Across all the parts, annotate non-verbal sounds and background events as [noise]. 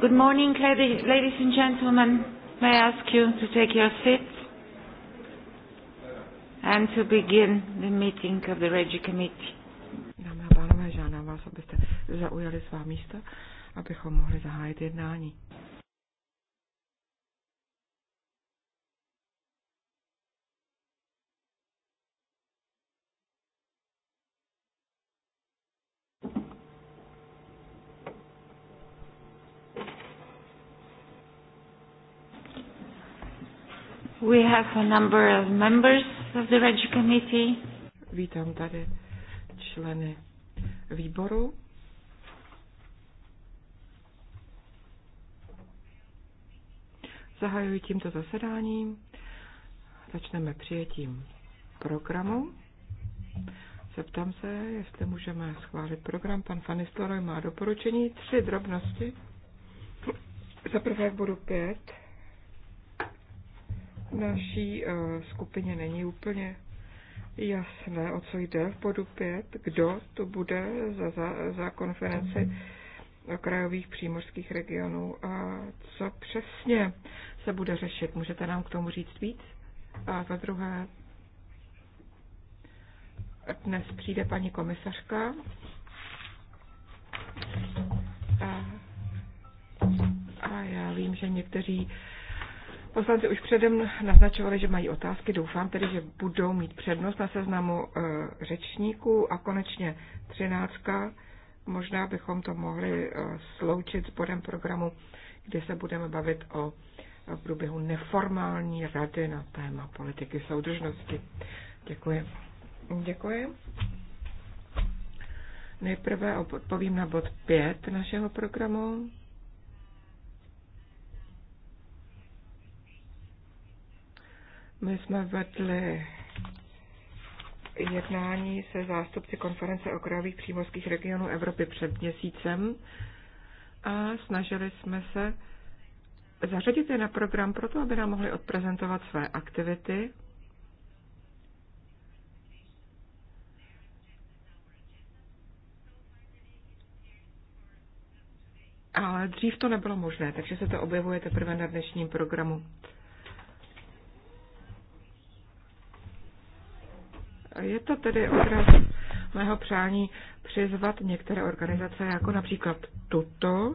Good morning, ladies and gentlemen. May I ask you to take your seats and to begin the meeting of the Regi Committee. Dámy a pánové, žádám vás, abyste zaujali svá místa, abychom mohli zahájit jednání. We have a number of members of the Regi Committee. Vítám tady členy výboru. Zahajuji tímto zasedáním. Začneme přijetím programu. Zeptám se, jestli můžeme schválit program. Pan Fanistoroj má doporučení tři drobnosti. Za prvé v bodu 5 naší eh, skupině není úplně jasné, o co jde v bodu 5, kdo to bude za, za, za konferenci krajových přímořských regionů a co přesně se bude řešit. Můžete nám k tomu říct víc? A za druhé, dnes přijde paní komisařka. A, a já vím, že někteří Poslanci už předem naznačovali, že mají otázky. Doufám tedy, že budou mít přednost na seznamu e, řečníků a konečně třináctka. Možná bychom to mohli e, sloučit s bodem programu, kde se budeme bavit o e, průběhu neformální rady na téma politiky soudržnosti. Děkuji. Děkuji. Nejprve odpovím na bod 5 našeho programu. My jsme vedli jednání se zástupci konference okrajových přímořských regionů Evropy před měsícem a snažili jsme se zařadit je na program proto, aby nám mohli odprezentovat své aktivity. Ale dřív to nebylo možné, takže se to objevuje teprve na dnešním programu. Je to tedy odraz mého přání přizvat některé organizace, jako například tuto,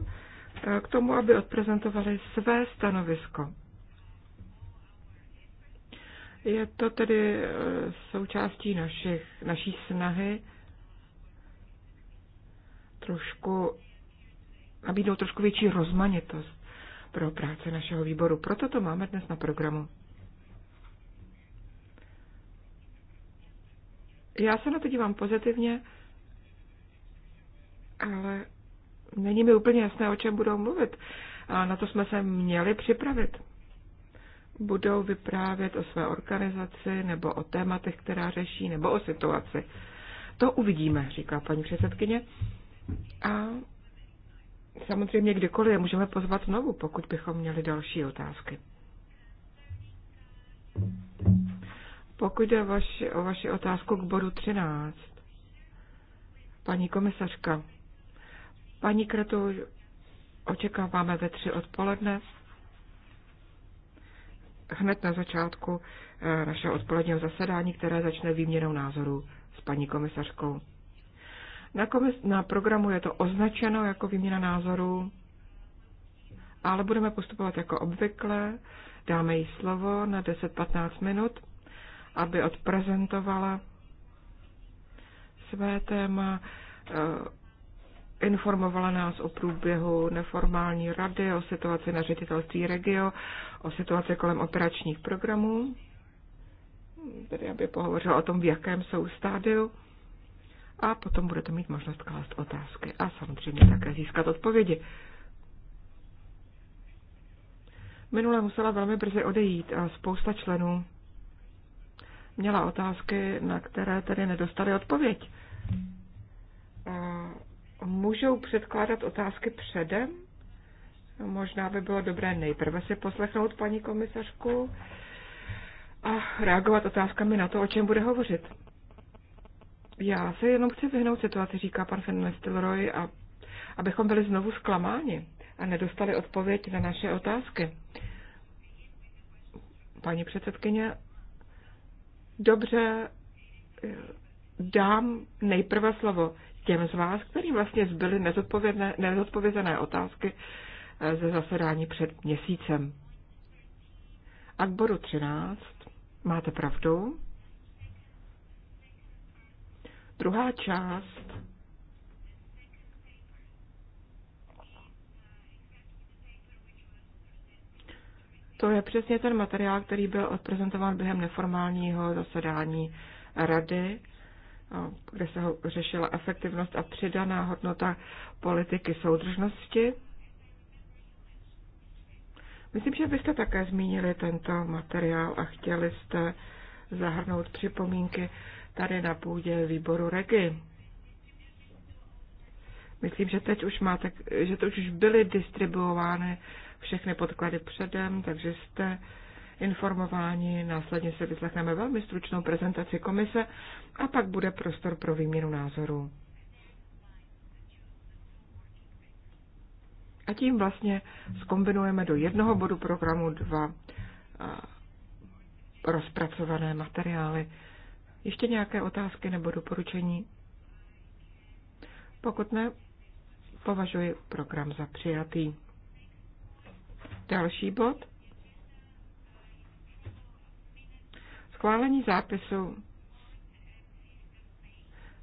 eh, k tomu, aby odprezentovali své stanovisko. Je to tedy eh, součástí našich, naší snahy trošku nabídnout trošku větší rozmanitost pro práci našeho výboru. Proto to máme dnes na programu. Já se na to dívám pozitivně, ale není mi úplně jasné, o čem budou mluvit. A na to jsme se měli připravit. Budou vyprávět o své organizaci, nebo o tématech, která řeší, nebo o situaci. To uvidíme, říká paní předsedkyně. A samozřejmě kdykoliv je můžeme pozvat znovu, pokud bychom měli další otázky. Pokud jde vaši, o vaši otázku k bodu 13, paní komisařka, paní Kratu, očekáváme ve tři odpoledne. Hned na začátku eh, našeho odpoledního zasedání, které začne výměnou názorů s paní komisařkou. Na, komis, na programu je to označeno jako výměna názorů, ale budeme postupovat jako obvykle. Dáme jí slovo na 10-15 minut aby odprezentovala své téma, eh, informovala nás o průběhu neformální rady, o situaci na ředitelství Regio, o situaci kolem operačních programů, tedy aby pohovořila o tom, v jakém jsou stádiu. A potom budete mít možnost klást otázky a samozřejmě také získat odpovědi. Minule musela velmi brzy odejít a spousta členů měla otázky, na které tedy nedostali odpověď. Můžou předkládat otázky předem? Možná by bylo dobré nejprve si poslechnout paní komisařku a reagovat otázkami na to, o čem bude hovořit. Já se jenom chci vyhnout situaci, říká pan Roy, a abychom byli znovu zklamáni a nedostali odpověď na naše otázky. Paní předsedkyně, Dobře, eh, dám nejprve slovo těm z vás, kteří vlastně zbyly nezodpovězené otázky eh, ze zasedání před měsícem. A k bodu 13 máte pravdu. Druhá část To je přesně ten materiál, který byl odprezentován během neformálního zasedání rady, kde se ho řešila efektivnost a přidaná hodnota politiky soudržnosti. Myslím, že byste také zmínili tento materiál a chtěli jste zahrnout připomínky tady na půdě výboru REGI. Myslím, že teď už máte, že to už byly distribuovány všechny podklady předem, takže jste informováni. Následně se vyslechneme velmi stručnou prezentaci komise a pak bude prostor pro výměnu názorů. A tím vlastně skombinujeme do jednoho bodu programu dva rozpracované materiály. Ještě nějaké otázky nebo doporučení? Pokud ne, považuji program za přijatý. Další bod. Schválení zápisu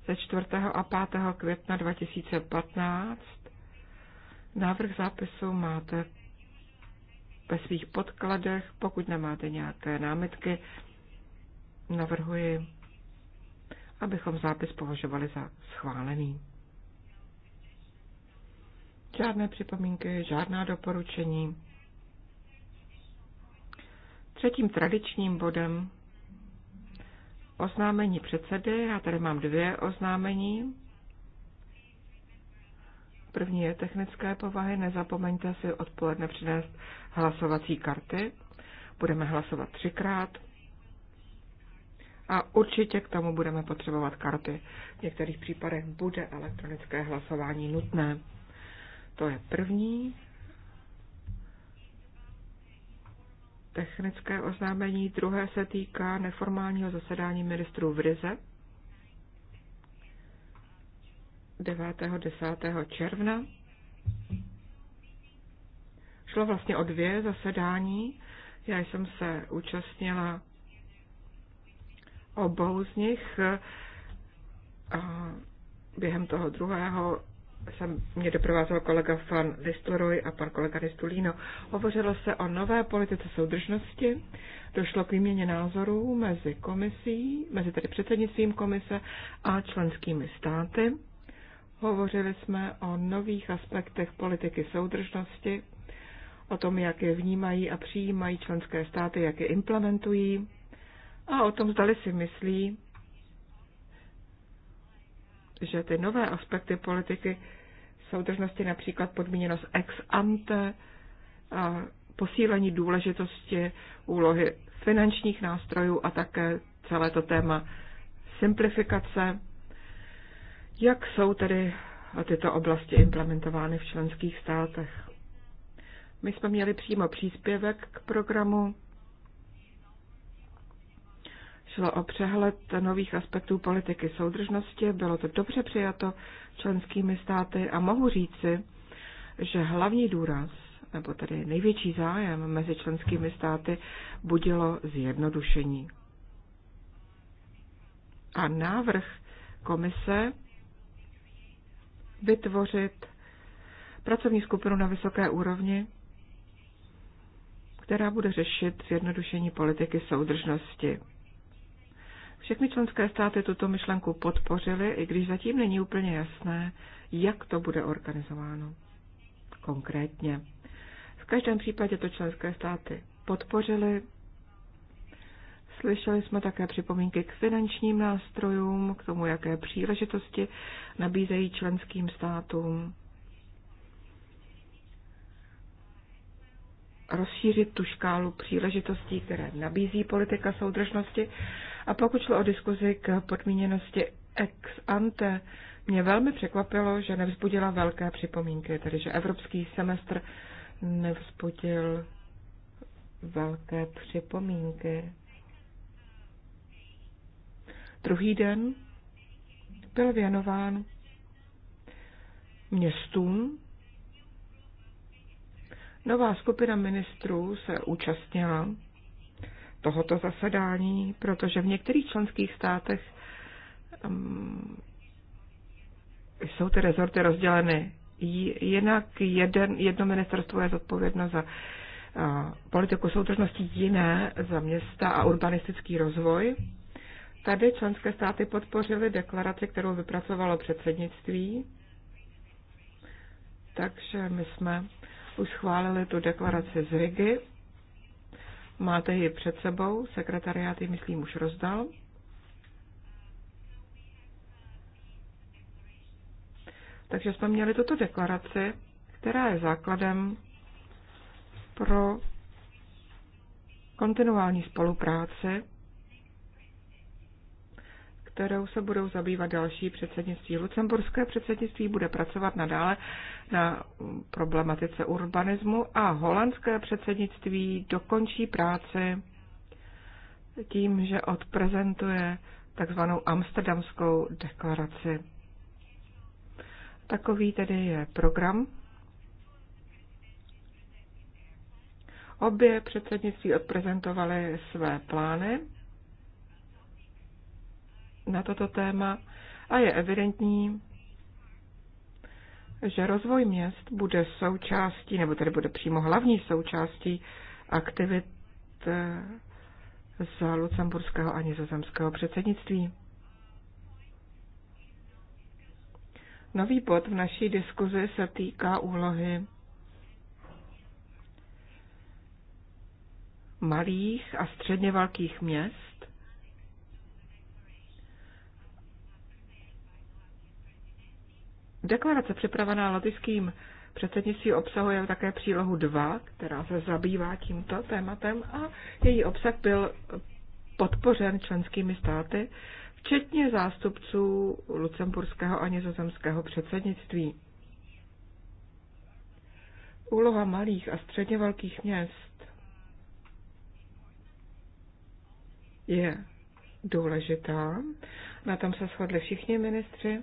ze 4. a 5. května 2015. Návrh zápisu máte ve svých podkladech. Pokud nemáte nějaké námitky, navrhuji, abychom zápis považovali za schválený. Žádné připomínky, žádná doporučení. Třetím tradičním bodem oznámení předsedy. Já tady mám dvě oznámení. První je technické povahy. Nezapomeňte si odpoledne přinést hlasovací karty. Budeme hlasovat třikrát. A určitě k tomu budeme potřebovat karty. V některých případech bude elektronické hlasování nutné. To je první technické oznámení, druhé se týká neformálního zasedání ministrů v Rize 9. 10. června. Šlo vlastně o dvě zasedání. Já jsem se účastnila obou z nich. A během toho druhého jsem mě doprovázel kolega Fan Listoroy a pan kolega Ristulino. Hovořilo se o nové politice soudržnosti, došlo k výměně názorů mezi komisí, mezi tedy předsednictvím komise a členskými státy. Hovořili jsme o nových aspektech politiky soudržnosti, o tom, jak je vnímají a přijímají členské státy, jak je implementují a o tom, zdali si myslí, že ty nové aspekty politiky soudržnosti, například podmíněnost ex ante, a posílení důležitosti úlohy finančních nástrojů a také celé to téma simplifikace. Jak jsou tedy tyto oblasti implementovány v členských státech? My jsme měli přímo příspěvek k programu Šlo o přehled nových aspektů politiky soudržnosti, bylo to dobře přijato členskými státy a mohu říci, že hlavní důraz, nebo tedy největší zájem mezi členskými státy budilo zjednodušení. A návrh komise vytvořit pracovní skupinu na vysoké úrovni, která bude řešit zjednodušení politiky soudržnosti. Všechny členské státy tuto myšlenku podpořily, i když zatím není úplně jasné, jak to bude organizováno konkrétně. V každém případě to členské státy podpořily. Slyšeli jsme také připomínky k finančním nástrojům, k tomu, jaké příležitosti nabízejí členským státům. rozšířit tu škálu příležitostí, které nabízí politika soudržnosti a pokud šlo o diskuzi k podmíněnosti ex ante, mě velmi překvapilo, že nevzbudila velké připomínky, tedy že evropský semestr nevzbudil velké připomínky. Druhý den byl věnován městům. Nová skupina ministrů se účastnila tohoto zasedání, protože v některých členských státech um, jsou ty rezorty rozděleny jinak. Jeden, jedno ministerstvo je zodpovědno za uh, politiku soudržnosti jiné za města a urbanistický rozvoj. Tady členské státy podpořily deklaraci, kterou vypracovalo předsednictví. Takže my jsme už schválili tu deklaraci z Rigi Máte ji před sebou, sekretariát ji, myslím, už rozdal. Takže jsme měli tuto deklaraci, která je základem pro kontinuální spolupráci kterou se budou zabývat další předsednictví. Lucemburské předsednictví bude pracovat nadále na problematice urbanismu a holandské předsednictví dokončí práci tím, že odprezentuje takzvanou Amsterdamskou deklaraci. Takový tedy je program. Obě předsednictví odprezentovaly své plány na toto téma a je evidentní, že rozvoj měst bude součástí, nebo tedy bude přímo hlavní součástí aktivit eh, z lucemburského a nizozemského předsednictví. Nový bod v naší diskuzi se týká úlohy malých a středně velkých měst Deklarace připravená latinským předsednictví obsahuje také přílohu 2, která se zabývá tímto tématem a její obsah byl podpořen členskými státy, včetně zástupců lucemburského a nizozemského předsednictví. Úloha malých a středně velkých měst je důležitá. Na tom se shodli všichni ministři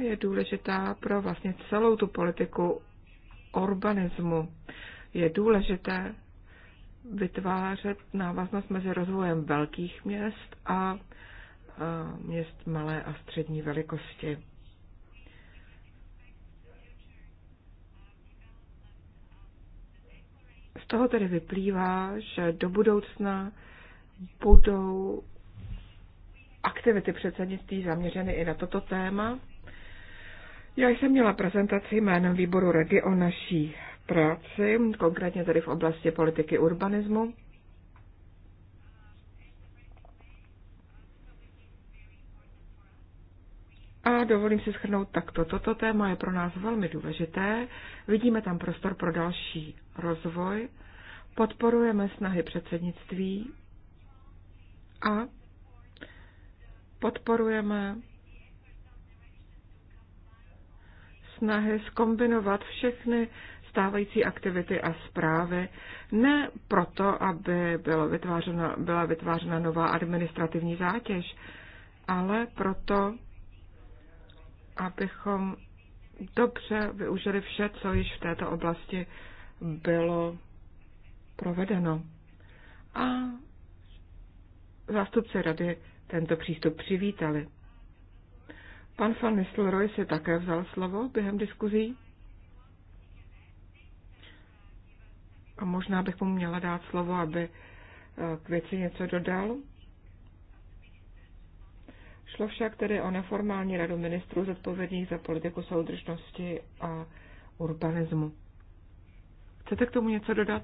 je důležitá pro vlastně celou tu politiku urbanismu. Je důležité vytvářet návaznost mezi rozvojem velkých měst a měst malé a střední velikosti. Z toho tedy vyplývá, že do budoucna budou aktivity předsednictví zaměřeny i na toto téma. Já jsem měla prezentaci jménem výboru Regi o naší práci, konkrétně tady v oblasti politiky urbanismu. A dovolím si schrnout takto. Toto téma je pro nás velmi důležité. Vidíme tam prostor pro další rozvoj. Podporujeme snahy předsednictví a podporujeme snahy skombinovat všechny stávající aktivity a zprávy, ne proto, aby bylo vytvářena, byla vytvářena nová administrativní zátěž, ale proto, abychom dobře využili vše, co již v této oblasti bylo provedeno. A zástupci rady tento přístup přivítali. Pan Van Nistelrooy si také vzal slovo během diskuzí. A možná bych mu měla dát slovo, aby eh, k věci něco dodal. Šlo však tedy o neformální radu ministrů zodpovědných za politiku soudržnosti a urbanismu. Chcete k tomu něco dodat?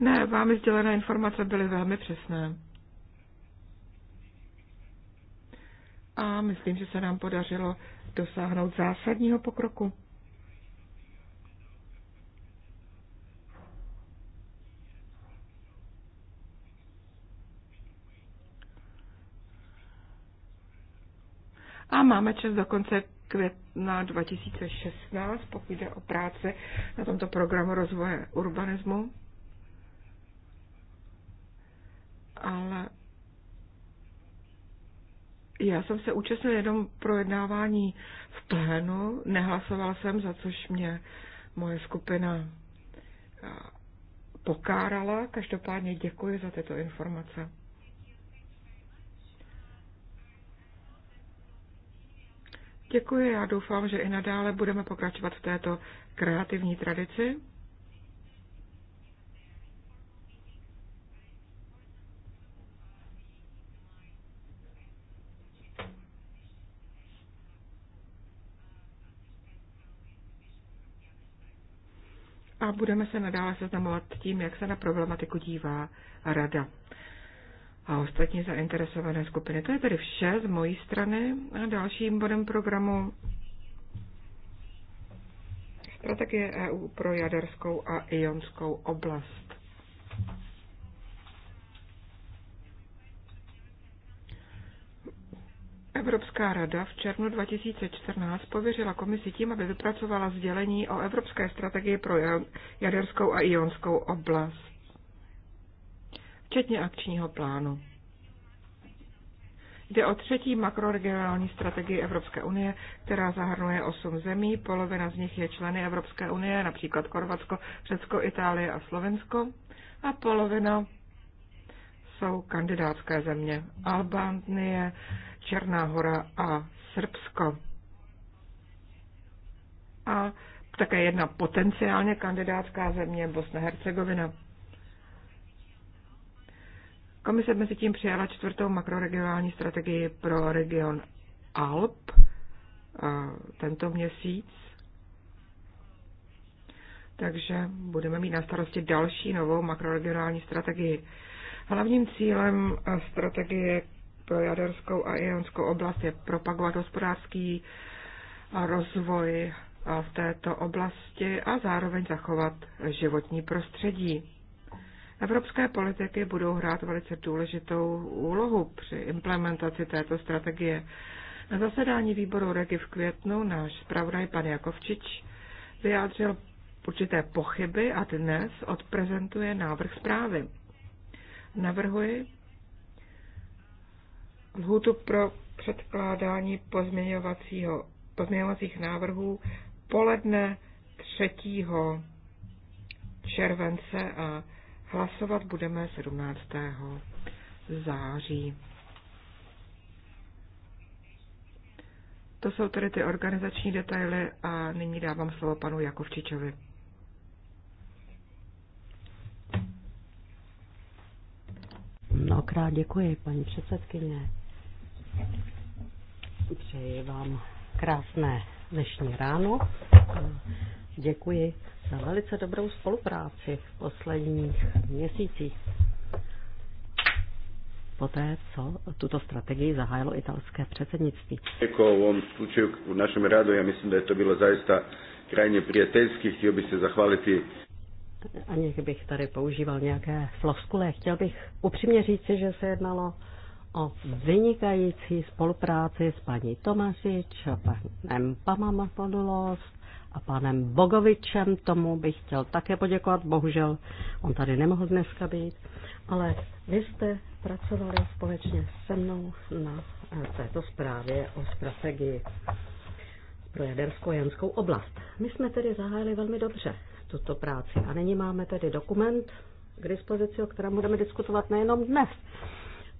Ne, vámi sdělené informace byly velmi přesné. A myslím, že se nám podařilo dosáhnout zásadního pokroku. A máme čas do konce května 2016, pokud jde o práce na tomto programu rozvoje urbanismu. ale já jsem se účastnil jenom projednávání v plénu, nehlasoval jsem, za což mě moje skupina pokárala. Každopádně děkuji za tyto informace. Děkuji, já doufám, že i nadále budeme pokračovat v této kreativní tradici. a budeme se nadále seznamovat tím, jak se na problematiku dívá rada a ostatní zainteresované skupiny. To je tedy vše z mojí strany a dalším bodem programu strategie EU pro jaderskou a ionskou oblast. Evropská rada v červnu 2014 pověřila komisi tím, aby vypracovala sdělení o evropské strategii pro jaderskou a ionskou oblast, včetně akčního plánu. Jde o třetí makroregionální strategii Evropské unie, která zahrnuje osm zemí, polovina z nich je členy Evropské unie, například Chorvatsko, Řecko, Itálie a Slovensko, a polovina jsou kandidátské země Albánie, Černá hora a Srbsko. A také jedna potenciálně kandidátská země Bosna-Hercegovina. Komise mezi tím přijala čtvrtou makroregionální strategii pro region Alp tento měsíc. Takže budeme mít na starosti další novou makroregionální strategii. Hlavním cílem eh, strategie pro jaderskou a ionskou oblast je propagovat hospodářský eh, rozvoj eh, v této oblasti a zároveň zachovat životní prostředí. Evropské politiky budou hrát velice důležitou úlohu při implementaci této strategie. Na zasedání výboru Regi v květnu náš zpravodaj pan Jakovčič vyjádřil určité pochyby a dnes odprezentuje návrh zprávy. Navrhuji lhůtu pro předkládání pozměňovacího, pozměňovacích návrhů poledne 3. července a hlasovat budeme 17. září. To jsou tedy ty organizační detaily a nyní dávám slovo panu Jakovčičovi. Mnohokrát děkuji, paní předsedkyně. Přeji vám krásné dnešní ráno. Děkuji za velice dobrou spolupráci v posledních měsících. Poté, co tuto strategii zahájilo italské předsednictví. Jako v tom slučaju v našem rádu, já myslím, že to bylo zaista krajně prijateljski. Chtěl bych se zachválit ani bych tady používal nějaké floskule, chtěl bych upřímně říci, že se jednalo o vynikající spolupráci s paní a panem Pamamapodulos a panem Bogovičem. Tomu bych chtěl také poděkovat. Bohužel on tady nemohl dneska být, ale vy jste pracovali společně se mnou na této zprávě o strategii pro jadersko jenskou oblast. My jsme tedy zahájili velmi dobře tuto práci. A nyní máme tedy dokument k dispozici, o kterém budeme diskutovat nejenom dnes,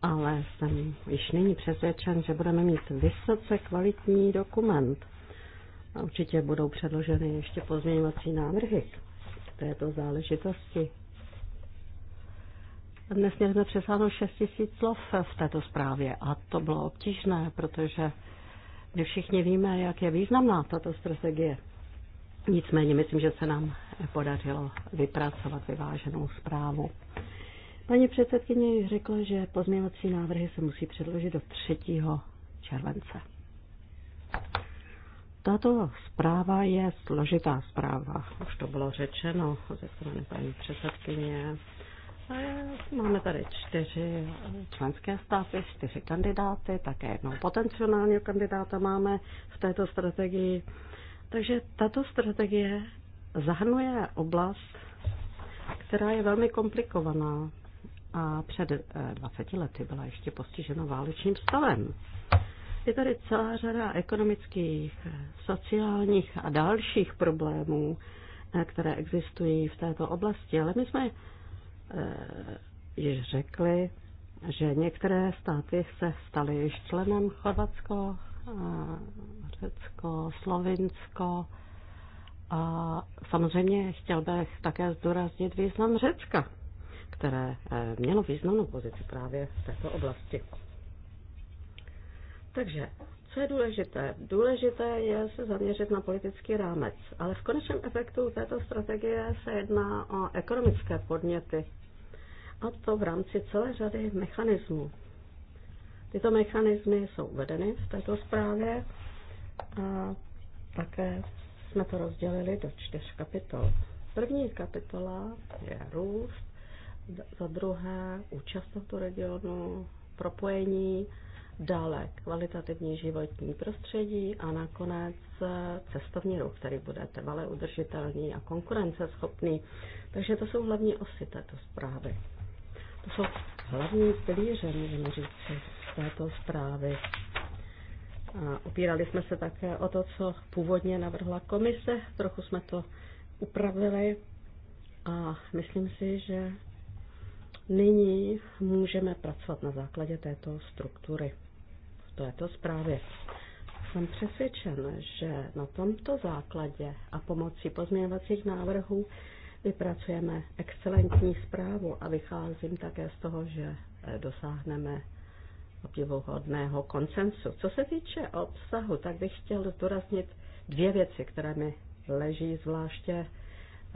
ale jsem již nyní přesvědčen, že budeme mít vysoce kvalitní dokument. A určitě budou předloženy ještě pozměňovací návrhy k této záležitosti. Dnes mě jsme přesáhnout 6 tisíc slov v této zprávě a to bylo obtížné, protože my všichni víme, jak je významná tato strategie. Nicméně myslím, že se nám podařilo vypracovat vyváženou zprávu. Paní předsedkyně řekla, že pozměňovací návrhy se musí předložit do 3. července. Tato zpráva je složitá zpráva, už to bylo řečeno ze strany paní předsedkyně. Máme tady čtyři členské státy, čtyři kandidáty, také jednou potenciálního kandidáta máme v této strategii. Takže tato strategie zahrnuje oblast, která je velmi komplikovaná a před 20 eh, lety byla ještě postižena válečným stavem. Je tady celá řada ekonomických, sociálních a dalších problémů, eh, které existují v této oblasti, ale my jsme eh, již řekli, že některé státy se staly již členem Chorvatsko, Řecko, Slovinsko. A samozřejmě chtěl bych také zdůraznit význam Řecka, které eh, mělo významnou pozici právě v této oblasti. Takže, co je důležité? Důležité je se zaměřit na politický rámec, ale v konečném efektu této strategie se jedná o ekonomické podněty, a to v rámci celé řady mechanismů. Tyto mechanismy jsou uvedeny v této zprávě a také jsme to rozdělili do čtyř kapitol. První kapitola je růst, za druhé účast tohoto regionu, propojení, dále kvalitativní životní prostředí a nakonec cestovní ruch, který bude trvale udržitelný a konkurenceschopný. Takže to jsou hlavní osy této zprávy. To jsou hlavní pilíře, můžeme říct, této zprávy. A opírali jsme se také o to, co původně navrhla komise, trochu jsme to upravili a myslím si, že nyní můžeme pracovat na základě této struktury v této zprávě. Jsem přesvědčen, že na tomto základě a pomocí pozměňovacích návrhů vypracujeme excelentní zprávu a vycházím také z toho, že dosáhneme obdivuhodného koncensu. Co se týče obsahu, tak bych chtěl zdůraznit dvě věci, které mi leží zvláště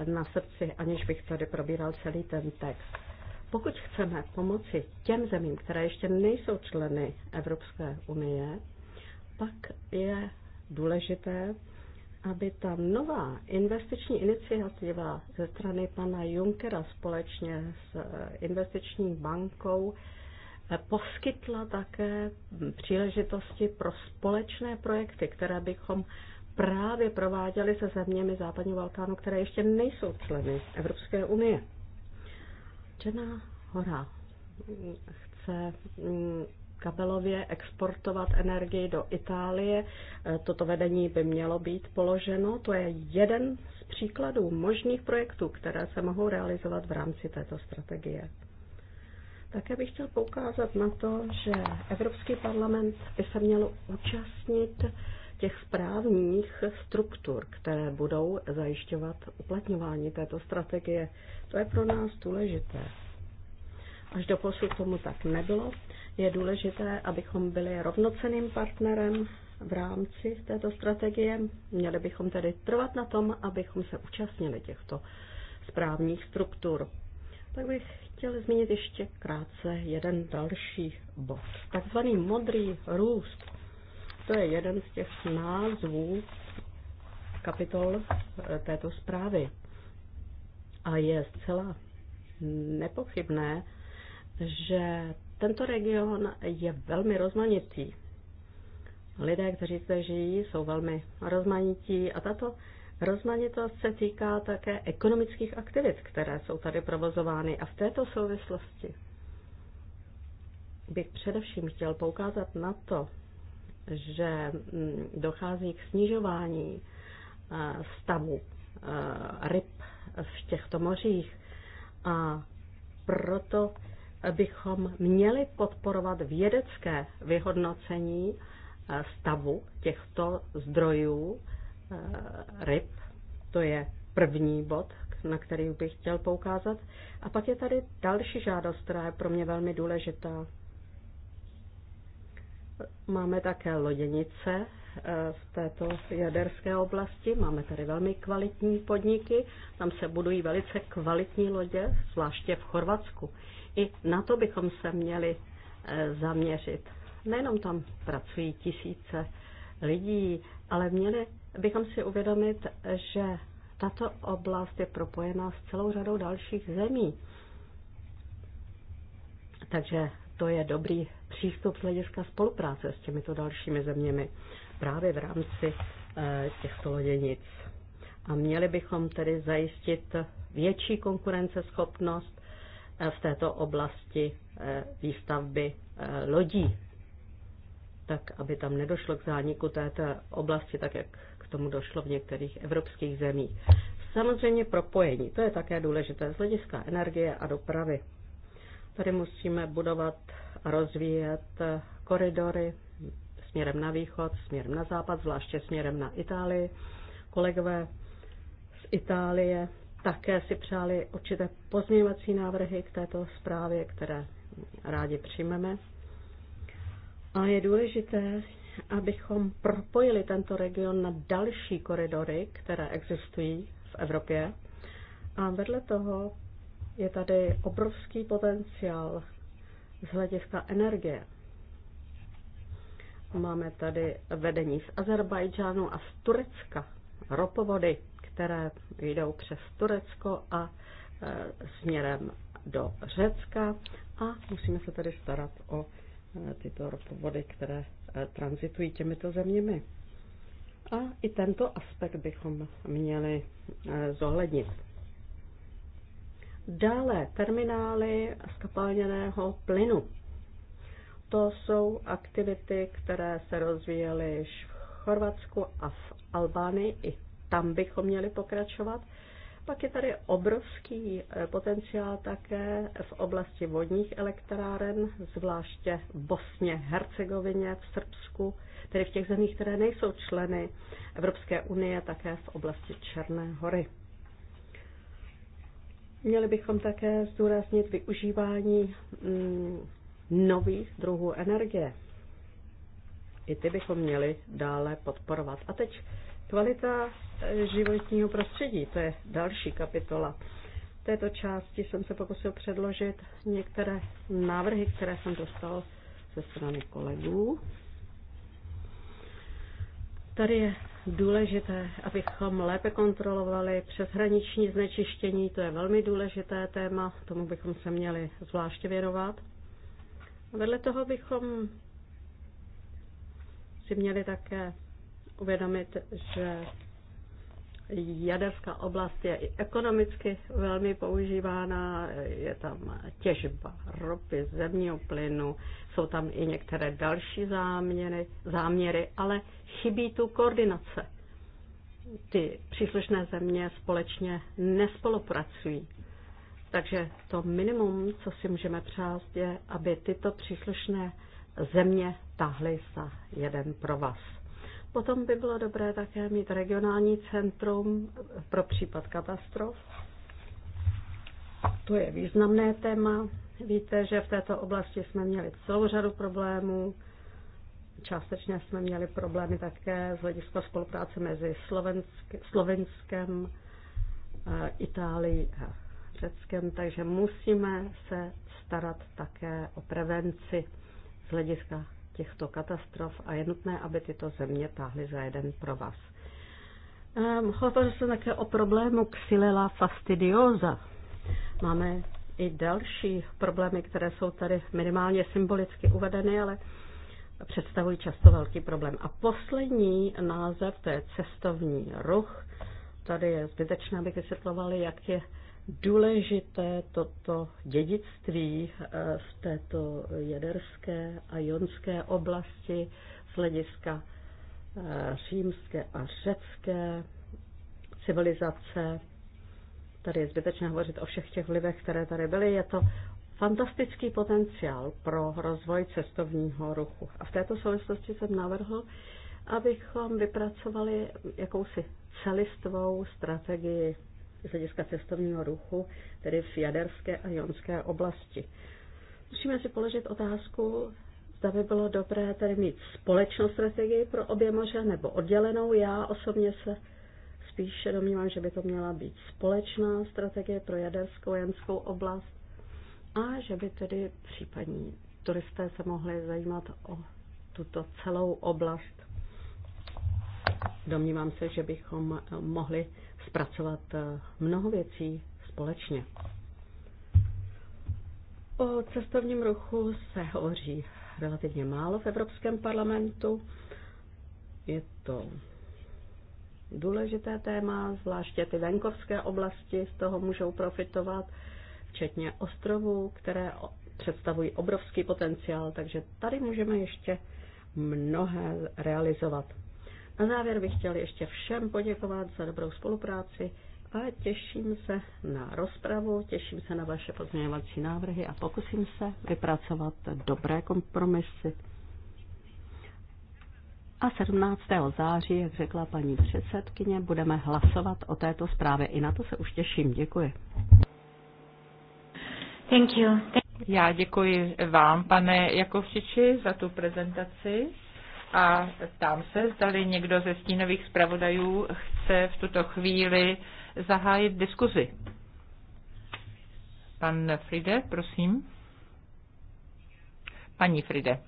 na srdci, aniž bych tady probíral celý ten text. Pokud chceme pomoci těm zemím, které ještě nejsou členy Evropské unie, pak je důležité, aby ta nová investiční iniciativa ze strany pana Junkera společně s eh, investiční bankou poskytla také příležitosti pro společné projekty, které bychom právě prováděli se zeměmi západního Balkánu, které ještě nejsou členy Evropské unie. Černá hora chce mm, kabelově exportovat energii do Itálie. E, toto vedení by mělo být položeno. To je jeden z příkladů možných projektů, které se mohou realizovat v rámci této strategie. Také bych chtěl poukázat na to, že Evropský parlament by se měl účastnit těch správních struktur, které budou zajišťovat uplatňování této strategie. To je pro nás důležité. Až do posud tomu tak nebylo. Je důležité, abychom byli rovnoceným partnerem v rámci této strategie. Měli bychom tedy trvat na tom, abychom se účastnili těchto správních struktur tak bych chtěl zmínit ještě krátce jeden další bod. Takzvaný modrý růst. To je jeden z těch názvů kapitol eh, této zprávy. A je zcela nepochybné, že tento region je velmi rozmanitý. Lidé, kteří zde žijí, jsou velmi rozmanití a tato Rozmanitost se týká také ekonomických aktivit, které jsou tady provozovány a v této souvislosti bych především chtěl poukázat na to, že mm, dochází k snižování e, stavu e, ryb v těchto mořích a proto bychom měli podporovat vědecké vyhodnocení e, stavu těchto zdrojů Eh, ryb. To je první bod, na který bych chtěl poukázat. A pak je tady další žádost, která je pro mě velmi důležitá. Máme také loděnice eh, v této jaderské oblasti. Máme tady velmi kvalitní podniky, tam se budují velice kvalitní lodě, zvláště v Chorvatsku. I na to bychom se měli eh, zaměřit. Nejenom tam pracují tisíce lidí, ale měli bychom si uvědomit, že tato oblast je propojená s celou řadou dalších zemí. Takže to je dobrý přístup z hlediska spolupráce s těmito dalšími zeměmi právě v rámci eh, těchto loděnic. A měli bychom tedy zajistit větší konkurenceschopnost eh, v této oblasti eh, výstavby lodí, tak aby tam nedošlo k zániku této oblasti, tak jak tomu došlo v některých evropských zemích. Samozřejmě propojení, to je také důležité z hlediska energie a dopravy. Tady musíme budovat a rozvíjet koridory směrem na východ, směrem na západ, zvláště směrem na Itálii. Kolegové z Itálie také si přáli určité pozměňovací návrhy k této zprávě, které rádi přijmeme. A je důležité abychom propojili tento region na další koridory, které existují v Evropě. A vedle toho je tady obrovský potenciál z hlediska energie. Máme tady vedení z Azerbajdžánu a z Turecka, ropovody, které jdou přes Turecko a e, směrem do Řecka a musíme se tady starat o Eh, tyto ropovody, které eh, transitují těmito zeměmi. A i tento aspekt bychom měli eh, zohlednit. Dále terminály skapalněného plynu. To jsou aktivity, které se rozvíjely již v Chorvatsku a v Albánii. I tam bychom měli pokračovat. Pak je tady obrovský eh, potenciál také v oblasti vodních elektráren, zvláště v Bosně, Hercegovině, v Srbsku, tedy v těch zemích, které nejsou členy Evropské unie, také v oblasti Černé hory. Měli bychom také zdůraznit využívání mm, nových druhů energie. I ty bychom měli dále podporovat. A teď Kvalita eh, životního prostředí, to je další kapitola. V této části jsem se pokusil předložit některé návrhy, které jsem dostal ze strany kolegů. Tady je důležité, abychom lépe kontrolovali přeshraniční znečištění, to je velmi důležité téma, tomu bychom se měli zvláště věnovat. A vedle toho bychom si měli také uvědomit, že jaderská oblast je i ekonomicky velmi používána, je tam těžba ropy, zemního plynu, jsou tam i některé další záměry, záměry ale chybí tu koordinace. Ty příslušné země společně nespolupracují. Takže to minimum, co si můžeme přát, je, aby tyto příslušné země tahly za jeden provaz. Potom by bylo dobré také mít regionální centrum pro případ katastrof. To je významné téma. Víte, že v této oblasti jsme měli celou řadu problémů. Částečně jsme měli problémy také z hlediska spolupráce mezi Slovensk- Slovenskem, eh, Itálií a Řeckem, takže musíme se starat také o prevenci z hlediska těchto katastrof a je nutné, aby tyto země táhly za jeden pro vás. Um, ehm, hovořil jsem také o problému xylella fastidiosa. Máme i další problémy, které jsou tady minimálně symbolicky uvedeny, ale představují často velký problém. A poslední název, to je cestovní ruch. Tady je zbytečné, abych vysvětlovali, jak je důležité toto dědictví eh, v této jaderské a jonské oblasti z hlediska eh, římské a řecké civilizace. Tady je zbytečné hovořit o všech těch vlivech, které tady byly. Je to fantastický potenciál pro rozvoj cestovního ruchu. A v této souvislosti jsem navrhl, abychom vypracovali jakousi celistvou strategii z hlediska cestovního ruchu, tedy v jaderské a jonské oblasti. Musíme si položit otázku, zda by bylo dobré tedy mít společnou strategii pro obě moře nebo oddělenou. Já osobně se spíše domnívám, že by to měla být společná strategie pro jaderskou a jonskou oblast a že by tedy případní turisté se mohli zajímat o tuto celou oblast. Domnívám se, že bychom mohli zpracovat eh, mnoho věcí společně. O cestovním ruchu se hovoří relativně málo v Evropském parlamentu. Je to důležité téma, zvláště ty venkovské oblasti z toho můžou profitovat, včetně ostrovů, které představují obrovský potenciál, takže tady můžeme ještě mnohé realizovat. Na závěr bych chtěl ještě všem poděkovat za dobrou spolupráci a těším se na rozpravu, těším se na vaše pozměňovací návrhy a pokusím se vypracovat dobré kompromisy. A 17. září, jak řekla paní předsedkyně, budeme hlasovat o této zprávě. I na to se už těším. Děkuji. Thank you. Já děkuji vám, pane Jakovčiči, za tu prezentaci a tam se, zdali někdo ze stínových zpravodajů chce v tuto chvíli zahájit diskuzi. Pan Fride, prosím. Paní Fride.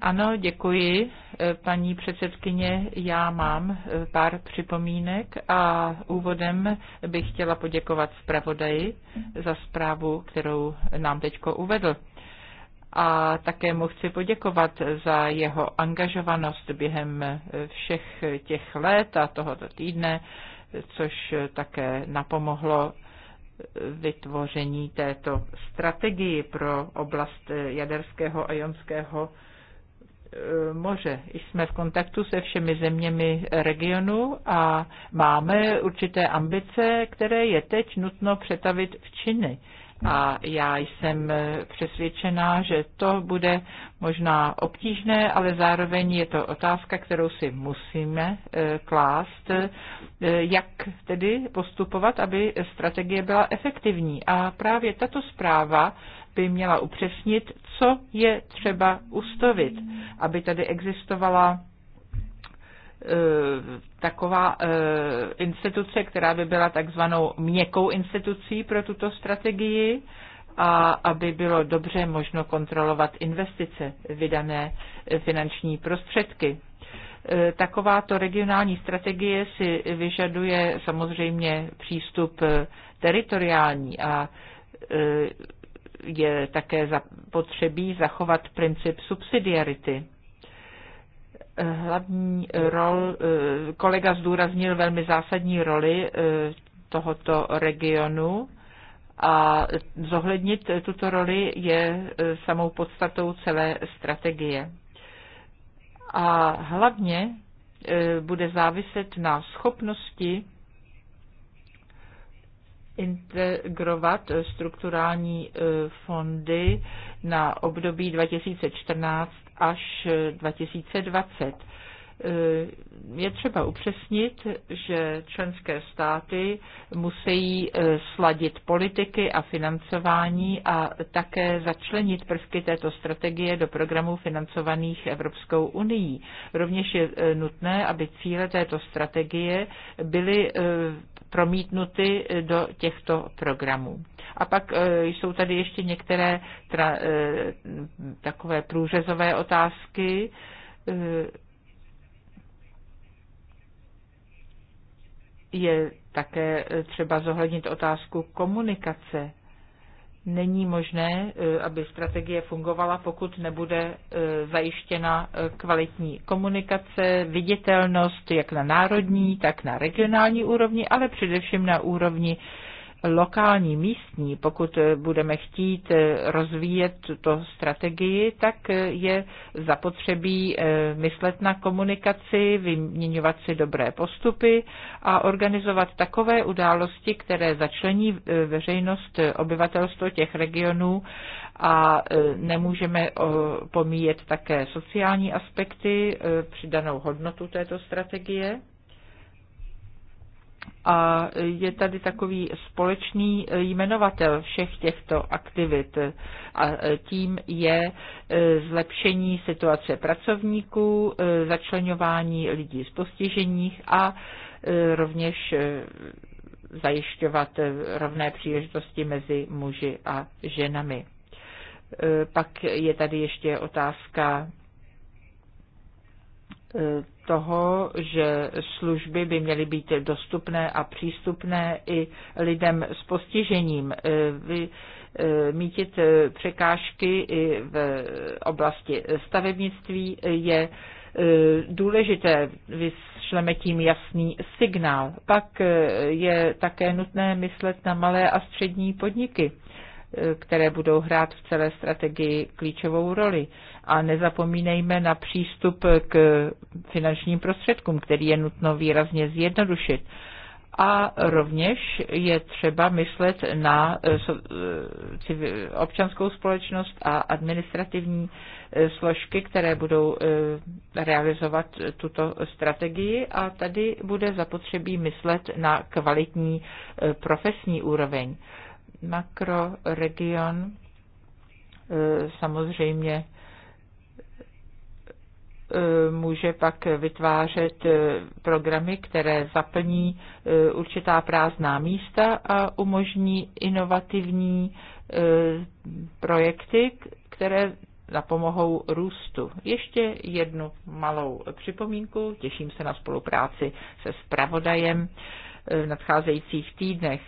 Ano, děkuji, paní předsedkyně. Já mám eh, pár připomínek a úvodem bych chtěla poděkovat zpravodaji za zprávu, kterou nám teď uvedl a také mu chci poděkovat za jeho angažovanost během všech těch let a tohoto týdne, což také napomohlo vytvoření této strategii pro oblast Jaderského a Jonského eh, moře. Jsme v kontaktu se všemi zeměmi regionu a máme určité ambice, které je teď nutno přetavit v činy. A já jsem e, přesvědčená, že to bude možná obtížné, ale zároveň je to otázka, kterou si musíme e, klást, e, jak tedy postupovat, aby strategie byla efektivní. A právě tato zpráva by měla upřesnit, co je třeba ustavit, aby tady existovala Eh, taková eh, instituce, která by byla takzvanou měkkou institucí pro tuto strategii a aby bylo dobře možno kontrolovat investice, vydané finanční prostředky. Eh, takováto regionální strategie si vyžaduje samozřejmě přístup teritoriální a je také zapotřebí zachovat princip subsidiarity hlavní eh, rol, eh, kolega zdůraznil velmi zásadní roli eh, tohoto regionu a zohlednit tuto roli je samou podstatou celé strategie. A hlavně bude záviset na schopnosti integrovat strukturální fondy na období 2014 až 2020. Eh, je třeba upřesnit, že členské státy musí eh, sladit politiky a financování a také začlenit prvky této strategie do programů financovaných Evropskou unii. Rovněž je eh, nutné, aby cíle této strategie byly promítnuty do těchto programů. A pak e, jsou tady ještě některé tra, e, takové průřezové otázky. E, je také třeba zohlednit otázku komunikace není možné, eh, aby strategie fungovala, pokud nebude eh, zajištěna eh, kvalitní komunikace, viditelnost jak na národní, tak na regionální úrovni, ale především na úrovni lokální, místní, pokud budeme chtít rozvíjet tuto strategii, tak je zapotřebí eh, myslet na komunikaci, vyměňovat si dobré postupy a organizovat takové události, které začlení eh, veřejnost eh, obyvatelstvo těch regionů a nemůžeme pomíjet také sociální aspekty, přidanou hodnotu této strategie a je tady takový společný jmenovatel všech těchto aktivit a tím je e, zlepšení situace pracovníků, e, začlenování lidí z postiženích a e, rovněž zajišťovat rovné příležitosti mezi muži a ženami. Pak je tady ještě otázka toho, že služby by měly být dostupné a přístupné i lidem s postižením. E, vy, e, mítit překážky i v oblasti stavebnictví je e, důležité, vyšleme tím jasný signál. Pak je také nutné myslet na malé a střední podniky, které budou hrát v celé strategii klíčovou roli a nezapomínejme na přístup k finančním prostředkům, který je nutno výrazně zjednodušit. A rovněž je třeba myslet na eh, eh, občanskou společnost a administrativní eh, složky, které budou realizovat tuto strategii a tady bude zapotřebí myslet na kvalitní profesní úroveň. Makroregion samozřejmě Eh, může pak vytvářet eh, programy, které zaplní eh, určitá prázdná místa a umožní inovativní projekty, které napomohou růstu. Ještě jednu malou připomínku. Těším se na spolupráci se spravodajem v nadcházejících týdnech.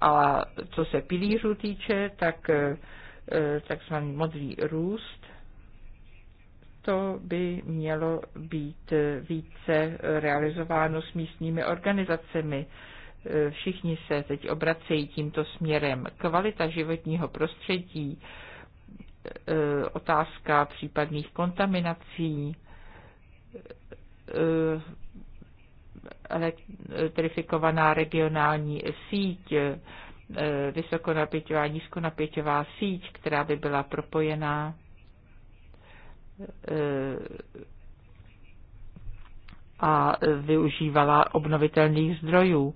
A co se pilířů týče, tak takzvaný modrý růst to by mělo být více realizováno s místními organizacemi. Všichni se teď obracejí tímto směrem. Kvalita životního prostředí, otázka případných kontaminací, elektrifikovaná regionální síť, vysokonapěťová, nízkonapěťová síť, která by byla propojená Eh, a využívala obnovitelných zdrojů.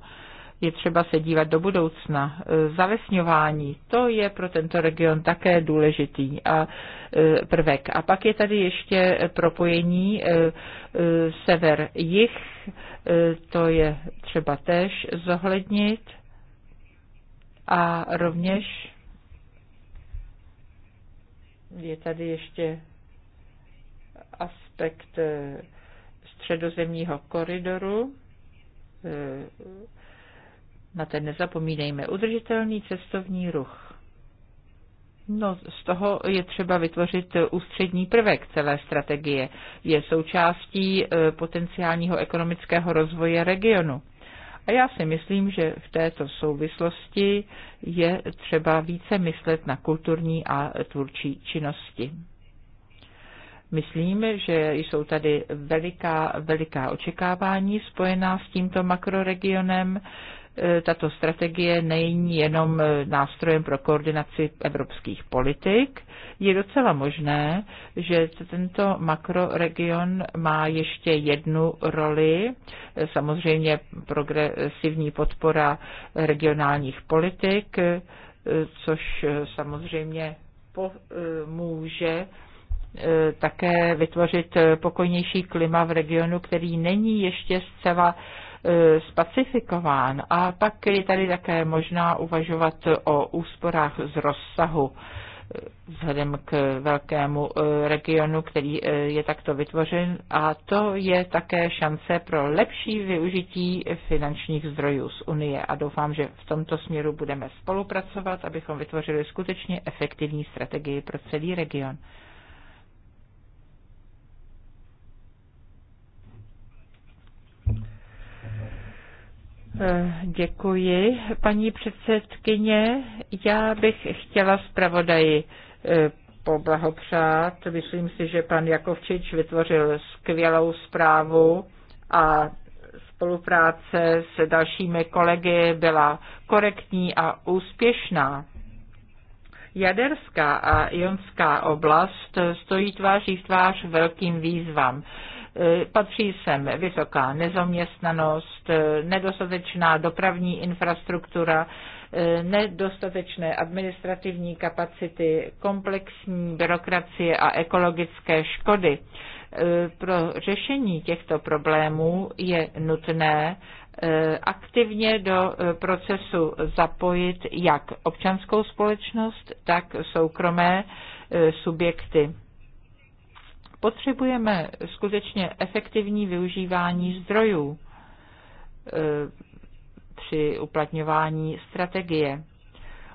Je třeba se dívat do budoucna. Eh, zalesňování, to je pro tento region také důležitý a eh, prvek. A pak je tady ještě propojení sever-jih, to je třeba též zohlednit a rovněž je tady ještě aspekt eh, středozemního koridoru. Eh, na ten nezapomínejme. Udržitelný cestovní ruch. No, z toho je třeba vytvořit ústřední prvek celé strategie. Je součástí eh, potenciálního ekonomického rozvoje regionu. A já si myslím, že v této souvislosti je třeba více myslet na kulturní a tvůrčí činnosti. Myslím, že jsou tady veliká, veliká očekávání spojená s tímto makroregionem. E, tato strategie není jenom nástrojem pro koordinaci evropských politik. Je docela možné, že tento makroregion má ještě jednu roli, e, samozřejmě progresivní podpora regionálních politik, e, což samozřejmě pomůže Eh, také vytvořit eh, pokojnější klima v regionu, který není ještě zcela eh, spacifikován. A pak je tady také možná uvažovat o úsporách z rozsahu vzhledem k velkému regionu, který je takto vytvořen. A to je také šance pro lepší využití finančních zdrojů z Unie. A doufám, že v tomto směru budeme spolupracovat, abychom vytvořili skutečně efektivní strategii pro celý region. Eh, děkuji, paní předsedkyně. Já bych chtěla zpravodaji eh, poblahopřát. Myslím si, že pan Jakovčič vytvořil skvělou zprávu a spolupráce s dalšími kolegy byla korektní a úspěšná. Jaderská a Jonská oblast stojí tváří v tvář velkým výzvám. E, patří sem vysoká nezaměstnanost, e, nedostatečná dopravní infrastruktura, e, nedostatečné administrativní kapacity, komplexní byrokracie a ekologické škody. Pro řešení těchto problémů je nutné aktivně do procesu zapojit jak občanskou společnost, tak soukromé subjekty. Potřebujeme skutečně efektivní využívání zdrojů e, při uplatňování strategie.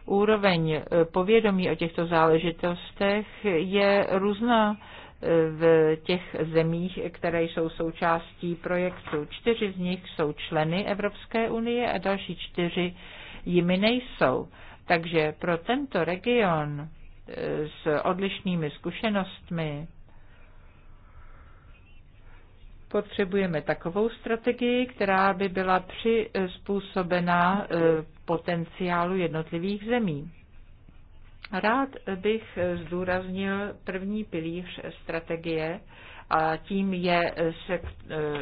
Úroveň e, povědomí o těchto záležitostech je různá e, v těch zemích, které jsou součástí projektu. Čtyři z nich jsou členy Evropské unie a další čtyři jimi nejsou. Takže pro tento region s odlišnými zkušenostmi potřebujeme takovou strategii, která by byla přizpůsobená e, potenciálu jednotlivých zemí. Rád bych zdůraznil první pilíř strategie, a tím je e,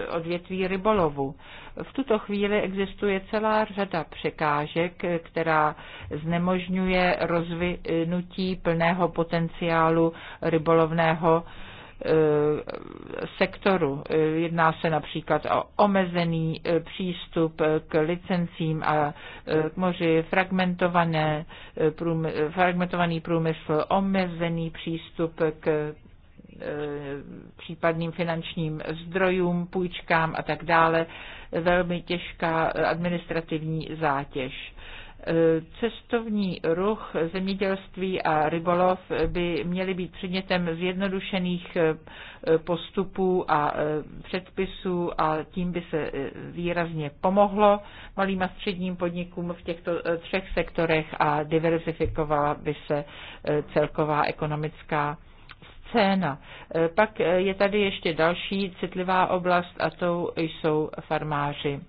odvětví rybolovu. V tuto chvíli existuje celá řada překážek, která znemožňuje rozvinutí plného potenciálu rybolovného Eh, sektoru. Eh, jedná se například o omezený eh, přístup k licencím a k moři, fragmentované, fragmentovaný průmysl, omezený přístup k případným finančním zdrojům, půjčkám a tak dále, velmi těžká administrativní zátěž. Cestovní ruch, zemědělství a rybolov by měly být předmětem zjednodušených eh, postupů a eh, předpisů a tím by se eh, výrazně pomohlo malým a středním podnikům v těchto třech sektorech a diverzifikovala by se celková ekonomická scéna. Pak je tady ještě další citlivá oblast a to jsou farmáři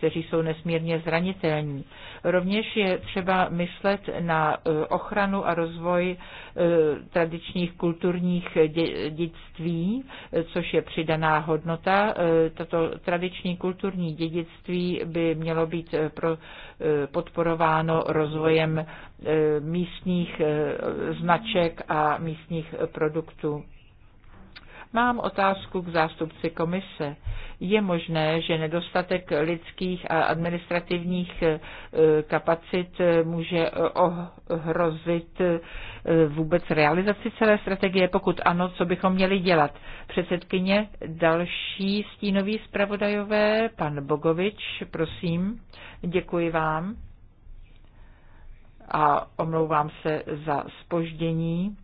kteří jsou nesmírně zranitelní. Rovněž je třeba myslet na e, ochranu a rozvoj e, tradičních kulturních dědictví, e, což je přidaná hodnota. Tato tradiční kulturní dědictví by mělo být podporováno rozvojem místních značek a místních produktů. Mám otázku k zástupci komise. Je možné, že nedostatek lidských a administrativních eh, kapacit eh, může eh, ohrozit vůbec realizaci celé strategie? Pokud ano, co bychom měli dělat? Předsedkyně, další stínový zpravodajové, pan Bogovič, prosím. Děkuji vám a omlouvám se za spoždění.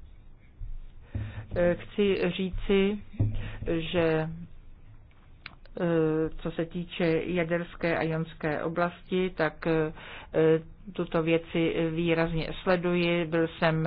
Eh, chci říci, že eh, co se týče jaderské a jonské oblasti, tak eh, tuto věci výrazně sleduji. Byl jsem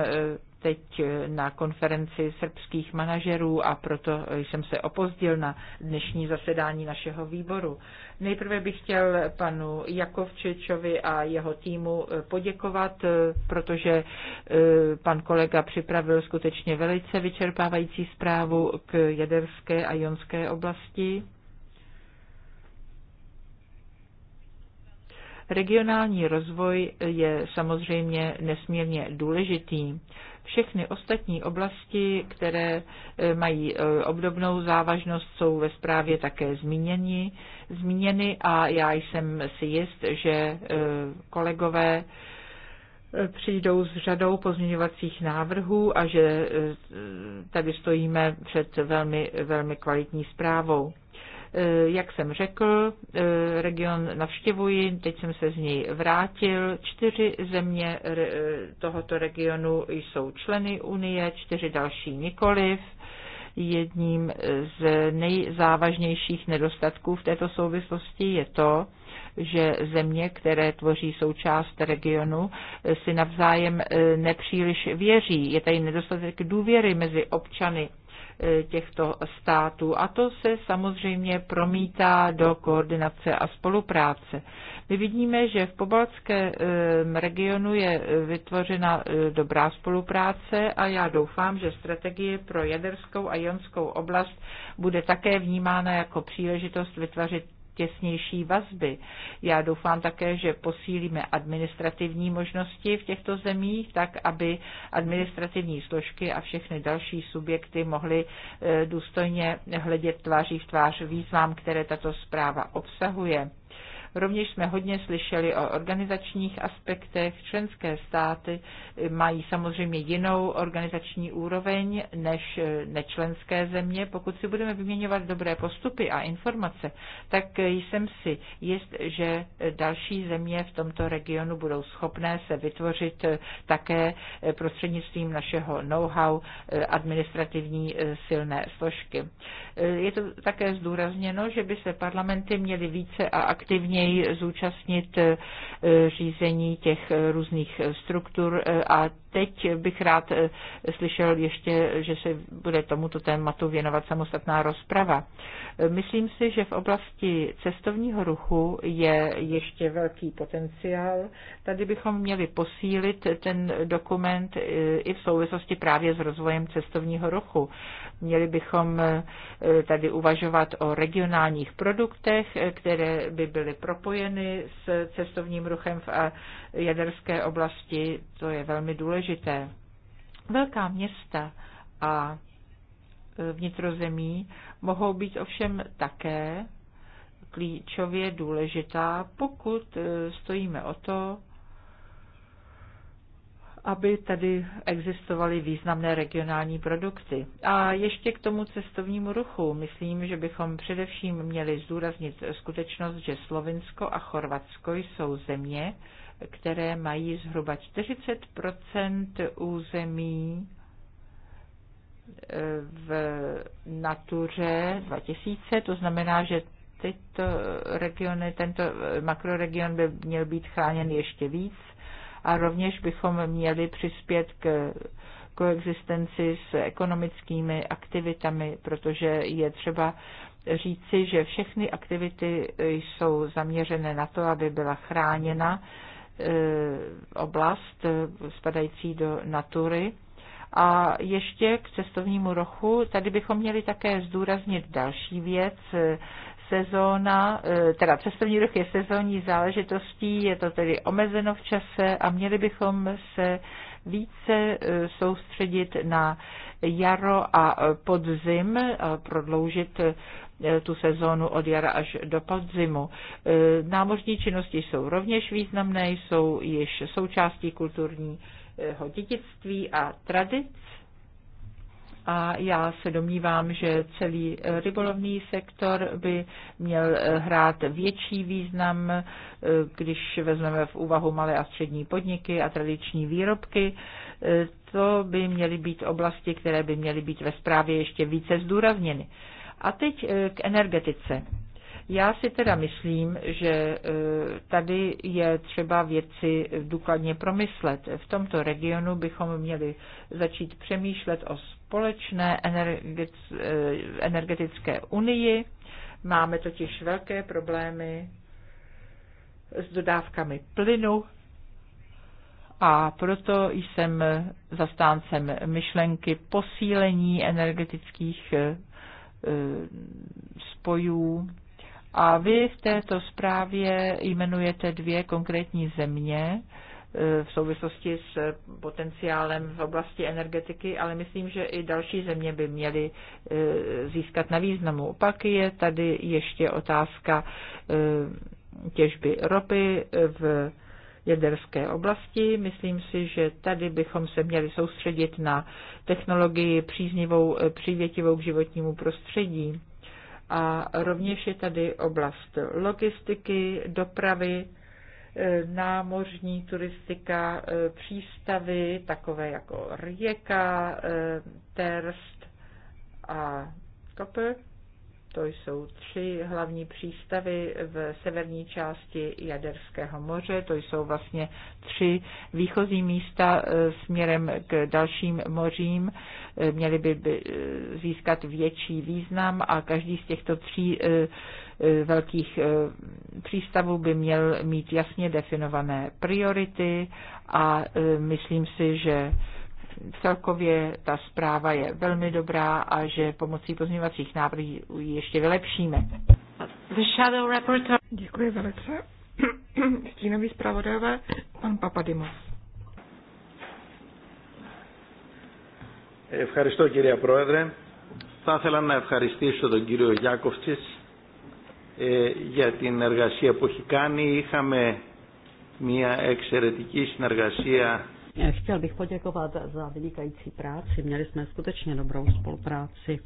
teď na konferenci srbských manažerů a proto jsem se opozdil na dnešní zasedání našeho výboru. Nejprve bych chtěl panu Jakovčečovi a jeho týmu eh, poděkovat, eh, protože eh, pan kolega připravil skutečně velice vyčerpávající zprávu k jaderské a jonské oblasti. Regionální rozvoj je samozřejmě nesmírně důležitý. Všechny ostatní oblasti, které e, mají e, obdobnou závažnost, jsou ve zprávě také zmíněni, zmíněny a já jsem si jist, že e, kolegové přijdou s řadou pozměňovacích návrhů a že tady stojíme před velmi, velmi kvalitní zprávou. Eh, jak jsem řekl, eh, region navštěvuji, teď jsem se z něj vrátil. Čtyři země eh, tohoto regionu jsou členy Unie, čtyři další nikoliv jedním z nejzávažnějších nedostatků v této souvislosti je to, že země, které tvoří součást regionu, si navzájem nepříliš věří. Je tady nedostatek důvěry mezi občany těchto států. A to se samozřejmě promítá do koordinace a spolupráce. My vidíme, že v pobaltském eh, regionu je vytvořena eh, dobrá spolupráce a já doufám, že strategie pro jaderskou a jonskou oblast bude také vnímána jako příležitost vytvořit těsnější vazby. Já doufám také, že posílíme administrativní možnosti v těchto zemích, tak aby administrativní složky a všechny další subjekty mohly e, důstojně hledět tváří v tvář výzvám, které tato zpráva obsahuje. Rovněž jsme hodně slyšeli o organizačních aspektech. Členské státy mají samozřejmě jinou organizační úroveň než nečlenské země. Pokud si budeme vyměňovat dobré postupy a informace, tak jsem si jist, že další země v tomto regionu budou schopné se vytvořit také prostřednictvím našeho know-how administrativní silné složky. Je to také zdůrazněno, že by se parlamenty měly více a aktivně něj zúčastnit eh, řízení těch eh, různých eh, struktur a teď bych rád eh, slyšel ještě, že se bude tomuto tématu věnovat samostatná rozprava. Eh, myslím si, že v oblasti cestovního ruchu je ještě velký potenciál. Tady bychom měli posílit ten dokument eh, i v souvislosti právě s rozvojem cestovního ruchu. Měli bychom tady uvažovat o regionálních produktech, které by byly propojeny s cestovním ruchem v jaderské oblasti. To je velmi důležité důležité. Velká města a e, vnitrozemí mohou být ovšem také klíčově důležitá, pokud e, stojíme o to, aby tady existovaly významné regionální produkty. A ještě k tomu cestovnímu ruchu. Myslím, že bychom především měli zdůraznit skutečnost, že Slovinsko a Chorvatsko jsou země, které mají zhruba 40 území eh, v natuře 2000, to znamená, že tyto regiony, tento eh, makroregion by měl být chráněn ještě víc a rovněž bychom měli přispět k koexistenci s ekonomickými aktivitami, protože je třeba říci, že všechny aktivity jsou zaměřené na to, aby byla chráněna Eh, oblast eh, spadající do natury. A ještě k cestovnímu rochu, tady bychom měli také zdůraznit další věc, sezóna, eh, teda cestovní roh je sezónní záležitostí, je to tedy omezeno v čase a měli bychom se více soustředit na jaro a podzim, a prodloužit Eh, tu sezónu od jara až do podzimu. Eh, námořní činnosti jsou rovněž významné, jsou již součástí kulturního dědictví a tradic. A já se domnívám, že celý rybolovný sektor by měl hrát větší význam, eh, když vezmeme v úvahu malé a střední podniky a tradiční výrobky. To by měly být oblasti, které by měly být ve zprávě ještě více zdůrazněny. A teď eh, k energetice. Já si teda myslím, že eh, tady je třeba věci důkladně promyslet. V tomto regionu bychom měli začít přemýšlet o společné eh, energetické unii. Máme totiž velké problémy s dodávkami plynu a proto jsem zastáncem myšlenky posílení energetických Eh, spojů. A vy v této zprávě jmenujete dvě konkrétní země, eh, v souvislosti s potenciálem v oblasti energetiky, ale myslím, že i další země by měly eh, získat na významu. Opak je tady ještě otázka těžby ropy v jaderské oblasti. Myslím si, že tady bychom se měli soustředit na technologii příznivou, eh, přívětivou k životnímu prostředí. A rovněž je tady oblast logistiky, dopravy, eh, námořní turistika, eh, přístavy, takové jako Rijeka, Terst a Koper to jsou tři hlavní přístavy v severní části Jaderského moře. To jsou vlastně tři výchozí místa eh, směrem k dalším mořím. Eh, měly by eh, získat větší význam a každý z těchto tří velkých přístavů by měl mít jasně definované priority a myslím si, že celkově ta zpráva je velmi dobrá a že pomocí pozměňovacích návrhů ji ještě vylepšíme. The shadow reporter. Děkuji velice. [clears throat] Stínový zpravodajové, pan Papadimos. Ευχαριστώ κύριε Πρόεδρε. Θα ήθελα να ευχαριστήσω τον κύριο Γιάκοφτσης ε, για την εργασία που έχει κάνει. Είχαμε μια εξαιρετική συνεργασία Chtěl bych poděkovat za vynikající práci. Měli jsme skutečně dobrou spolupráci.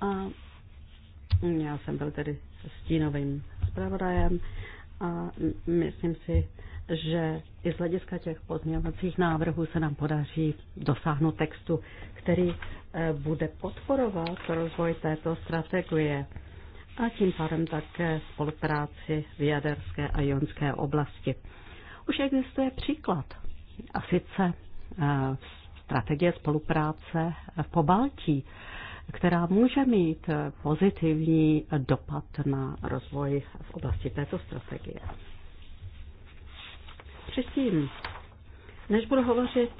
A já jsem byl tedy stínovým zpravodajem a myslím si, že i z hlediska těch pozměňovacích návrhů se nám podaří dosáhnout textu, který eh, bude podporovat rozvoj této strategie a tím pádem také spolupráci v jaderské a jonské oblasti. Už existuje příklad a sice eh, strategie spolupráce v Pobaltí, která může mít pozitivní dopad na rozvoj v oblasti této strategie. Předtím, než budu hovořit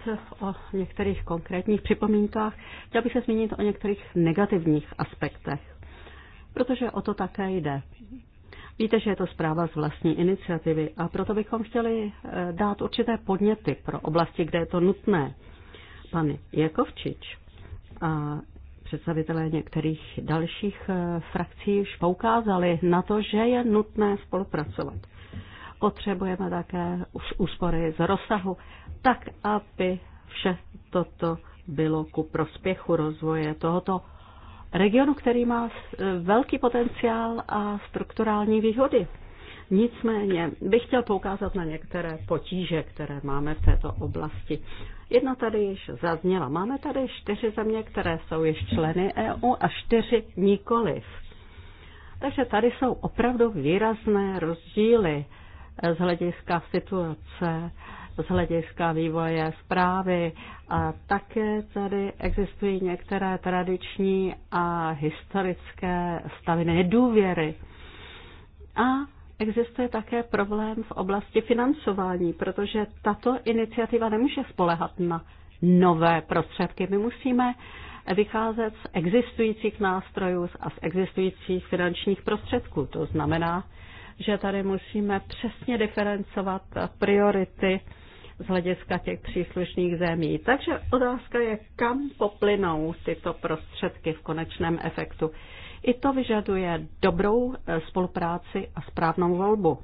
o některých konkrétních připomínkách, chtěl bych se zmínit o některých negativních aspektech, protože o to také jde. Víte, že je to zpráva z vlastní iniciativy a proto bychom chtěli eh, dát určité podněty pro oblasti, kde je to nutné. Pan Jakovčič a představitelé některých dalších eh, frakcí už poukázali na to, že je nutné spolupracovat. Potřebujeme také úspory z rozsahu, tak aby vše toto bylo ku prospěchu rozvoje tohoto regionu, který má eh, velký potenciál a strukturální výhody. Nicméně bych chtěl poukázat na některé potíže, které máme v této oblasti. Jedna tady již zazněla. Máme tady čtyři země, které jsou již členy EU a čtyři nikoliv. Takže tady jsou opravdu výrazné rozdíly eh, z hlediska situace z hlediska vývoje zprávy. A také tady existují některé tradiční a historické stavy nedůvěry. A existuje také problém v oblasti financování, protože tato iniciativa nemůže spolehat na nové prostředky. My musíme vycházet z existujících nástrojů a z existujících finančních prostředků. To znamená, že tady musíme přesně diferencovat priority z hlediska těch příslušných zemí. Takže otázka je, kam poplynou tyto prostředky v konečném efektu. I to vyžaduje dobrou eh, spolupráci a správnou volbu.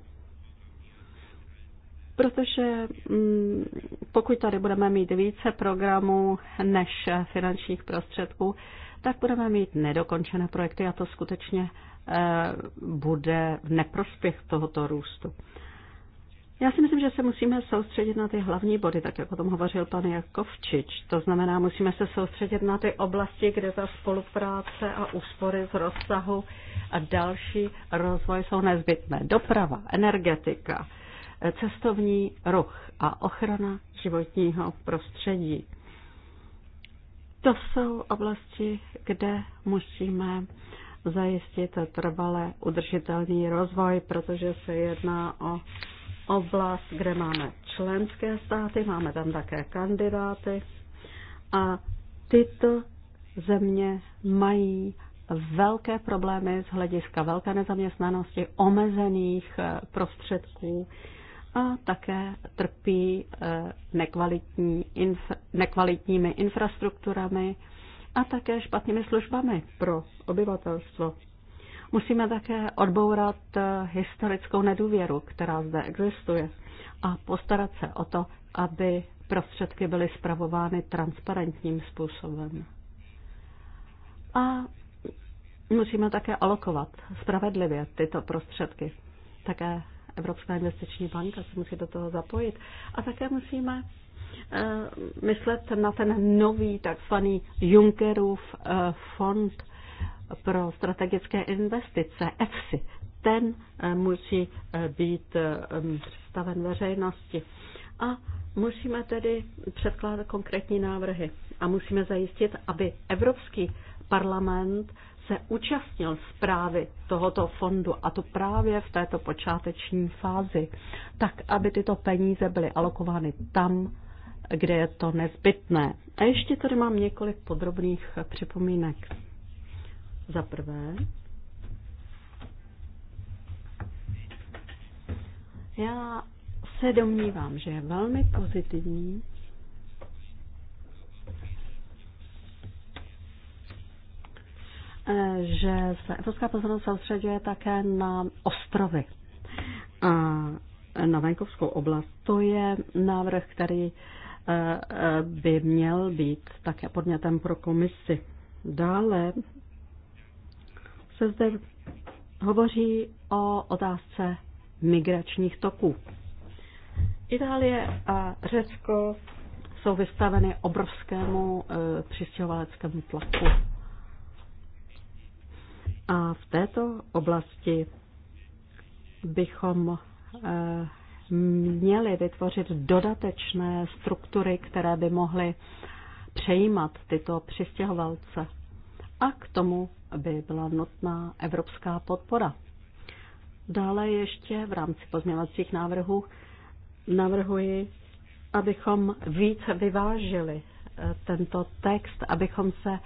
Protože mm, pokud tady budeme mít více programů než finančních prostředků, tak budeme mít nedokončené projekty a to skutečně eh, bude v neprospěch tohoto růstu. Já si myslím, že se musíme soustředit na ty hlavní body, tak jak o tom hovořil pan Jakovčič. To znamená, musíme se soustředit na ty oblasti, kde ta spolupráce a úspory z rozsahu a další rozvoj jsou nezbytné. Doprava, energetika, cestovní ruch a ochrana životního prostředí. To jsou oblasti, kde musíme zajistit trvale udržitelný rozvoj, protože se jedná o oblast, kde máme členské státy, máme tam také kandidáty a tyto země mají velké problémy z hlediska velké nezaměstnanosti, omezených eh, prostředků a také trpí eh, nekvalitní, inf, nekvalitními infrastrukturami a také špatnými službami pro obyvatelstvo. Musíme také odbourat eh, historickou nedůvěru, která zde existuje a postarat se o to, aby prostředky byly spravovány transparentním způsobem. A musíme také alokovat spravedlivě tyto prostředky. Také Evropská investiční banka se musí do toho zapojit. A také musíme eh, myslet na ten nový takzvaný Junckerův eh, fond pro strategické investice, EFSI, ten eh, musí eh, být eh, představen veřejnosti. A musíme tedy předkládat konkrétní návrhy a musíme zajistit, aby Evropský parlament se účastnil zprávy tohoto fondu a to právě v této počáteční fázi, tak aby tyto peníze byly alokovány tam, kde je to nezbytné. A ještě tady mám několik podrobných připomínek. Za prvé, já se domnívám, že je velmi pozitivní, eh, že se evropská pozornost soustředuje také na ostrovy a na venkovskou oblast. To je návrh, který eh, eh, by měl být také podnětem pro komisi. Dále se zde hovoří o otázce migračních toků. Itálie a Řecko jsou vystaveny obrovskému e, přistěhovaleckému tlaku. A v této oblasti bychom e, měli vytvořit dodatečné struktury, které by mohly přejímat tyto přistěhovalce. A k tomu by byla nutná evropská podpora. Dále ještě v rámci pozměňovacích návrhů navrhuji, abychom více vyvážili eh, tento text, abychom se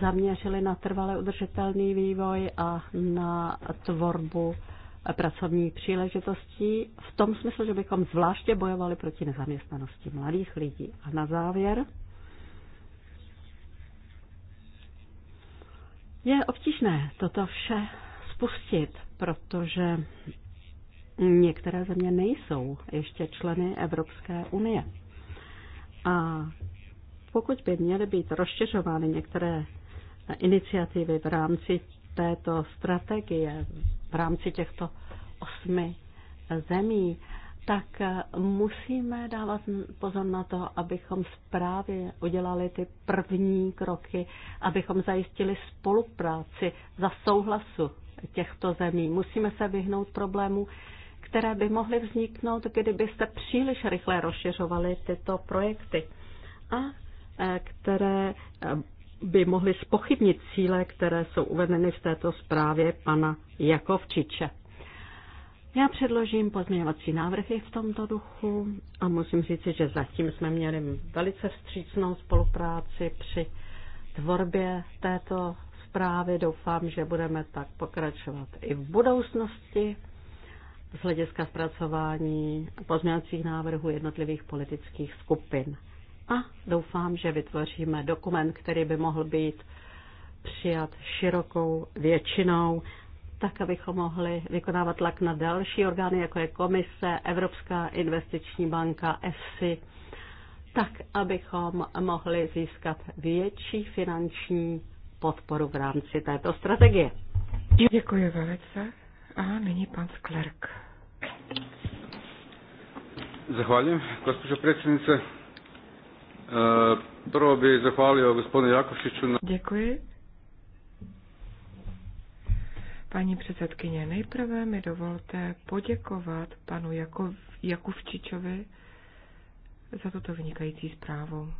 zaměřili na trvale udržitelný vývoj a na tvorbu eh, pracovní příležitostí v tom smyslu, že bychom zvláště bojovali proti nezaměstnanosti mladých lidí. A na závěr Je obtížné toto vše spustit, protože některé země nejsou ještě členy Evropské unie. A pokud by měly být rozšiřovány některé iniciativy v rámci této strategie, v rámci těchto osmi zemí, tak eh, musíme dávat pozor na to, abychom správně udělali ty první kroky, abychom zajistili spolupráci za souhlasu těchto zemí. Musíme se vyhnout problému, které by mohly vzniknout, kdyby se příliš rychle rozšiřovaly tyto projekty a eh, které eh, by mohly spochybnit cíle, které jsou uvedeny v této zprávě pana Jakovčiče. Já předložím pozměňovací návrhy v tomto duchu a musím říct, že zatím jsme měli velice vstřícnou spolupráci při tvorbě této zprávy. Doufám, že budeme tak pokračovat i v budoucnosti z hlediska zpracování pozměňovacích návrhů jednotlivých politických skupin. A doufám, že vytvoříme dokument, který by mohl být přijat širokou většinou tak abychom mohli vykonávat tlak na další orgány, jako je Komise, Evropská investiční banka, EFSI, tak abychom mohli získat větší finanční podporu v rámci této strategie. Děkuji velice. A nyní pan Sklerk. Zahvaljujem, gospođo predsjednice. E, prvo bih zahvalio gospodinu Jakovšiću na... Děkuji. Paní předsedkyně, nejprve mi dovolte poděkovat panu Jakov, Jakubčičovi za tuto vynikající zprávu.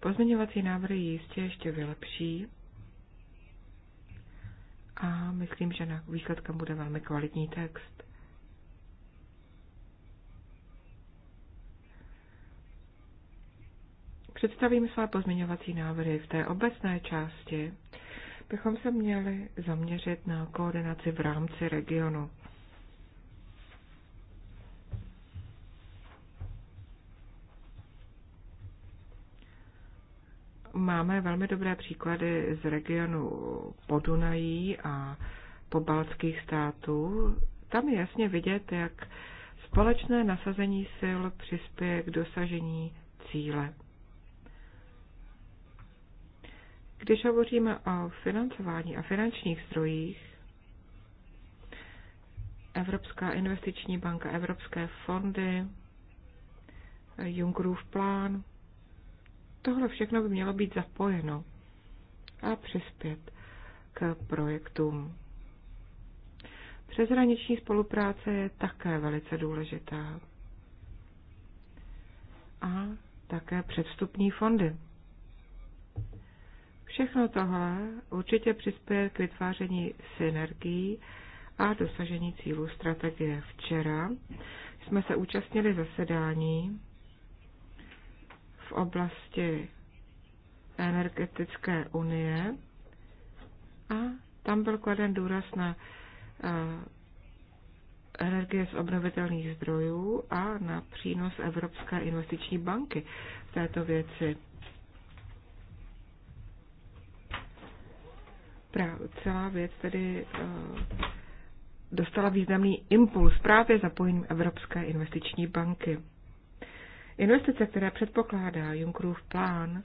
Pozměňovací návrhy jistě ještě vylepší a myslím, že na výsledkem bude velmi kvalitní text. představím své pozměňovací návrhy v té obecné části, bychom se měli zaměřit na koordinaci v rámci regionu. Máme velmi dobré příklady z regionu Podunají a pobaltských států. Tam je jasně vidět, jak společné nasazení sil přispěje k dosažení cíle. Když hovoříme o financování a finančních zdrojích, Evropská investiční banka, Evropské fondy, Junckerův plán, tohle všechno by mělo být zapojeno a přispět k projektům. Přeshraniční spolupráce je také velice důležitá. A také předstupní fondy. Všechno tohle určitě přispěje k vytváření synergií a dosažení cílů strategie. Včera jsme se účastnili zasedání v oblasti energetické unie a tam byl kladen důraz na eh, energie z obnovitelných zdrojů a na přínos Evropské investiční banky v této věci. celá věc tedy eh, dostala významný impuls právě zapojením Evropské investiční banky. Investice, které předpokládá Junckerův plán,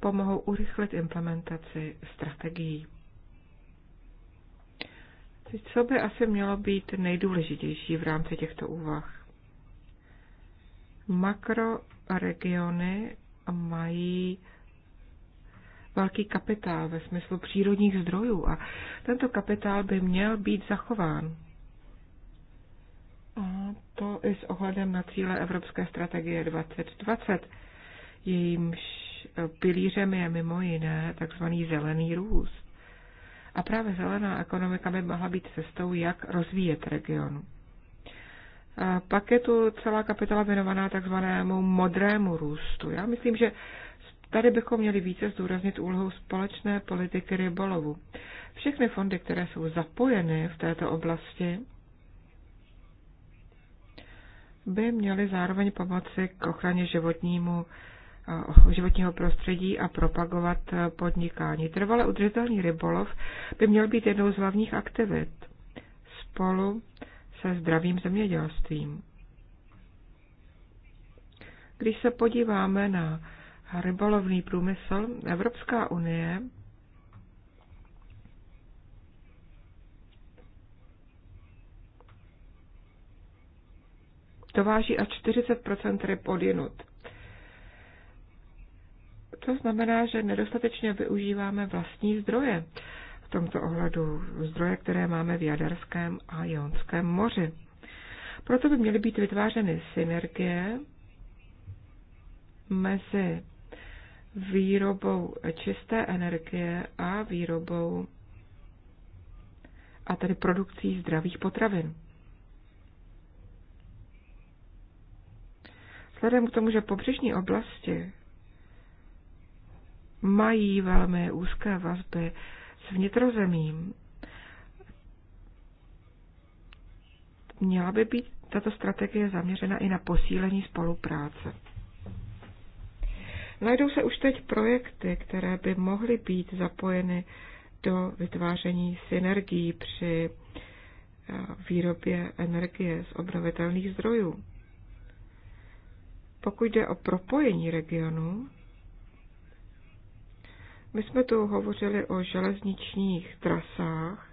pomohou urychlit implementaci strategií. Co by asi mělo být nejdůležitější v rámci těchto úvah? Makroregiony mají velký kapitál ve smyslu přírodních zdrojů a tento kapitál by měl být zachován. A to i s ohledem na cíle Evropské strategie 2020. Jejímž e, pilířem je mimo jiné takzvaný zelený růst. A právě zelená ekonomika by mohla být cestou, jak rozvíjet region. A pak je tu celá kapitola věnovaná takzvanému modrému růstu. Já myslím, že Tady bychom měli více zdůraznit úlohu společné politiky rybolovu. Všechny fondy, které jsou zapojeny v této oblasti, by měly zároveň pomoci k ochraně životnímu, eh, životního prostředí a propagovat podnikání. Trvale udržitelný rybolov by měl být jednou z hlavních aktivit spolu se zdravým zemědělstvím. Když se podíváme na rybolovný průmysl, Evropská unie dováží až 40 ryb odjinut. To znamená, že nedostatečně využíváme vlastní zdroje v tomto ohledu, zdroje, které máme v Jaderském a Jonském moři. Proto by měly být vytvářeny synergie mezi výrobou čisté energie a výrobou a tedy produkcí zdravých potravin. Vzhledem k tomu, že pobřežní oblasti mají velmi úzké vazby s vnitrozemím, měla by být tato strategie zaměřena i na posílení spolupráce. Najdou se už teď projekty, které by mohly být zapojeny do vytváření synergií při eh, výrobě energie z obnovitelných zdrojů. Pokud jde o propojení regionu, my jsme tu hovořili o železničních trasách,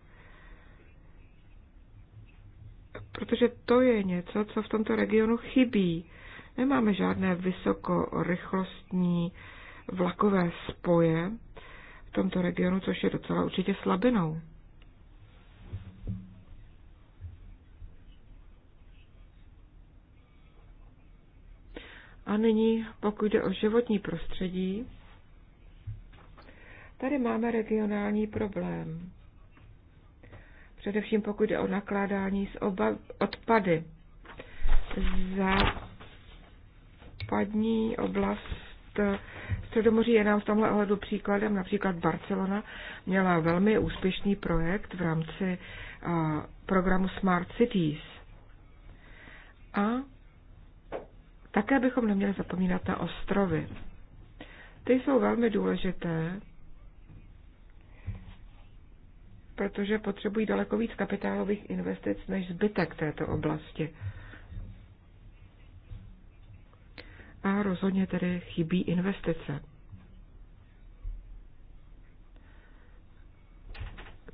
protože to je něco, co v tomto regionu chybí. Nemáme žádné vysokorychlostní vlakové spoje v tomto regionu, což je docela určitě slabinou. A nyní, pokud jde o životní prostředí, tady máme regionální problém. Především pokud jde o nakládání s oba odpady. Za západní oblast eh, Středomoří je nám v tomhle ohledu příkladem. Například Barcelona měla velmi úspěšný projekt v rámci eh, programu Smart Cities. A také bychom neměli zapomínat na ostrovy. Ty jsou velmi důležité, protože potřebují daleko víc kapitálových investic než zbytek této oblasti. a rozhodně tedy chybí investice.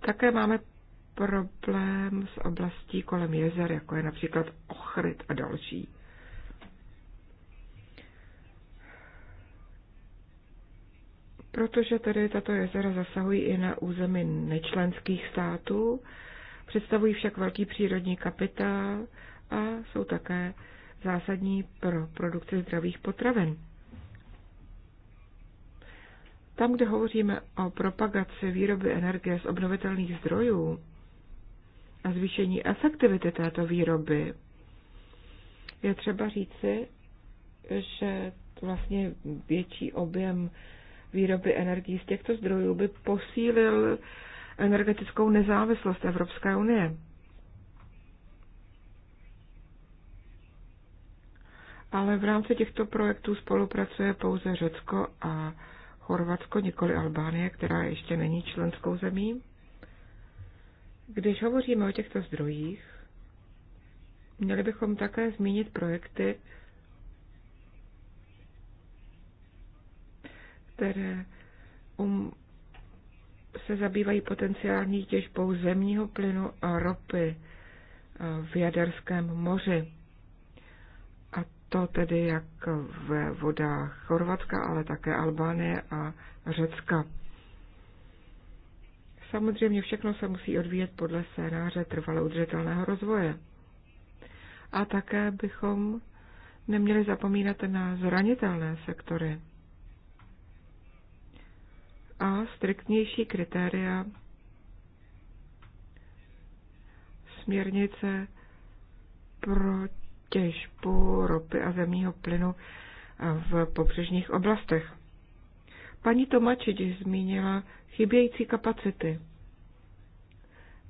Také máme problém s oblastí kolem jezer, jako je například Ochryt a další. Protože tedy tato jezera zasahují i na území nečlenských států, představují však velký přírodní kapitál a jsou také zásadní pro produkci zdravých potravin. Tam, kde hovoříme o propagaci výroby energie z obnovitelných zdrojů a zvýšení efektivity této výroby, je třeba říci, že vlastně větší objem výroby energií z těchto zdrojů by posílil energetickou nezávislost Evropské unie. ale v rámci těchto projektů spolupracuje pouze Řecko a Chorvatsko, nikoli Albánie, která ještě není členskou zemí. Když hovoříme o těchto zdrojích, měli bychom také zmínit projekty, které um, se zabývají potenciální těžbou zemního plynu a ropy eh, v Jaderském moři to tedy jak ve vodách Chorvatska, ale také Albánie a Řecka. Samozřejmě všechno se musí odvíjet podle scénáře trvale udržitelného rozvoje. A také bychom neměli zapomínat na zranitelné sektory a striktnější kritéria směrnice pro těžbu ropy a zemního plynu v pobřežních oblastech. Paní Tomačič zmínila chybějící kapacity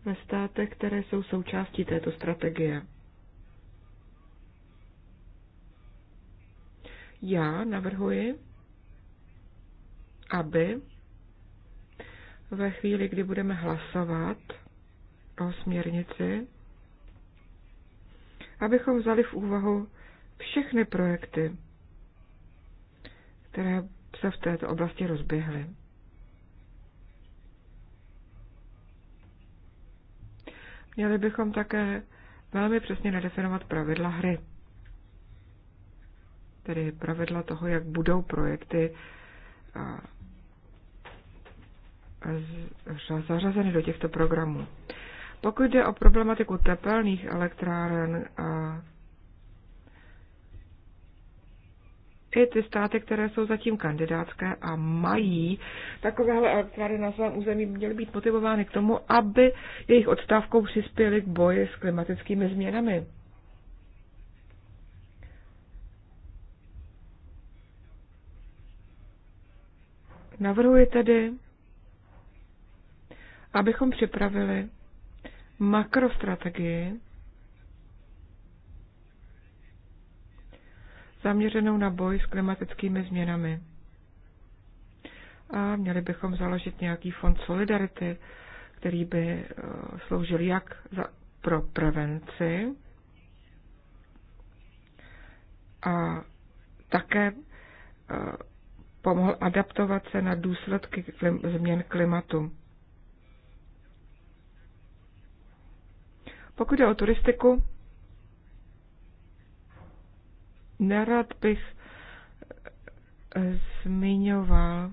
ve státech, které jsou součástí této strategie. Já navrhuji, aby ve chvíli, kdy budeme hlasovat o směrnici, abychom vzali v úvahu všechny projekty, které se v této oblasti rozběhly. Měli bychom také velmi přesně nadefinovat pravidla hry. Tedy pravidla toho, jak budou projekty zařazeny do těchto programů. Pokud jde o problematiku tepelných elektráren a i ty státy, které jsou zatím kandidátské a mají takovéhle elektrárny na svém území, měly být motivovány k tomu, aby jejich odstávkou přispěly k boji s klimatickými změnami. Navrhuji tedy, abychom připravili makrostrategii zaměřenou na boj s klimatickými změnami. A měli bychom založit nějaký fond solidarity, který by eh, sloužil jak za, pro prevenci a také eh, pomohl adaptovat se na důsledky klim, změn klimatu. Pokud je o turistiku, nerad bych eh, zmiňoval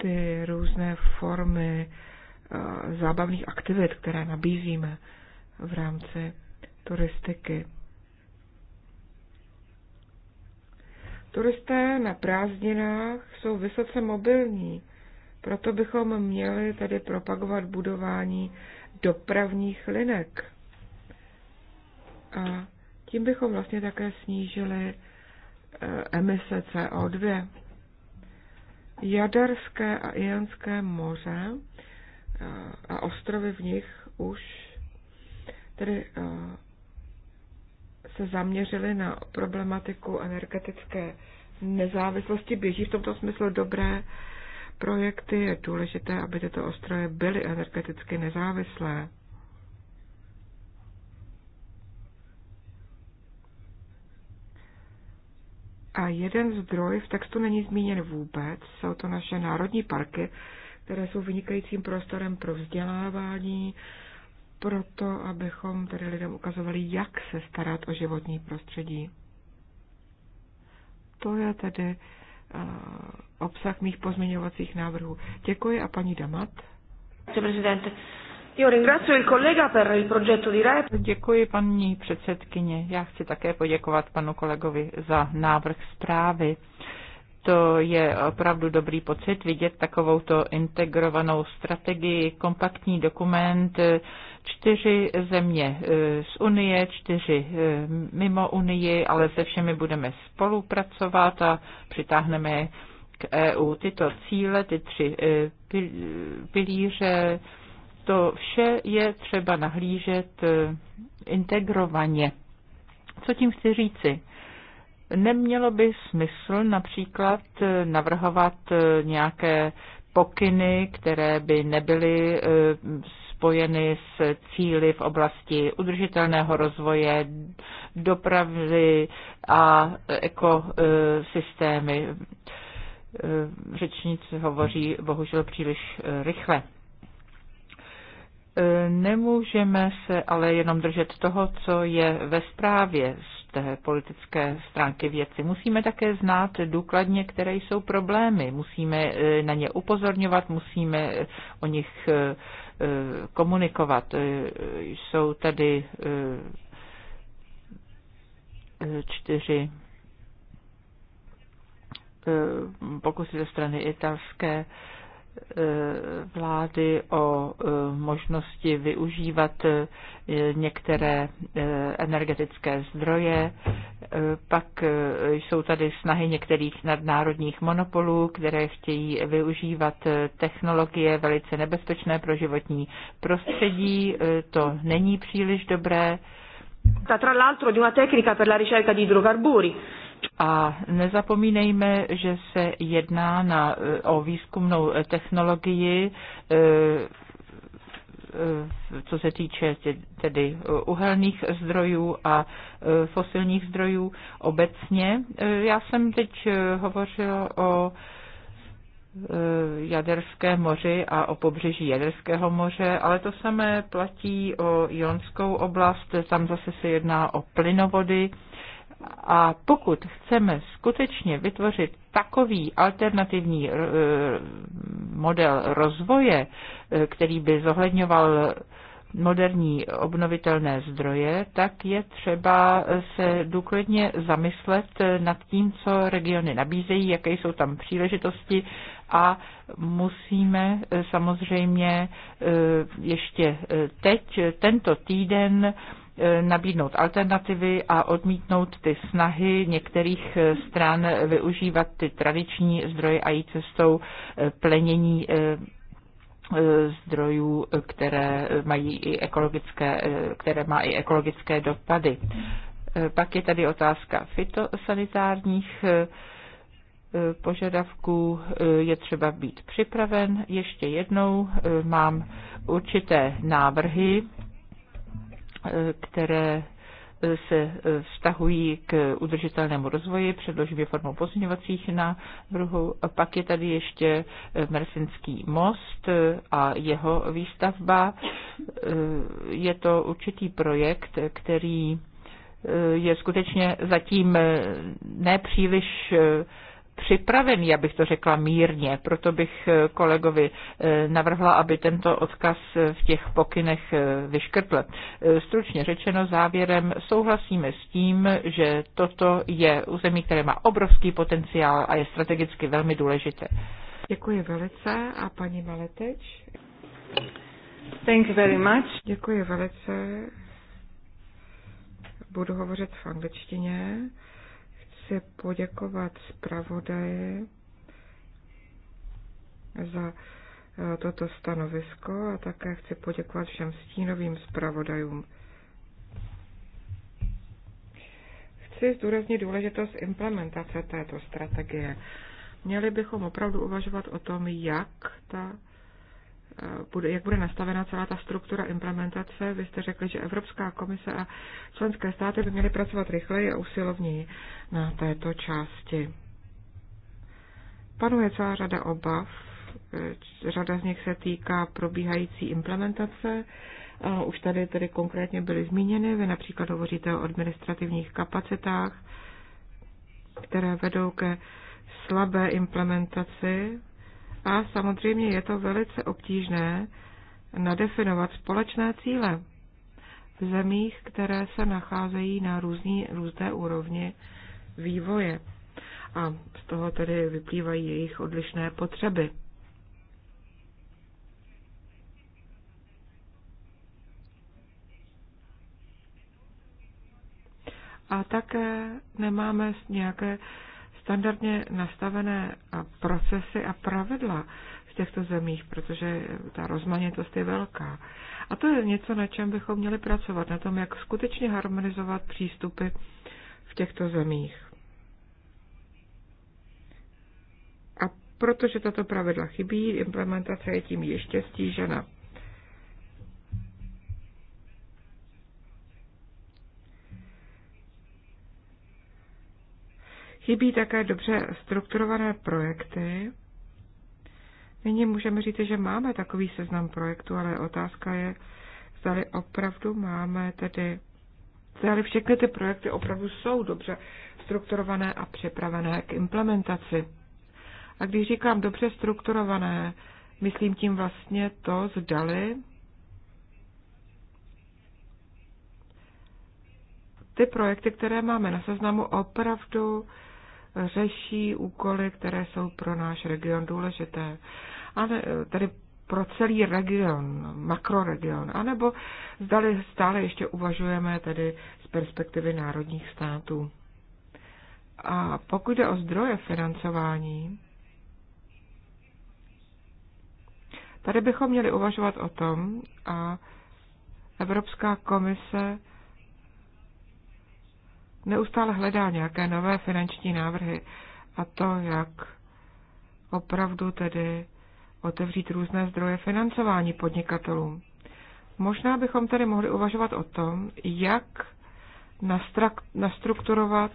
ty různé formy eh, zábavných aktivit, které nabízíme v rámci turistiky. Turisté na prázdninách jsou vysoce mobilní, proto bychom měli tedy propagovat budování dopravních linek. A tím bychom vlastně také snížili eh, emise CO2. Jaderské a Ionské moře eh, a ostrovy v nich už tedy eh, se zaměřili na problematiku energetické nezávislosti. Běží v tomto smyslu dobré projekty, je důležité, aby tyto ostroje byly energeticky nezávislé. A jeden zdroj v textu není zmíněn vůbec, jsou to naše národní parky, které jsou vynikajícím prostorem pro vzdělávání, proto, abychom tedy lidem ukazovali, jak se starat o životní prostředí. To je tedy obsah mých pozměňovacích návrhů. Děkuji a paní Damat. Děkuji paní předsedkyně. Já chci také poděkovat panu kolegovi za návrh zprávy. To je opravdu dobrý pocit vidět takovouto integrovanou strategii, kompaktní dokument, čtyři země eh, z Unie, čtyři eh, mimo Unii, ale se všemi budeme spolupracovat a přitáhneme k EU tyto cíle, ty tři eh, pilíře. To vše je třeba nahlížet integrovaně. Co tím chci říci? Nemělo by smysl například eh, navrhovat eh, nějaké pokyny, které by nebyly eh, spojeny s cíly v oblasti udržitelného rozvoje, dopravy a ekosystémy. Řečnice hovoří bohužel příliš rychle. Nemůžeme se ale jenom držet toho, co je ve zprávě té politické stránky věci. Musíme také znát důkladně, které jsou problémy. Musíme eh, na ně upozorňovat, musíme eh, o nich eh, komunikovat. Jsou tady čtyři pokusy ze strany italské Eh, vlády o eh, možnosti využívat eh, některé energetické zdroje. Pak jsou tady snahy některých nadnárodních monopolů, které chtějí využívat technologie velice nebezpečné pro životní prostředí. To není příliš dobré. Tra l'altro di una tecnica per la ricerca di idrocarburi a nezapomínejme, že se jedná na, e, o výzkumnou technologii, e, e, co se týče tedy uhelných zdrojů a fosilních zdrojů obecně. Já jsem teď hovořila o Jaderské moři a o pobřeží Jaderského moře, ale to samé platí o Jonskou oblast, tam zase se jedná o plynovody, a pokud chceme skutečně vytvořit takový alternativní eh, model rozvoje, eh, který by zohledňoval moderní obnovitelné zdroje, tak je třeba se důkladně zamyslet nad tím, co regiony nabízejí, jaké jsou tam příležitosti a musíme eh, samozřejmě ještě teď, tento týden, E, nabídnout alternativy a odmítnout ty snahy některých e, stran využívat ty tradiční zdroje a jít cestou e, plenění zdrojů, které mají i ekologické, které má i ekologické dopady. Pak je tady otázka fitosanitárních požadavků je třeba být připraven. Ještě jednou mám určité návrhy které eh, se eh, vztahují k udržitelnému rozvoji, předložím je formou pozměňovacích návrhů. Pak je tady ještě eh, Mersinský most a jeho výstavba. Je to určitý projekt, který je skutečně zatím nepříliš připravený, abych to řekla mírně. Proto bych eh, kolegovi eh, navrhla, aby tento odkaz eh, v těch pokynech vyškrtl. Stručně řečeno závěrem souhlasíme s tím, že toto je území, které má obrovský potenciál a je strategicky velmi důležité. Děkuji velice a paní Maleteč. Thank you very much. Děkuji velice. Budu hovořit v angličtině chci poděkovat zpravodaji za eh, toto stanovisko a také chci poděkovat všem stínovým zpravodajům. Chci zdůraznit důležitost implementace této strategie. Měli bychom opravdu uvažovat o tom, jak ta bude, jak bude nastavena celá ta struktura implementace. Vy jste řekli, že Evropská komise a členské státy by měly pracovat rychleji a usilovněji na této části. Panuje celá řada obav, řada z nich se týká probíhající implementace. Už tady tedy konkrétně byly zmíněny, vy například hovoříte o administrativních kapacitách, které vedou ke slabé implementaci a samozřejmě je to velice obtížné nadefinovat společné cíle v zemích, které se nacházejí na různý, různé úrovni vývoje. A z toho tedy vyplývají jejich odlišné potřeby. A také nemáme nějaké standardně nastavené procesy a pravidla v těchto zemích, protože ta rozmanitost je velká. A to je něco, na čem bychom měli pracovat, na tom, jak skutečně harmonizovat přístupy v těchto zemích. A protože tato pravidla chybí, implementace je tím ještě stížena. Chybí také dobře strukturované projekty. Nyní můžeme říct, že máme takový seznam projektů, ale otázka je, zda opravdu máme tedy, zda všechny ty projekty opravdu jsou dobře strukturované a připravené k implementaci. A když říkám dobře strukturované, myslím tím vlastně to, zdali ty projekty, které máme na seznamu, opravdu řeší úkoly, které jsou pro náš region důležité. A ne, tedy pro celý region, makroregion, anebo zdali stále ještě uvažujeme tedy z perspektivy národních států. A pokud jde o zdroje financování, tady bychom měli uvažovat o tom, a Evropská komise neustále hledá nějaké nové finanční návrhy a to, jak opravdu tedy otevřít různé zdroje financování podnikatelům. Možná bychom tedy mohli uvažovat o tom, jak nastrukturovat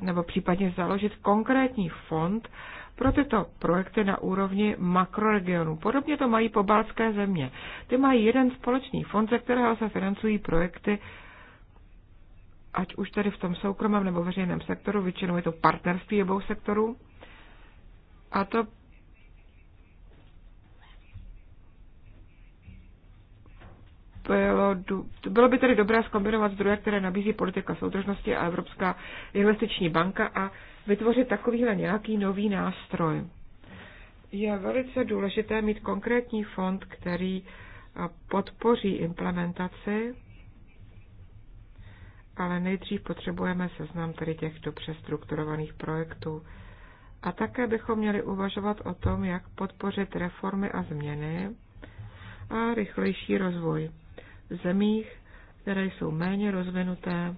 nebo případně založit konkrétní fond pro tyto projekty na úrovni makroregionu. Podobně to mají pobalské země. Ty mají jeden společný fond, ze kterého se financují projekty ať už tedy v tom soukromém nebo veřejném sektoru, většinou je to partnerství obou sektorů. A to bylo, bylo by tedy dobré zkombinovat zdroje, které nabízí politika soudržnosti a Evropská investiční banka a vytvořit takovýhle nějaký nový nástroj. Je velice důležité mít konkrétní fond, který podpoří implementaci ale nejdřív potřebujeme seznam tedy těchto přestrukturovaných projektů. A také bychom měli uvažovat o tom, jak podpořit reformy a změny a rychlejší rozvoj v zemích, které jsou méně rozvinuté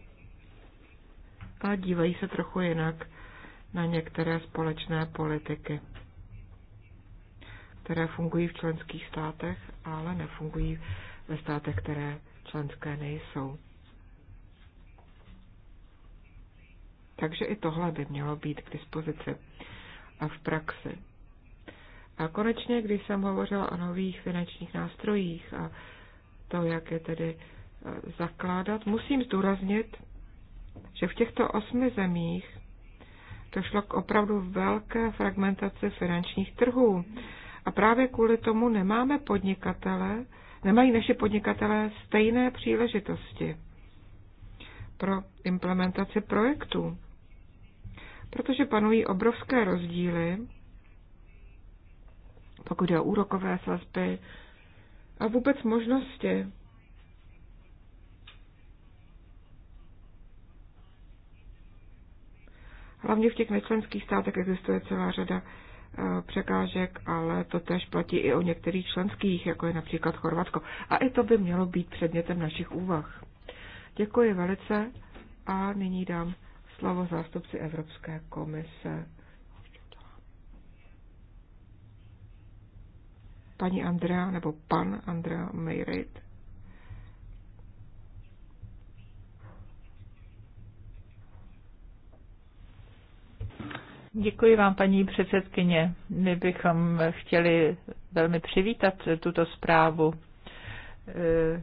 a dívají se trochu jinak na některé společné politiky, které fungují v členských státech, ale nefungují ve státech, které členské nejsou. Takže i tohle by mělo být k dispozici a v praxi. A konečně, když jsem hovořila o nových finančních nástrojích a to, jak je tedy e, zakládat, musím zdůraznit, že v těchto osmi zemích došlo k opravdu velké fragmentaci finančních trhů. A právě kvůli tomu nemáme podnikatele, nemají naši podnikatelé stejné příležitosti pro implementaci projektů protože panují obrovské rozdíly, pokud jde o úrokové sazby a vůbec možnosti. Hlavně v těch nečlenských státech existuje celá řada eh, překážek, ale to tež platí i o některých členských, jako je například Chorvatsko. A i to by mělo být předmětem našich úvah. Děkuji velice a nyní dám slovo zástupci Evropské komise. Paní Andrea nebo pan Andrea Meyrit. Děkuji vám, paní předsedkyně. My bychom chtěli velmi přivítat tuto zprávu eh,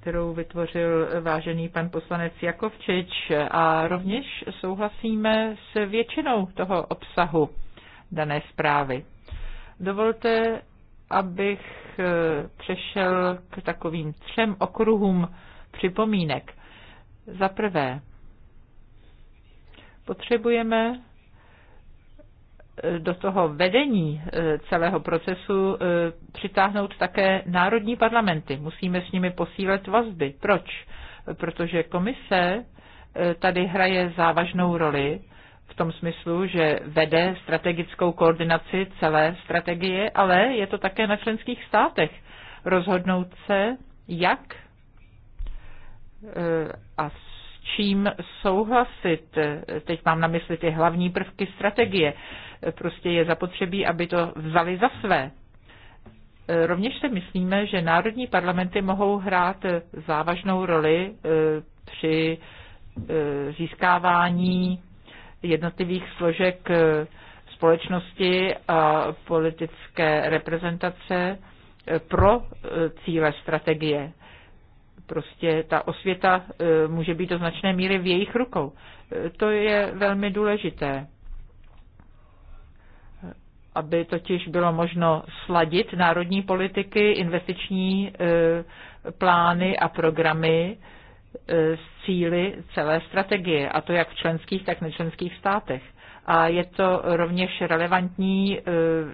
kterou vytvořil vážený pan poslanec Jakovčič a rovněž souhlasíme s většinou toho obsahu dané zprávy. Dovolte, abych eh, přešel k takovým třem okruhům připomínek. Za prvé, potřebujeme do toho vedení e, celého procesu e, přitáhnout také národní parlamenty. Musíme s nimi posílat vazby. Proč? Protože komise e, tady hraje závažnou roli v tom smyslu, že vede strategickou koordinaci celé strategie, ale je to také na členských státech rozhodnout se, jak a čím souhlasit. Teď mám na mysli ty hlavní prvky strategie. Prostě je zapotřebí, aby to vzali za své. Rovněž se myslíme, že národní parlamenty mohou hrát závažnou roli eh, při eh, získávání jednotlivých složek eh, společnosti a politické reprezentace pro cíle strategie. Prostě ta osvěta e, může být do značné míry v jejich rukou. E, to je velmi důležité aby totiž bylo možno sladit národní politiky, investiční e, plány a programy s cíly celé strategie, a to jak v členských, tak nečlenských státech a je to rovněž relevantní, e,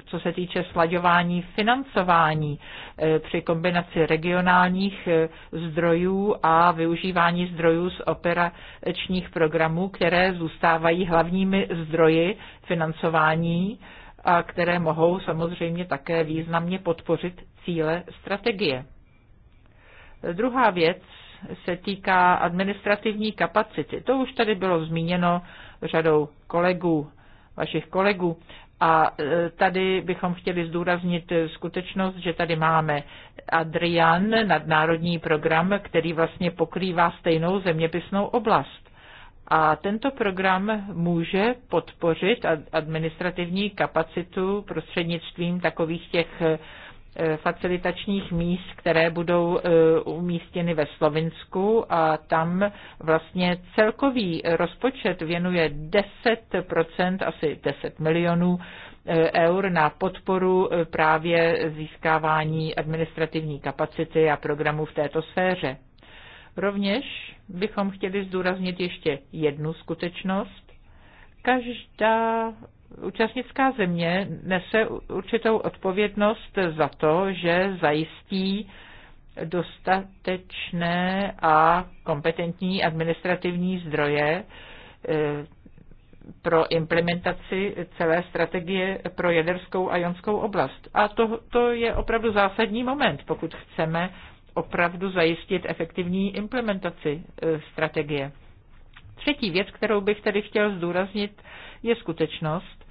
co se týče slaďování financování e, při kombinaci regionálních e, zdrojů a využívání zdrojů z operačních programů, které zůstávají hlavními zdroji financování a které mohou samozřejmě také významně podpořit cíle strategie. Druhá věc se týká administrativní kapacity. To už tady bylo zmíněno řadou kolegů, vašich kolegů. A e, tady bychom chtěli zdůraznit e, skutečnost, že tady máme Adrian, nadnárodní program, který vlastně pokrývá stejnou zeměpisnou oblast. A tento program může podpořit administrativní kapacitu prostřednictvím takových těch e, Eh, facilitačních míst, které budou eh, umístěny ve Slovinsku a tam vlastně celkový rozpočet věnuje 10%, asi 10 milionů eh, eur na podporu právě získávání administrativní kapacity a programů v této sféře. Rovněž bychom chtěli zdůraznit ještě jednu skutečnost. Každá účastnická země nese určitou odpovědnost za to, že zajistí dostatečné a kompetentní administrativní zdroje eh, pro implementaci celé strategie pro jaderskou a jonskou oblast. A to, to je opravdu zásadní moment, pokud chceme opravdu zajistit efektivní implementaci eh, strategie. Třetí věc, kterou bych tady chtěl zdůraznit, je skutečnost,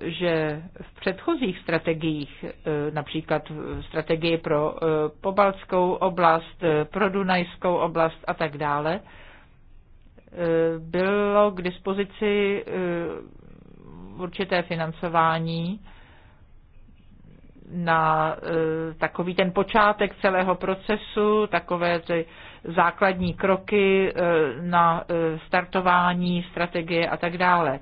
že v předchozích strategiích, e, například strategie pro e, pobaltskou oblast, e, pro Dunajskou oblast a tak dále, bylo k dispozici určité financování na takový ten počátek celého procesu, takové ty základní kroky na startování strategie a tak dále.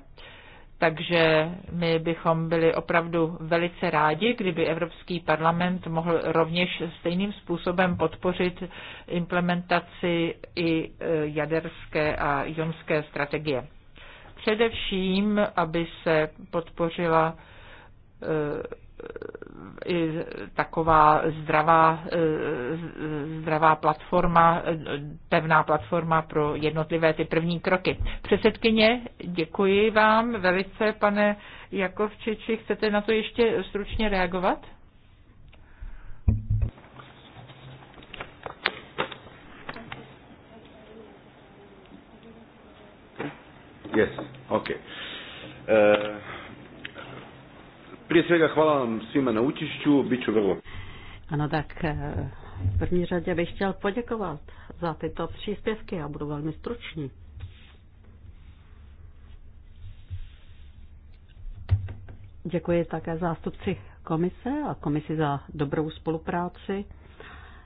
Takže my bychom byli opravdu velice rádi, kdyby Evropský parlament mohl rovněž stejným způsobem podpořit implementaci i e, jaderské a jonské strategie. Především, aby se podpořila e, i taková zdravá, e, zdravá platforma, pevná platforma pro jednotlivé ty první kroky. Předsedkyně, děkuji vám velice, pane Jakovčiči. Chcete na to ještě stručně reagovat? Yes, okay. Uh... Prije svega hvala vám svima na učišću, bit ću vrlo. Ano, tak eh, v první řadě bych chtěl poděkovat za tyto příspěvky, a budu velmi stručný. Děkuji také zástupci komise a komisi za dobrou spolupráci.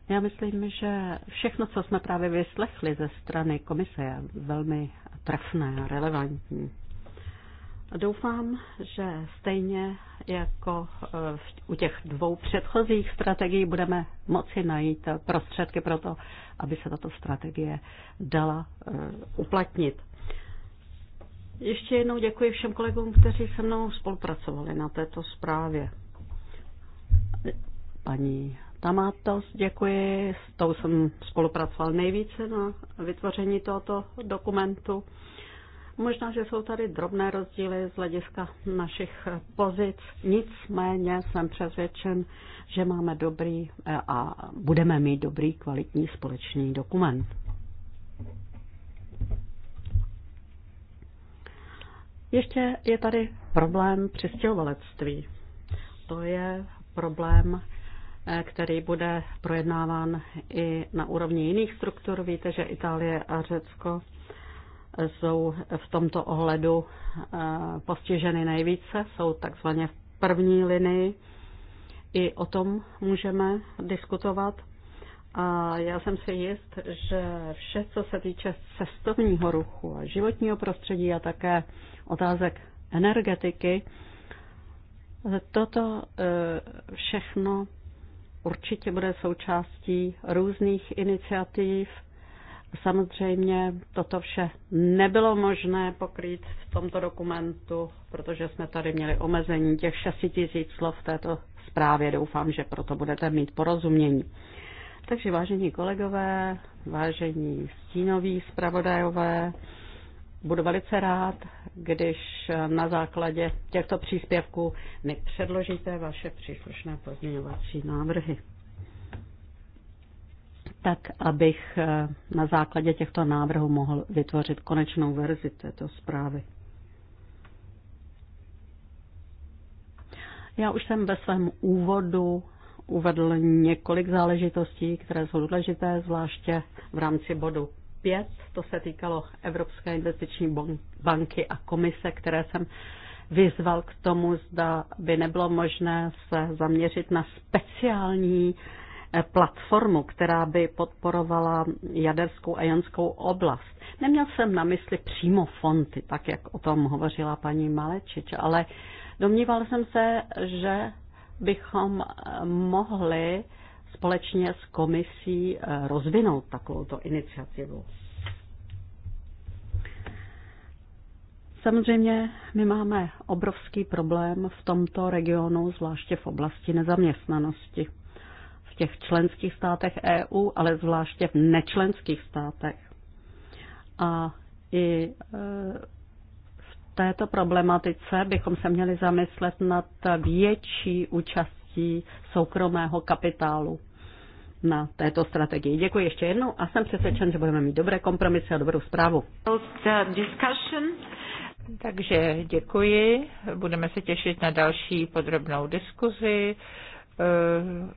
Já myslím, že všechno, co jsme právě vyslechli ze strany komise, je velmi trefné a relevantní. Doufám, že stejně jako eh, u těch dvou předchozích strategií budeme moci najít prostředky pro to, aby se tato strategie dala eh, uplatnit. Ještě jednou děkuji všem kolegům, kteří se mnou spolupracovali na této zprávě. Paní Tamatos, děkuji, s tou jsem spolupracoval nejvíce na vytvoření tohoto dokumentu. Možná, že jsou tady drobné rozdíly z hlediska našich pozic, nicméně jsem přesvědčen, že máme dobrý eh, a budeme mít dobrý kvalitní společný dokument. Ještě je tady problém přistěhovalectví. To je problém, eh, který bude projednáván i na úrovni jiných struktur. Víte, že Itálie a Řecko jsou v tomto ohledu eh, postiženy nejvíce, jsou takzvaně v první linii. I o tom můžeme diskutovat. A já jsem si jist, že vše, co se týče cestovního ruchu a životního prostředí a také otázek energetiky, toto eh, všechno určitě bude součástí různých iniciativ, Samozřejmě toto vše nebylo možné pokrýt v tomto dokumentu, protože jsme tady měli omezení těch 6 tisíc slov v této zprávě. Doufám, že proto budete mít porozumění. Takže vážení kolegové, vážení stínoví zpravodajové, budu velice rád, když na základě těchto příspěvků mi předložíte vaše příslušné pozměňovací návrhy tak abych eh, na základě těchto návrhů mohl vytvořit konečnou verzi této zprávy. Já už jsem ve svém úvodu uvedl několik záležitostí, které jsou důležité, zvláště v rámci bodu 5. To se týkalo Evropské investiční banky a komise, které jsem vyzval k tomu, zda by nebylo možné se zaměřit na speciální Eh, platformu, která by podporovala jaderskou a janskou oblast. Neměl jsem na mysli přímo fonty, tak jak o tom hovořila paní Malečič, ale domníval jsem se, že bychom eh, mohli společně s komisí eh, rozvinout takovouto iniciativu. Samozřejmě my máme obrovský problém v tomto regionu, zvláště v oblasti nezaměstnanosti těch členských státech EU, ale zvláště v nečlenských státech. A i e, v této problematice bychom se měli zamyslet nad větší účastí soukromého kapitálu na této strategii. Děkuji ještě jednou a jsem přesvědčen, že budeme mít dobré kompromisy a dobrou zprávu. Takže děkuji. Budeme se těšit na další podrobnou diskuzi.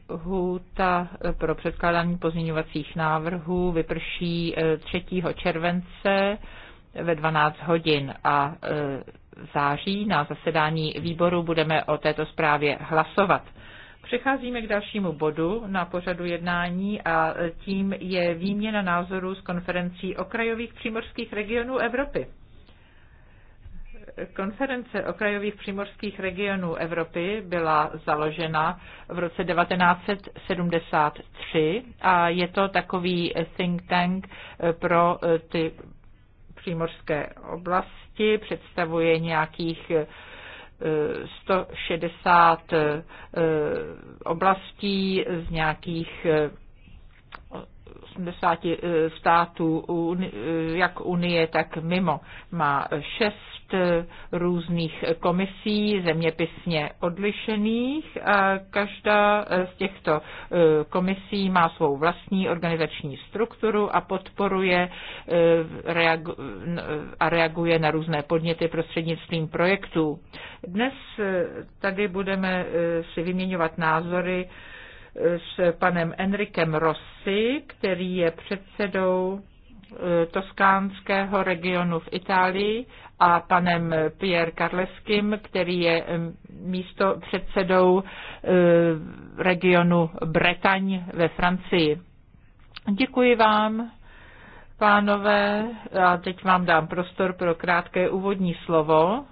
Huta eh, eh, pro předkládání pozměňovacích návrhů vyprší 3. Eh, července ve 12 hodin a v září na zasedání výboru budeme o této zprávě hlasovat. Přecházíme k dalšímu bodu na pořadu jednání a tím je výměna názorů s konferencí okrajových přímořských regionů Evropy. Konference okrajových přímořských regionů Evropy byla založena v roce 1973 a je to takový think tank pro eh, ty přímořské oblasti, představuje nějakých 160 eh, eh, oblastí z nějakých 80 eh, států, eh, jak Unie, tak mimo. Má šest eh, různých komisí zeměpisně odlišených a každá z těchto komisí má svou vlastní organizační strukturu a podporuje a reaguje na různé podněty prostřednictvím projektů. Dnes tady budeme si vyměňovat názory s panem Enrikem Rossi, který je předsedou e, toskánského regionu v Itálii a panem Pierre Karleským, který je e, místo předsedou e, regionu Bretaň ve Francii. Děkuji vám, pánové, a teď vám dám prostor pro krátké úvodní slovo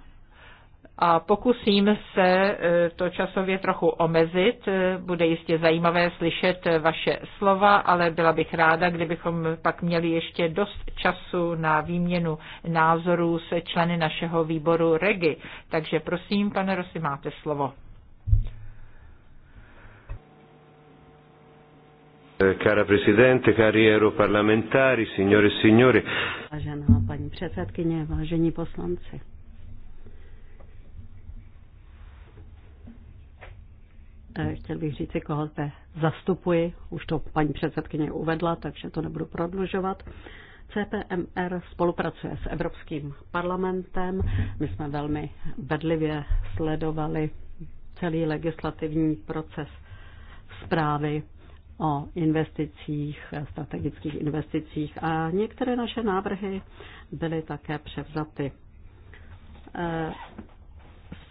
a pokusím se e, to časově trochu omezit. E, bude jistě zajímavé slyšet vaše slova, ale byla bych ráda, kdybychom pak měli ještě dost času na výměnu názorů se členy našeho výboru REGI. Takže prosím, pane Rosy, máte slovo. E, cara Presidente, cari europarlamentari, signore e signori. Vážená paní předsedkyně, vážení poslanci. Eh, chtěl bych říct, koho zde zastupuji. Už to paní předsedkyně uvedla, takže to nebudu prodlužovat. CPMR spolupracuje s Evropským parlamentem. My jsme velmi bedlivě sledovali celý legislativní proces zprávy o investicích, strategických investicích a některé naše návrhy byly také převzaty. Eh,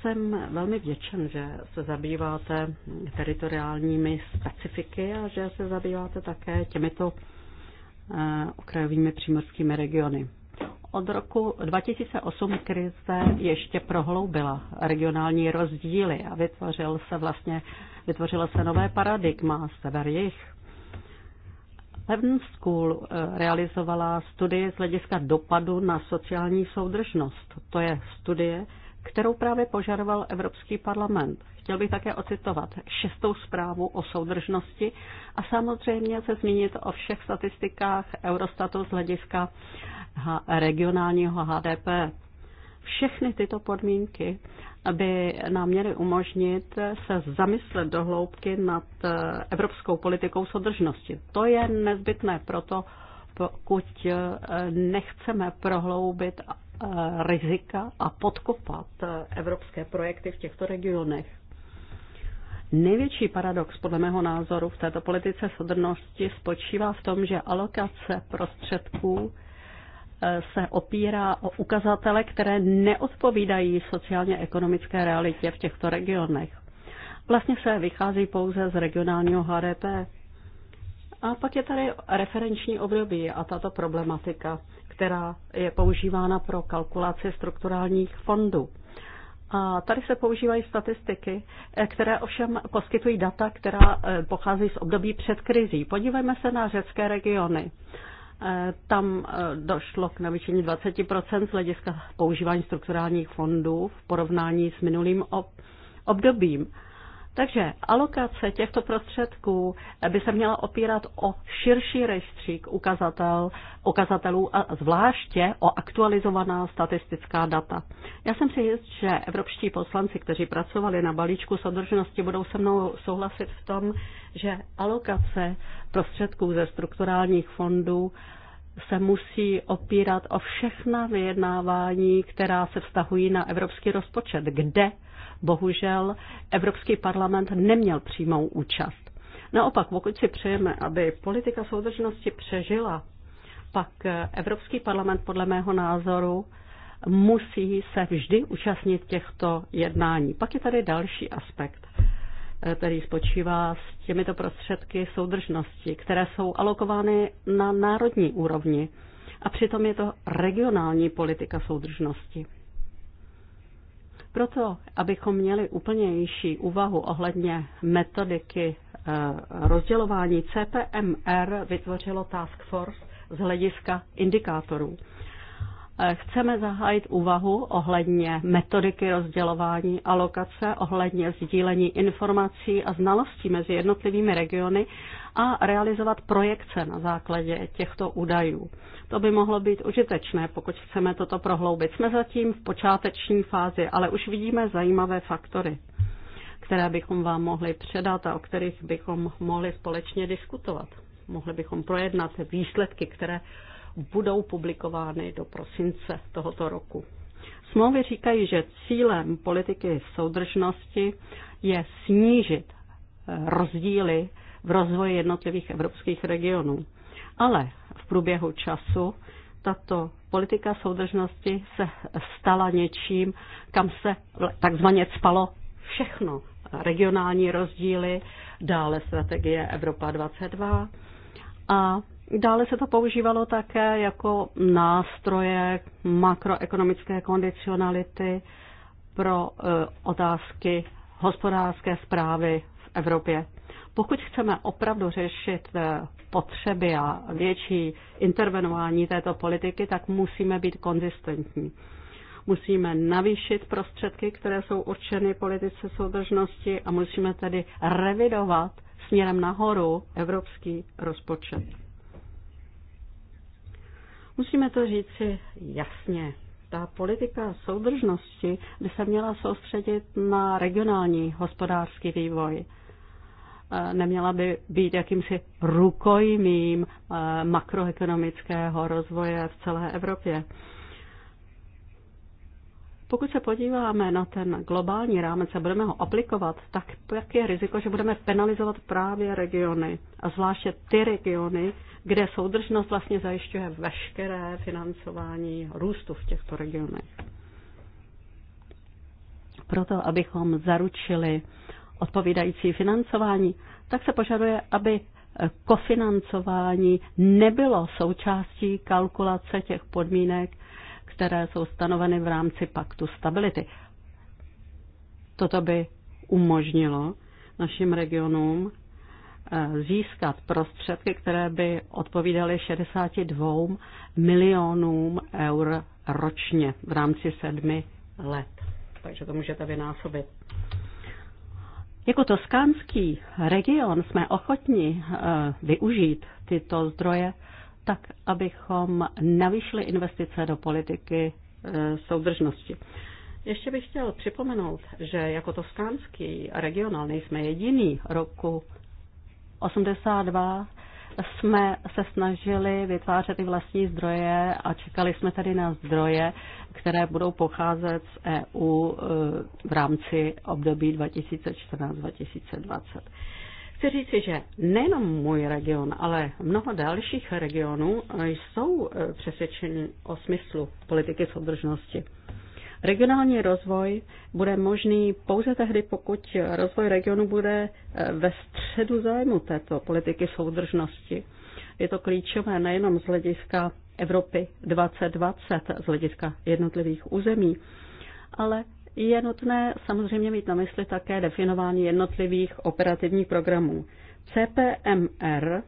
jsem velmi vděčen, že se zabýváte teritoriálními specifiky a že se zabýváte také těmito eh, okrajovými přímořskými regiony. Od roku 2008 krize ještě prohloubila regionální rozdíly a vytvořil se vlastně, vytvořilo se nové paradigma sever-jih. Levn School eh, realizovala studie z hlediska dopadu na sociální soudržnost. To je studie, kterou právě požadoval Evropský parlament. Chtěl bych také ocitovat šestou zprávu o soudržnosti a samozřejmě se zmínit o všech statistikách Eurostatu z hlediska regionálního HDP. Všechny tyto podmínky by nám měly umožnit se zamyslet do hloubky nad eh, evropskou politikou soudržnosti. To je nezbytné proto, pokud eh, nechceme prohloubit Eh, rizika a podkopat eh, evropské projekty v těchto regionech. Největší paradox podle mého názoru v této politice soudrnosti spočívá v tom, že alokace prostředků eh, se opírá o ukazatele, které neodpovídají sociálně-ekonomické realitě v těchto regionech. Vlastně se vychází pouze z regionálního HDP. A pak je tady referenční období a tato problematika která je používána pro kalkulaci strukturálních fondů. A tady se používají statistiky, eh, které ovšem poskytují data, která eh, pochází z období před krizí. Podívejme se na řecké regiony. Eh, tam došlo k navýšení 20% z hlediska používání strukturálních fondů v porovnání s minulým obdobím. Takže alokace těchto prostředků by se měla opírat o širší rejstřík ukazatel, ukazatelů a zvláště o aktualizovaná statistická data. Já jsem si jist, že evropští poslanci, kteří pracovali na balíčku soudržnosti, budou se mnou souhlasit v tom, že alokace prostředků ze strukturálních fondů se musí opírat o všechna vyjednávání, která se vztahují na evropský rozpočet, kde Bohužel Evropský parlament neměl přímou účast. Naopak, pokud si přejeme, aby politika soudržnosti přežila, pak Evropský parlament podle mého názoru musí se vždy účastnit těchto jednání. Pak je tady další aspekt, eh, který spočívá s těmito prostředky soudržnosti, které jsou alokovány na národní úrovni. A přitom je to regionální politika soudržnosti. Proto, abychom měli úplnější úvahu ohledně metodiky eh, rozdělování, CPMR vytvořilo Task Force z hlediska indikátorů. Eh, chceme zahájit úvahu ohledně metodiky rozdělování alokace, ohledně sdílení informací a znalostí mezi jednotlivými regiony a realizovat projekce na základě těchto údajů. To by mohlo být užitečné, pokud chceme toto prohloubit. Jsme zatím v počáteční fázi, ale už vidíme zajímavé faktory, které bychom vám mohli předat a o kterých bychom mohli společně diskutovat. Mohli bychom projednat výsledky, které budou publikovány do prosince tohoto roku. Smlouvy říkají, že cílem politiky soudržnosti je snížit eh, rozdíly v rozvoji jednotlivých evropských regionů. Ale v průběhu času tato politika soudržnosti se stala něčím, kam se takzvaně spalo všechno. Regionální rozdíly, dále strategie Evropa 22, a dále se to používalo také jako nástroje makroekonomické kondicionality pro e, otázky hospodářské zprávy v Evropě. Pokud chceme opravdu řešit e, potřeby a větší intervenování této politiky, tak musíme být konzistentní. Musíme navýšit prostředky, které jsou určeny politice soudržnosti a musíme tedy revidovat směrem nahoru evropský rozpočet. Musíme to říci jasně. Ta politika soudržnosti by se měla soustředit na regionální hospodářský vývoj. E, neměla by být jakýmsi rukojmím e, makroekonomického rozvoje v celé Evropě. Pokud se podíváme na ten globální rámec a budeme ho aplikovat, tak jak je riziko, že budeme penalizovat právě regiony a zvláště ty regiony, kde soudržnost vlastně zajišťuje veškeré financování růstu v těchto regionech. Proto, abychom zaručili odpovídající financování, tak se požaduje, aby kofinancování nebylo součástí kalkulace těch podmínek které jsou stanoveny v rámci paktu stability. Toto by umožnilo našim regionům eh, získat prostředky, které by odpovídaly 62 milionům eur ročně v rámci sedmi let. Takže to můžete vynásobit. Jako toskánský region jsme ochotni eh, využít tyto zdroje tak abychom navyšli investice do politiky eh, soudržnosti. Ještě bych chtěl připomenout, že jako toskánský regional nejsme jediný roku 82 jsme se snažili vytvářet i vlastní zdroje a čekali jsme tady na zdroje, které budou pocházet z EU eh, v rámci období 2014-2020. Chci říct, že nejenom můj region, ale mnoho dalších regionů eh, jsou eh, přesvědčeni o smyslu politiky soudržnosti. Regionální rozvoj bude možný pouze tehdy, pokud rozvoj regionu bude eh, ve středu zájmu této politiky soudržnosti. Je to klíčové nejenom z hlediska Evropy 2020, z hlediska jednotlivých území, ale je nutné samozřejmě mít na mysli také definování jednotlivých operativních programů. CPMR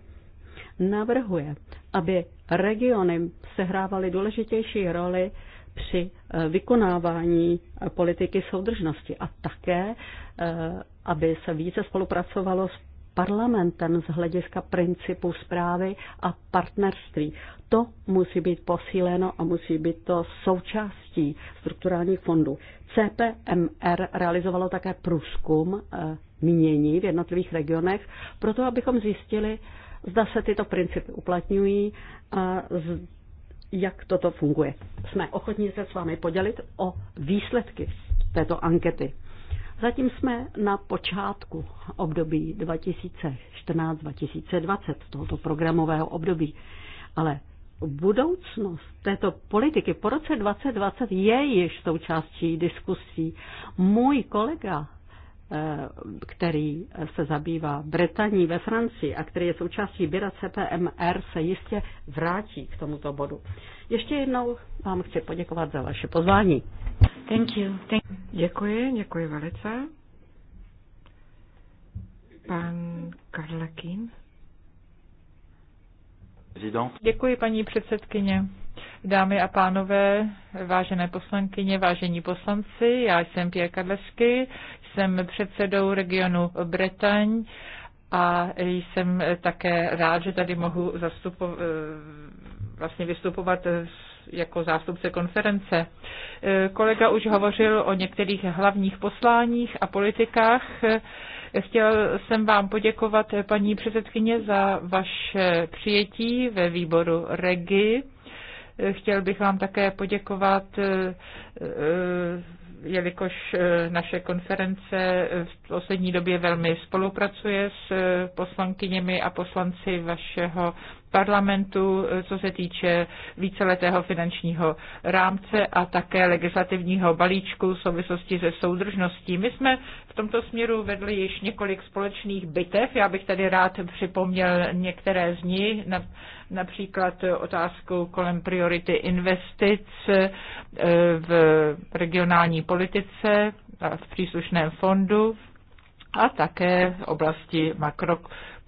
navrhuje, aby regiony sehrávaly důležitější roli při eh, vykonávání eh, politiky soudržnosti a také, eh, aby se více spolupracovalo s parlamentem z hlediska principu zprávy a partnerství. To musí být posíleno a musí být to součástí strukturálních fondů. CPMR realizovalo také průzkum eh, mínění v jednotlivých regionech, proto abychom zjistili, zda se tyto principy uplatňují a jak toto funguje. Jsme ochotní se s vámi podělit o výsledky této ankety. Zatím jsme na počátku období 2014-2020 tohoto programového období, ale budoucnost této politiky po roce 2020 je již součástí diskusí. Můj kolega, eh, který se zabývá Británií ve Francii a který je součástí Bira CPMR, se jistě vrátí k tomuto bodu. Ještě jednou vám chci poděkovat za vaše pozvání. Thank you. Thank you. Děkuji, děkuji velice. Pan Karlakín. Děkuji, paní předsedkyně. Dámy a pánové, vážené poslankyně, vážení poslanci, já jsem Pierre Kadlesky, jsem předsedou regionu Bretaň a jsem také rád, že tady mohu eh, vlastně vystupovat jako zástupce konference. E, kolega už hovořil o některých hlavních posláních a politikách. E, chtěl jsem vám poděkovat, paní předsedkyně, za vaše přijetí ve výboru REGI. E, chtěl bych vám také poděkovat, jelikož naše konference v poslední době velmi spolupracuje s poslankyněmi a poslanci vašeho parlamentu, eh, co se týče víceletého finančního rámce a také legislativního balíčku v souvislosti se soudržností. My jsme v tomto směru vedli již několik společných bitev. Já bych tady rád připomněl některé z nich, například otázku kolem priority investic eh, v regionální politice a v příslušném fondu a také oblasti makro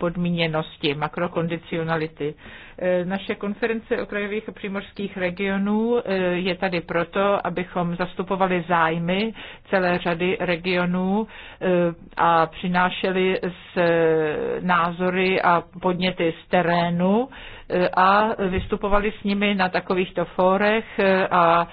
podmíněnosti, makrokondicionality. E, naše konference okrajových a přímořských regionů e, je tady proto, abychom zastupovali zájmy celé řady regionů e, a přinášeli s názory a podněty z terénu a vystupovali s nimi na takovýchto fórech a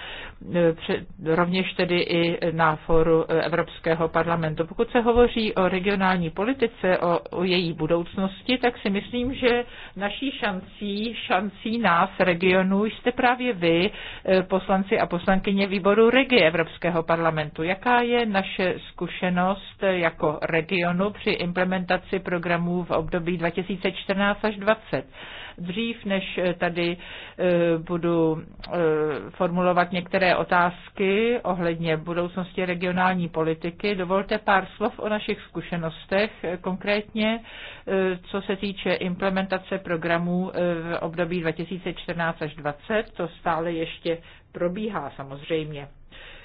rovněž tedy i na fóru Evropského parlamentu. Pokud se hovoří o regionální politice, o, o její budoucnosti, tak si myslím, že naší šancí, šancí nás, regionu, jste právě vy, e, poslanci a poslankyně výboru Regi Evropského parlamentu. Jaká je naše zkušenost jako regionu při implementaci programů v období 2014 až 2020? dřív, než tady eh, budu eh, formulovat některé otázky ohledně budoucnosti regionální politiky, dovolte pár slov o našich zkušenostech, eh, konkrétně co se týče implementace programů v období 2014 až 2020. To stále ještě probíhá samozřejmě.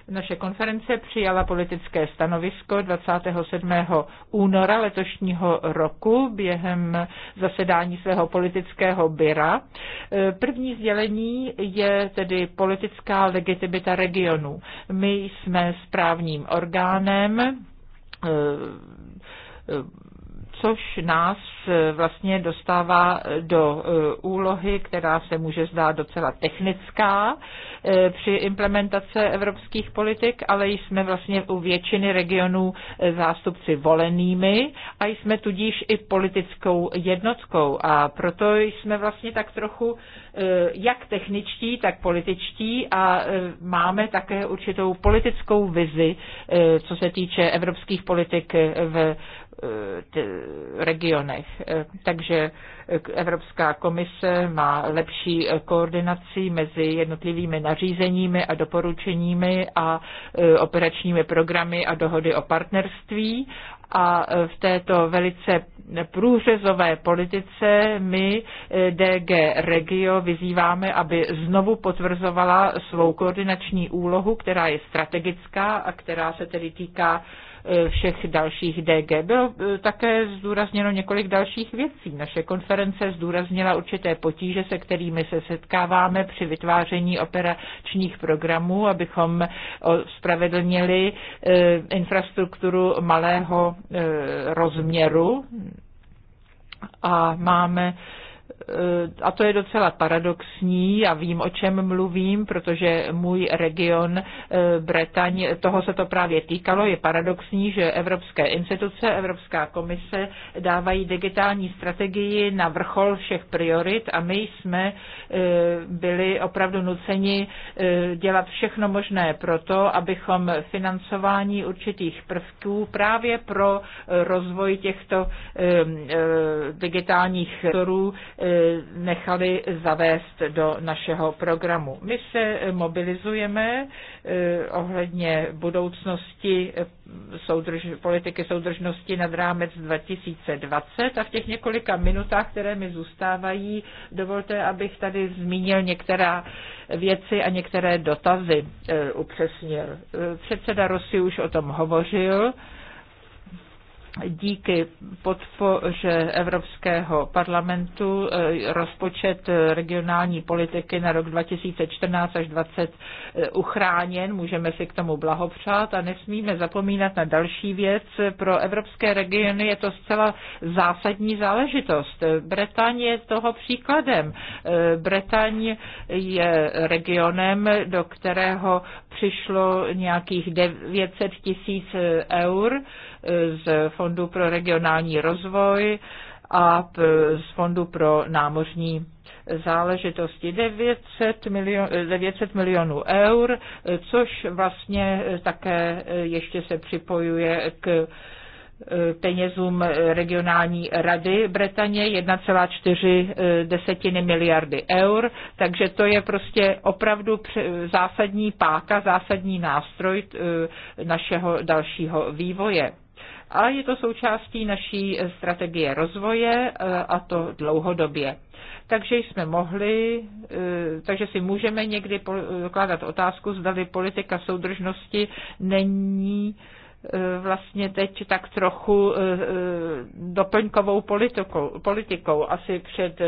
Naše konference přijala politické stanovisko 27. února letošního roku během zasedání svého politického byra. První sdělení je tedy politická legitimita regionu. My jsme správním orgánem což nás eh, vlastně dostává eh, do eh, úlohy, která se může zdát docela technická při implementaci evropských politik, ale jsme vlastně u většiny regionů zástupci volenými a jsme tudíž i politickou jednotkou a proto jsme vlastně tak trochu jak techničtí, tak političtí a máme také určitou politickou vizi, co se týče evropských politik v regionech. Takže Evropská komise má lepší koordinaci mezi jednotlivými nařízeními a doporučeními a e, operačními programy a dohody o partnerství a v této velice průřezové politice my e, DG Regio vyzýváme, aby znovu potvrzovala svou koordinační úlohu, která je strategická a která se tedy týká všech dalších DG. Bylo eh, také zdůrazněno několik dalších věcí. Naše konference zdůraznila určité potíže, se kterými se setkáváme při vytváření operačních programů, abychom spravedlnili eh, infrastrukturu malého eh, rozměru a máme a to je docela paradoxní, já vím, o čem mluvím, protože můj region eh, Bretaň, toho se to právě týkalo, je paradoxní, že evropské instituce, Evropská komise dávají digitální strategii na vrchol všech priorit a my jsme eh, byli opravdu nuceni eh, dělat všechno možné pro to, abychom financování určitých prvků právě pro rozvoj těchto digitálních sektorů Eh, nechali zavést do našeho programu. My se mobilizujeme eh, ohledně budoucnosti eh, soudrž, politiky soudržnosti nad rámec 2020 a v těch několika minutách, které mi zůstávají, dovolte, abych tady zmínil některá věci a některé dotazy upřesnil. Předseda Rosy už o tom hovořil díky podpoře Evropského parlamentu eh, rozpočet eh, regionální politiky na rok 2014 až 2020 eh, uchráněn, můžeme si k tomu blahopřát a nesmíme zapomínat na další věc. Pro evropské regiony je to zcela zásadní záležitost. Bretaň je toho příkladem. Bretaň je regionem, do kterého přišlo nějakých 900 tisíc eur z Fondu pro regionální rozvoj a z Fondu pro námořní záležitosti 900, milion, 900 milionů eur, což vlastně také ještě se připojuje k penězům regionální rady Bretaně 1,4 desetiny miliardy eur, takže to je prostě opravdu zásadní páka, zásadní nástroj našeho dalšího vývoje a je to součástí naší strategie rozvoje eh, a to dlouhodobě. Takže jsme mohli, eh, takže si můžeme někdy pokládat eh, otázku, zda politika soudržnosti není E, vlastně teď tak trochu e, e, doplňkovou politikou. politikou. Asi před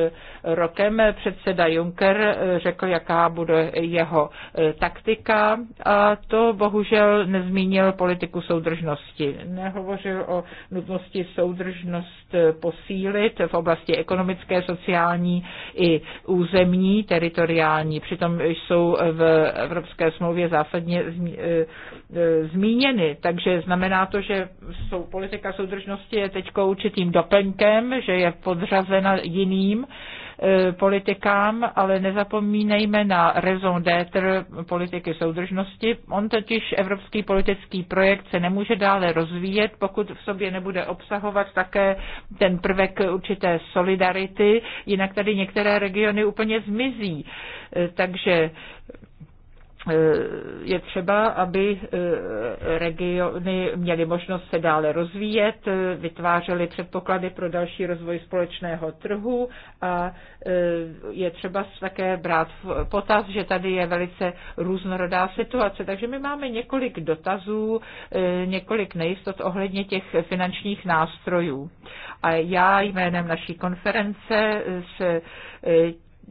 rokem předseda Juncker řekl, jaká bude jeho taktika a to bohužel nezmínil politiku soudržnosti. Nehovořil o nutnosti soudržnost posílit v oblasti ekonomické, sociální i územní, teritoriální. Přitom jsou v Evropské smlouvě zásadně zmíněny, takže Znamená to, že jsou, politika soudržnosti je teď určitým doplňkem, že je podřazena jiným e, politikám, ale nezapomínejme na raison d'être politiky soudržnosti. On totiž evropský politický projekt se nemůže dále rozvíjet, pokud v sobě nebude obsahovat také ten prvek určité solidarity, jinak tady některé regiony úplně zmizí. E, takže Eh, je třeba, aby eh, regiony měly možnost se dále rozvíjet, eh, vytvářely předpoklady pro další rozvoj společného trhu a je třeba také brát v potaz, že tady je velice různorodá situace. Takže my máme několik dotazů, několik nejistot ohledně těch finančních nástrojů. A já jménem naší konference se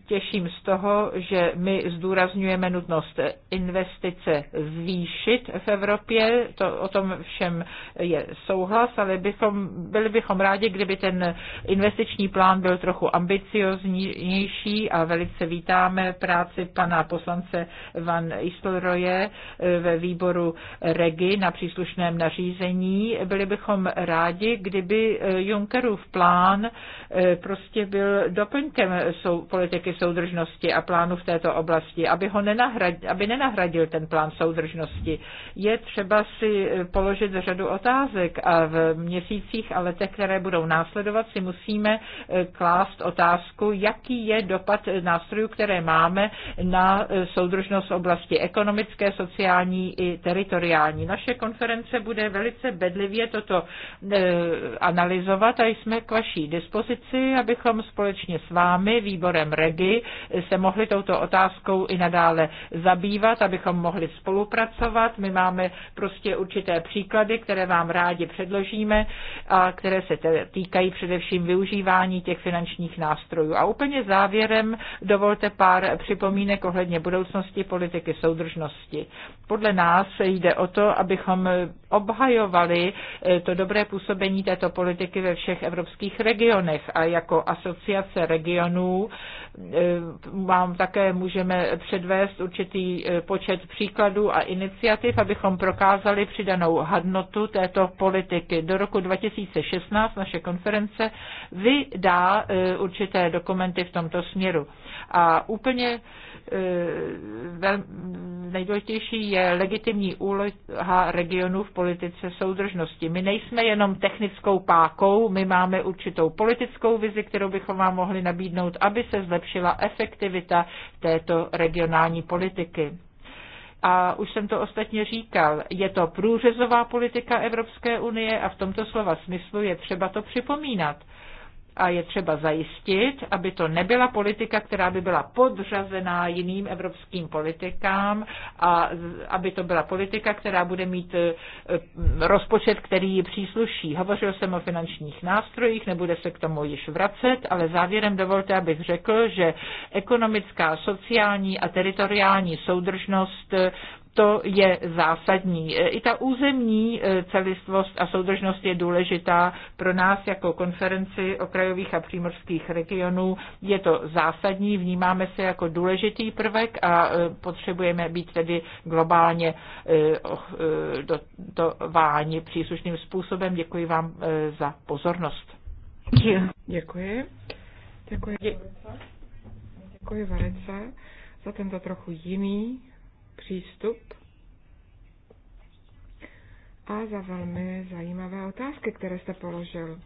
těším z toho, že my zdůrazňujeme nutnost investice zvýšit v Evropě. To, o tom všem je souhlas, ale bychom, byli bychom rádi, kdyby ten investiční plán byl trochu ambicioznější a velice vítáme práci pana poslance Van Istelroje eh, ve výboru REGI na příslušném nařízení. Byli bychom rádi, kdyby eh, Junckerův plán eh, prostě byl doplňkem sou, politik politiky soudržnosti a plánu v této oblasti, aby, ho nenahradil, aby nenahradil ten plán soudržnosti. Je třeba si eh, položit řadu otázek a v měsících a letech, které budou následovat, si musíme eh, klást otázku, jaký je dopad nástrojů, které máme na eh, soudržnost v oblasti ekonomické, sociální i teritoriální. Naše konference bude velice bedlivě toto analyzovat a jsme k vaší dispozici, abychom společně s vámi, výborem REG, kolegy se mohli touto otázkou i nadále zabývat, abychom mohli spolupracovat. My máme prostě určité příklady, které vám rádi předložíme a které se týkají především využívání těch finančních nástrojů. A úplně závěrem dovolte pár připomínek ohledně budoucnosti politiky soudržnosti. Podle nás jde o to, abychom obhajovali eh, to dobré působení této politiky ve všech evropských regionech a jako asociace regionů Eh, vám také můžeme předvést určitý eh, počet příkladů a iniciativ, abychom prokázali přidanou hodnotu této politiky. Do roku 2016 naše konference vydá eh, určité dokumenty v tomto směru. A úplně Eh, nejdůležitější je legitimní úloha regionu v politice soudržnosti. My nejsme jenom technickou pákou, my máme určitou politickou vizi, kterou bychom vám mohli nabídnout, aby se zlepšila efektivita této regionální politiky a už jsem to ostatně říkal, je to průřezová politika Evropské unie a v tomto slova smyslu je třeba to připomínat a je třeba zajistit, aby to nebyla politika, která by byla podřazená jiným evropským politikám a aby to byla politika, která bude mít eh, rozpočet, který ji přísluší. Hovořil jsem o finančních nástrojích, nebude se k tomu již vracet, ale závěrem dovolte, abych řekl, že ekonomická, sociální a teritoriální soudržnost eh, to je zásadní. I ta územní e, celistvost a soudržnost je důležitá pro nás jako konferenci okrajových a přímorských regionů. Je to zásadní, vnímáme se jako důležitý prvek a e, potřebujeme být tedy globálně e, dotováni příslušným způsobem. Děkuji vám za pozornost. Děkuji. Děkuji. Děkuji, Děkuji Varece za tento trochu jiný přístup a za velmi zajímavé otázky, které jste položil.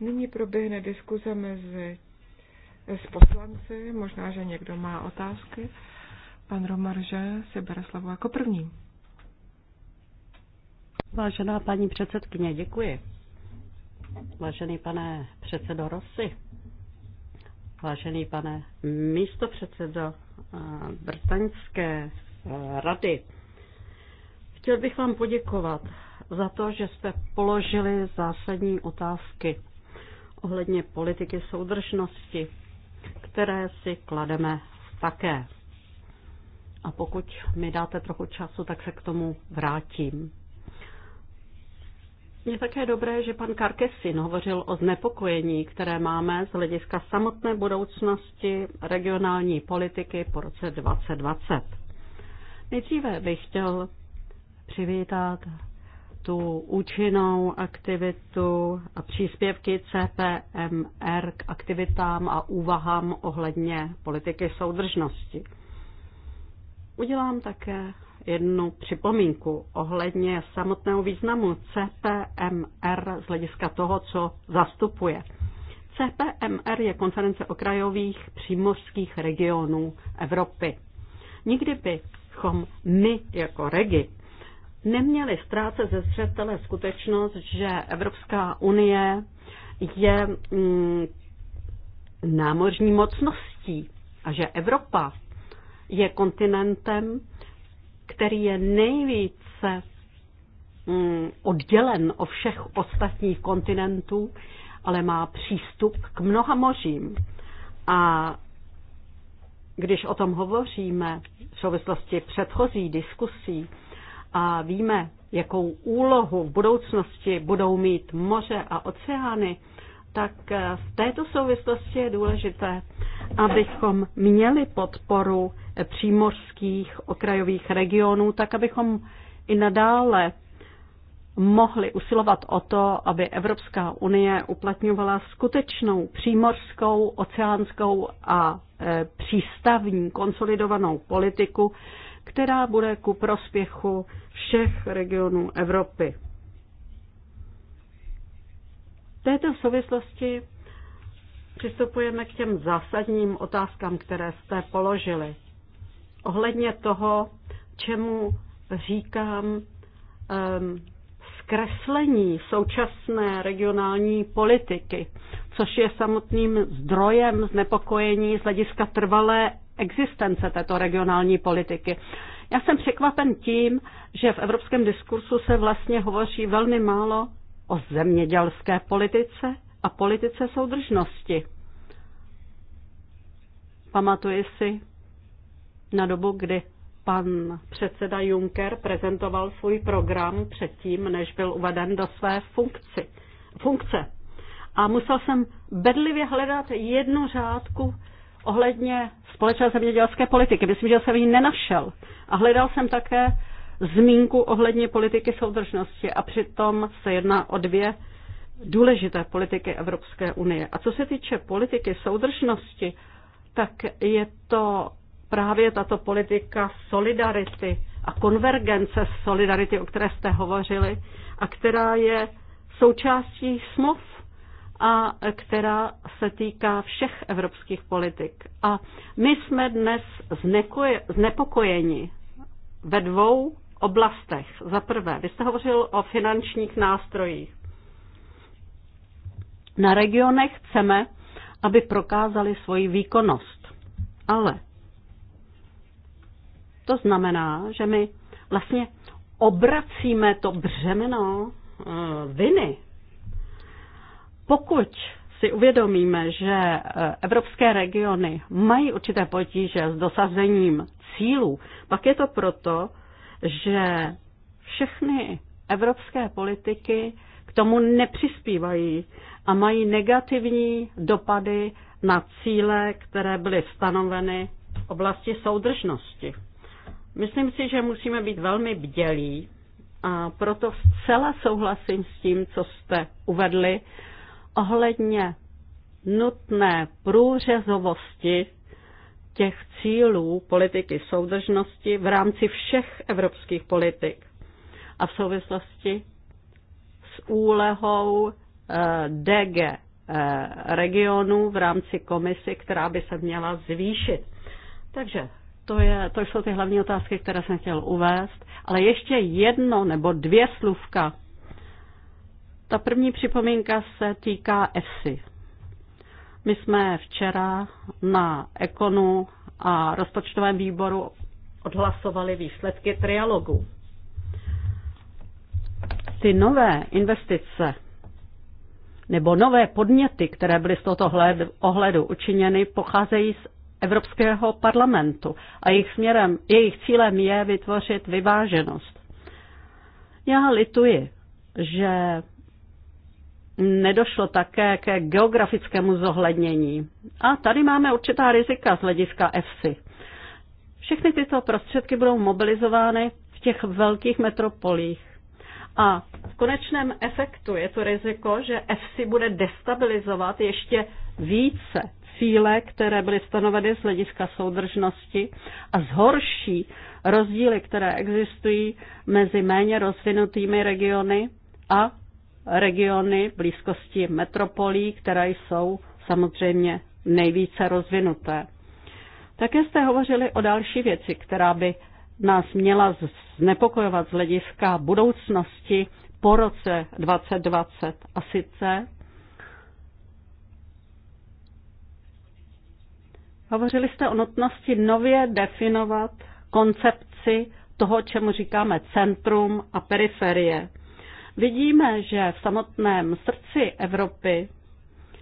Nyní proběhne diskuze mezi s poslanci, možná, že někdo má otázky. Pan Romarže si bere slovo jako první. Vážená paní předsedkyně, děkuji. Vážený pane předsedo Rosy, vážený pane místopředsedo eh, Brtaňské Eh, rady. Chtěl bych vám poděkovat za to, že jste položili zásadní otázky ohledně politiky soudržnosti, které si klademe také. A pokud mi dáte trochu času, tak se k tomu vrátím. Je také dobré, že pan Karkesin hovořil o znepokojení, které máme z hlediska samotné budoucnosti regionální politiky po roce 2020. Nejdříve bych chtěl přivítat tu účinnou aktivitu a příspěvky CPMR k aktivitám a úvahám ohledně politiky soudržnosti. Udělám také jednu připomínku ohledně samotného významu CPMR z hlediska toho, co zastupuje. CPMR je konference okrajových přímořských regionů Evropy. Nikdy by bychom my jako regi neměli ztrácet ze zřetele skutečnost, že Evropská unie je mm, námořní mocností a že Evropa je kontinentem, který je nejvíce mm, oddělen od všech ostatních kontinentů, ale má přístup k mnoha mořím. A když o tom hovoříme v souvislosti předchozí diskusí a víme, jakou úlohu v budoucnosti budou mít moře a oceány, tak eh, v této souvislosti je důležité, abychom měli podporu eh, přímořských okrajových regionů, tak abychom i nadále mohli usilovat o to, aby Evropská unie uplatňovala skutečnou přímořskou, oceánskou a e, přístavní konsolidovanou politiku, která bude ku prospěchu všech regionů Evropy. V této souvislosti přistupujeme k těm zásadním otázkám, které jste položili. Ohledně toho, čemu říkám um, zkreslení současné regionální politiky, což je samotným zdrojem znepokojení z hlediska trvalé existence této regionální politiky. Já jsem překvapen tím, že v evropském diskursu se vlastně hovoří velmi málo o zemědělské politice a politice soudržnosti. Pamatuji si na dobu, kdy pan předseda Juncker prezentoval svůj program předtím, než byl uveden do své funkci, funkce. A musel jsem bedlivě hledat jednu řádku ohledně společné zemědělské politiky. Myslím, že jsem ji nenašel. A hledal jsem také zmínku ohledně politiky soudržnosti a přitom se jedná o dvě důležité politiky Evropské unie. A co se týče politiky soudržnosti, tak je to právě tato politika solidarity a konvergence solidarity, o které jste hovořili, a která je součástí smluv a která se týká všech evropských politik. A my jsme dnes znepokojeni ve dvou oblastech. Za prvé, vy jste hovořil o finančních nástrojích. Na regionech chceme, aby prokázali svoji výkonnost. Ale to znamená, že my vlastně obracíme to břemeno eh, viny. Pokud si uvědomíme, že eh, evropské regiony mají určité potíže s dosazením cílů, pak je to proto, že všechny evropské politiky k tomu nepřispívají a mají negativní dopady na cíle, které byly stanoveny v oblasti soudržnosti. Myslím si, že musíme být velmi bdělí a proto zcela souhlasím s tím, co jste uvedli ohledně nutné průřezovosti těch cílů politiky soudržnosti v rámci všech evropských politik a v souvislosti s úlehou eh, DG eh, regionu v rámci komisy, která by se měla zvýšit. Takže to, je, to jsou ty hlavní otázky, které jsem chtěl uvést. Ale ještě jedno nebo dvě slůvka. Ta první připomínka se týká EFSI. My jsme včera na Ekonu a rozpočtovém výboru odhlasovali výsledky trialogu. Ty nové investice nebo nové podněty, které byly z tohoto ohledu učiněny, pocházejí z Evropského parlamentu a jejich, směrem, jejich cílem je vytvořit vyváženost. Já lituji, že nedošlo také ke geografickému zohlednění. A tady máme určitá rizika z hlediska EFSI. Všechny tyto prostředky budou mobilizovány v těch velkých metropolích. A v konečném efektu je to riziko, že EFSI bude destabilizovat ještě více cíle, které byly stanoveny z hlediska soudržnosti a zhorší rozdíly, které existují mezi méně rozvinutými regiony a regiony v blízkosti metropolí, které jsou samozřejmě nejvíce rozvinuté. Také jste hovořili o další věci, která by nás měla znepokojovat z hlediska budoucnosti po roce 2020 a sice Hovořili jste o nutnosti nově definovat koncepci toho, čemu říkáme centrum a periferie. Vidíme, že v samotném srdci Evropy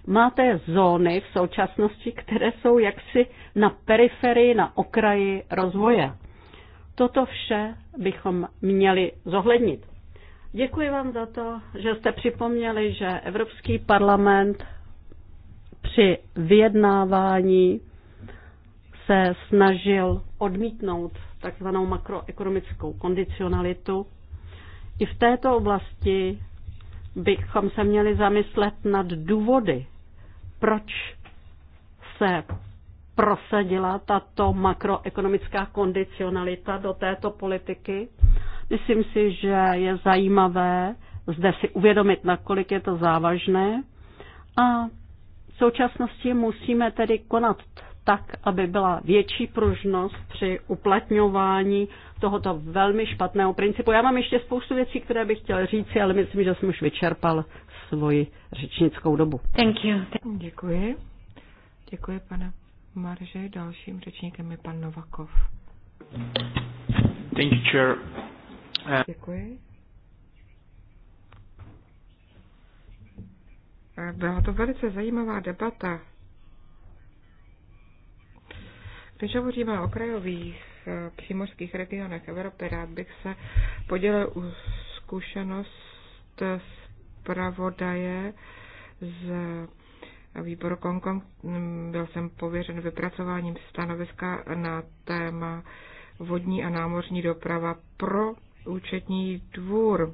máte zóny v současnosti, které jsou jaksi na periferii, na okraji rozvoje. Toto vše bychom měli zohlednit. Děkuji vám za to, že jste připomněli, že Evropský parlament při vyjednávání se snažil odmítnout takzvanou makroekonomickou kondicionalitu. I v této oblasti bychom se měli zamyslet nad důvody, proč se prosadila tato makroekonomická kondicionalita do této politiky. Myslím si, že je zajímavé zde si uvědomit, nakolik je to závažné. A v současnosti musíme tedy konat tak, aby byla větší pružnost při uplatňování tohoto velmi špatného principu. Já mám ještě spoustu věcí, které bych chtěl říci, ale myslím, že jsem už vyčerpal svoji řečnickou dobu. Thank you. Děkuji. Děkuji, pane Marže. Dalším řečníkem je pan Novakov. Thank you, chair. Uh, Děkuji. Byla to velice zajímavá debata. Když hovoříme o krajových eh, přímořských regionech Evropy, rád bych se podělil u zkušenost zpravodaje z výbor Kongkong. Mm, byl jsem pověřen vypracováním stanoviska na téma vodní a námořní doprava pro účetní dvůr.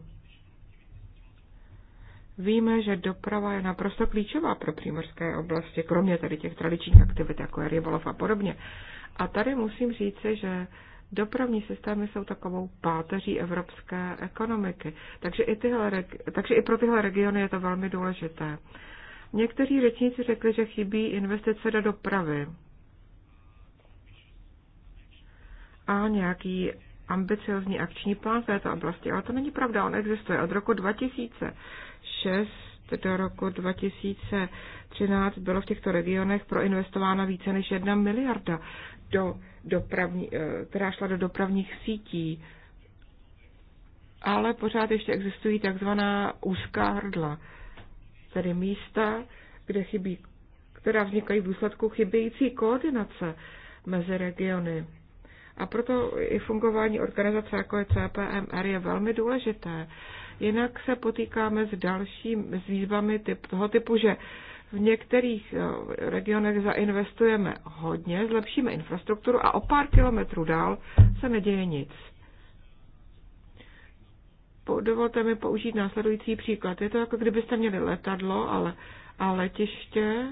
Víme, že doprava je naprosto klíčová pro přímořské oblasti, kromě tady těch tradičních aktivit, jako je rybolov a podobně. A tady musím říci, že dopravní systémy jsou takovou páteří evropské ekonomiky. Takže i, tyhle, takže i pro tyhle regiony je to velmi důležité. Někteří řečníci řekli, že chybí investice do dopravy a nějaký ambiciozní akční plán v této oblasti, ale to není pravda, on existuje. Od roku 2006 do roku 2013 bylo v těchto regionech proinvestována více než jedna miliarda, do dopravní, eh, která šla do dopravních sítí. Ale pořád ještě existují takzvaná úzká hrdla tedy místa, kde chybí, která vznikají v důsledku chybějící koordinace mezi regiony. A proto i fungování organizace jako je CPMR je velmi důležité. Jinak se potýkáme s dalšími s výzvami typ, toho typu, že v některých eh, regionech zainvestujeme hodně, zlepšíme infrastrukturu a o pár kilometrů dál se neděje nic dovolte mi použít následující příklad. Je to jako kdybyste měli letadlo ale, a letiště,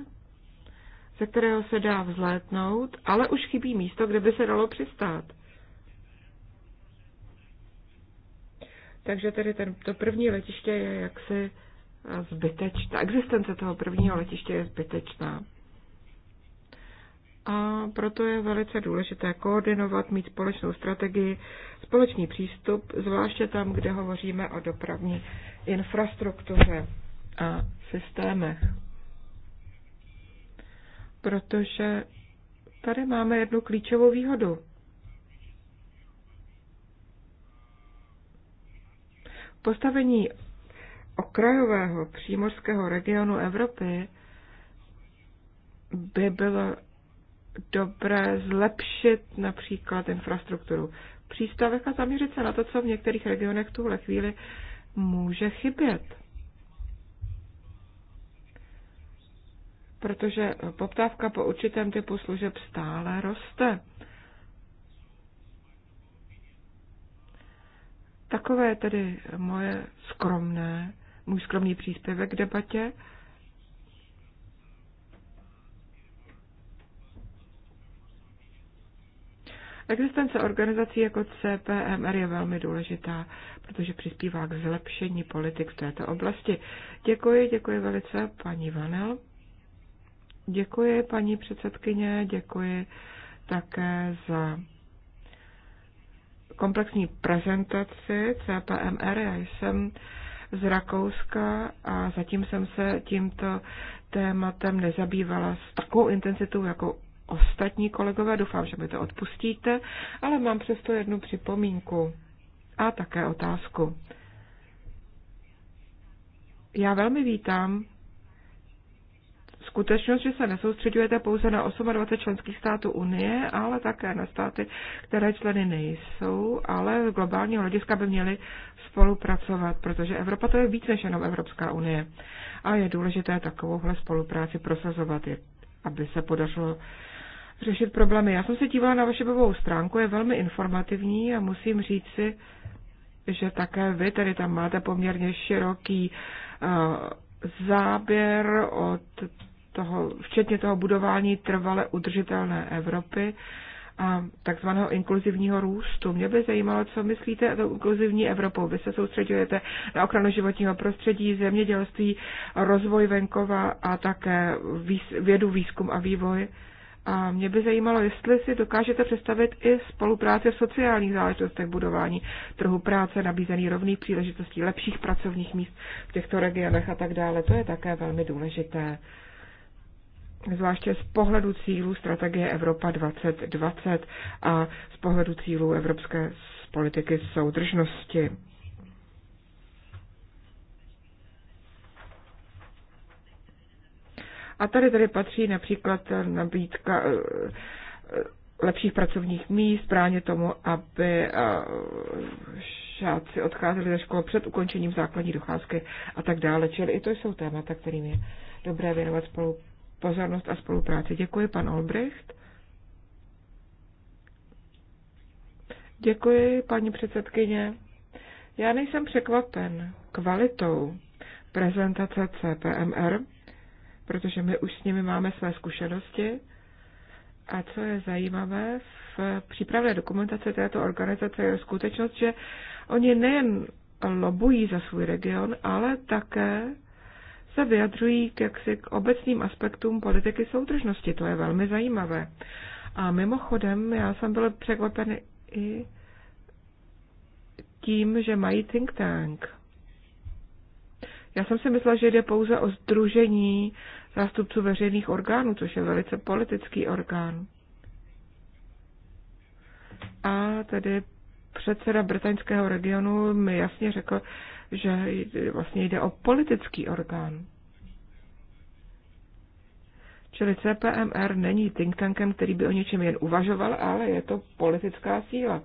ze kterého se dá vzlétnout, ale už chybí místo, kde by se dalo přistát. Takže tedy ten, to první letiště je jaksi zbytečné. Existence toho prvního letiště je zbytečná a proto je velice důležité koordinovat, mít společnou strategii, společný přístup, zvláště tam, kde hovoříme o dopravní infrastruktuře a systémech. Protože tady máme jednu klíčovou výhodu. Postavení okrajového přímořského regionu Evropy by bylo dobré zlepšit například infrastrukturu přístavech a zaměřit se na to, co v některých regionech v tuhle chvíli může chybět. Protože poptávka po určitém typu služeb stále roste. Takové tedy moje skromné, můj skromný příspěvek k debatě. Existence organizací jako CPMR je velmi důležitá, protože přispívá k zlepšení politik v této oblasti. Děkuji, děkuji velice, paní Vanel. Děkuji, paní předsedkyně, děkuji také za komplexní prezentaci CPMR. Já jsem z Rakouska a zatím jsem se tímto tématem nezabývala s takovou intenzitou, jako ostatní kolegové, doufám, že mi to odpustíte, ale mám přesto jednu připomínku a také otázku. Já velmi vítám skutečnost, že se nesoustředujete pouze na 28 členských států Unie, ale také na státy, které členy nejsou, ale z globálního hlediska by měly spolupracovat, protože Evropa to je víc než jenom Evropská unie. A je důležité takovouhle spolupráci prosazovat, aby se podařilo řešit problémy. Já jsem se dívala na vaši webovou stránku, je velmi informativní a musím si, že také vy tady tam máte poměrně široký eh, záběr od toho, včetně toho budování trvale udržitelné Evropy a takzvaného inkluzivního růstu. Mě by zajímalo, co myslíte o inkluzivní Evropou. Vy se soustředujete na ochranu životního prostředí, zemědělství, rozvoj venkova a také vědu, výzkum a vývoj. A mě by zajímalo, jestli si dokážete představit i spolupráce v sociálních záležitostech budování trhu práce, nabízení rovných příležitostí, lepších pracovních míst v těchto regionech a tak dále. To je také velmi důležité, zvláště z pohledu cílů strategie Evropa 2020 a z pohledu cílů Evropské politiky soudržnosti. A tady tady patří například eh, nabídka eh, eh, lepších pracovních míst, právě tomu, aby žáci odcházeli ze školy před ukončením základní docházky a tak dále. Čili i to jsou témata, kterým je dobré věnovat spolu pozornost a spolupráci. Děkuji, pan Olbricht. Děkuji, paní předsedkyně. Já nejsem překvapen kvalitou prezentace CPMR protože my už s nimi máme své zkušenosti. A co je zajímavé, v přípravné dokumentace této organizace je skutečnost, že oni nejen lobují za svůj region, ale také se vyjadřují k, jaksi, k obecným aspektům politiky soudržnosti. To je velmi zajímavé. A mimochodem, já jsem byl překvapen i tím, že mají think tank. Já jsem si myslela, že jde pouze o združení zástupců veřejných orgánů, což je velice politický orgán. A tedy předseda britaňského regionu mi jasně řekl, že vlastně jde o politický orgán. Čili CPMR není think tankem, který by o něčem jen uvažoval, ale je to politická síla.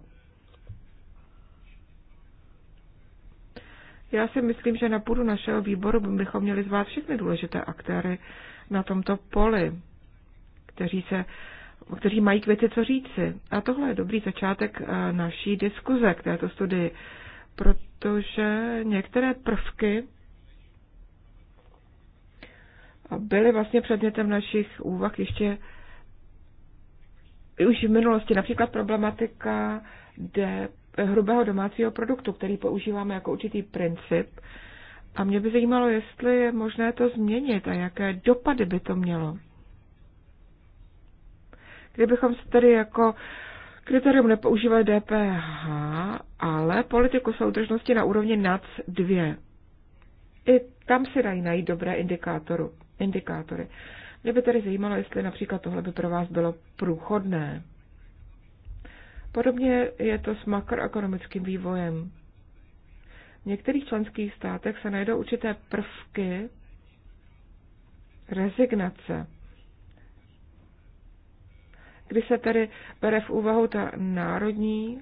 Já si myslím, že na půdu našeho výboru bychom měli zvát všechny důležité aktéry na tomto poli, kteří se kteří mají k věci co říci. A tohle je dobrý začátek eh, naší diskuze k této studii, protože některé prvky byly vlastně předmětem našich úvah ještě už v minulosti, například problematika DP hrubého domácího produktu, který používáme jako určitý princip. A mě by zajímalo, jestli je možné to změnit a jaké dopady by to mělo. Kdybychom se tedy jako kritérium nepoužívali DPH, ale politiku soudržnosti na úrovni NAC 2. I tam se dají najít dobré indikátory. Mě by tedy zajímalo, jestli například tohle by pro vás bylo průchodné. Podobně je to s makroekonomickým vývojem. V některých členských státech se najdou určité prvky rezignace, kdy se tedy bere v úvahu ta národní,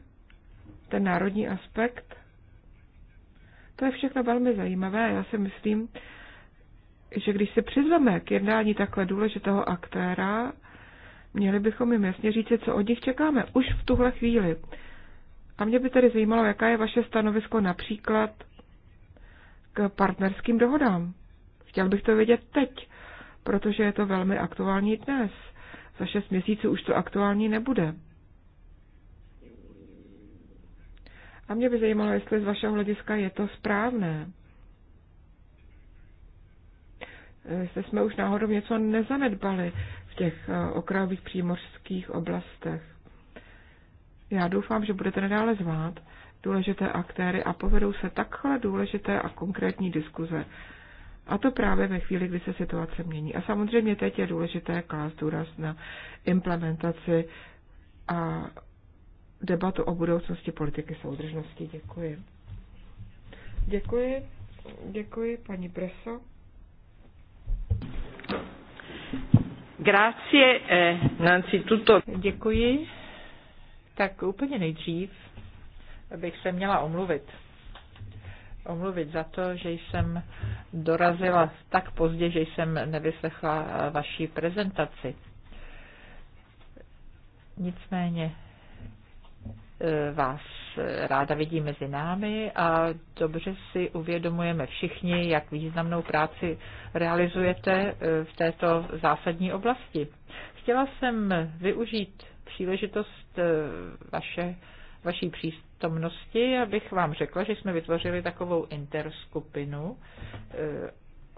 ten národní aspekt. To je všechno velmi zajímavé já si myslím, že když se přizveme k jednání takhle důležitého aktéra, měli bychom jim jasně říct, co od nich čekáme, už v tuhle chvíli. A mě by tedy zajímalo, jaká je vaše stanovisko například k partnerským dohodám. Chtěl bych to vědět teď, protože je to velmi aktuální dnes. Za šest měsíců už to aktuální nebude. A mě by zajímalo, jestli z vašeho hlediska je to správné. Jestli jsme už náhodou něco nezanedbali, v těch eh, okrajových přímořských oblastech. Já doufám, že budete nadále zvát důležité aktéry a povedou se takhle důležité a konkrétní diskuze. A to právě ve chvíli, kdy se situace mění. A samozřejmě teď je důležité klást důraz na implementaci a debatu o budoucnosti politiky soudržnosti. Děkuji. Děkuji. Děkuji, paní Breso. Grazie, eh, innanzitutto. Děkuji. Tak úplně nejdřív bych se měla omluvit. Omluvit za to, že jsem dorazila tak pozdě, že jsem nevyslechla eh, vaší prezentaci. Nicméně eh, vás ráda vidí mezi námi a dobře si uvědomujeme všichni, jak významnou práci realizujete eh, v této zásadní oblasti. Chtěla jsem využít příležitost eh, vaše, vaší přítomnosti, abych vám řekla, že jsme vytvořili takovou interskupinu, eh,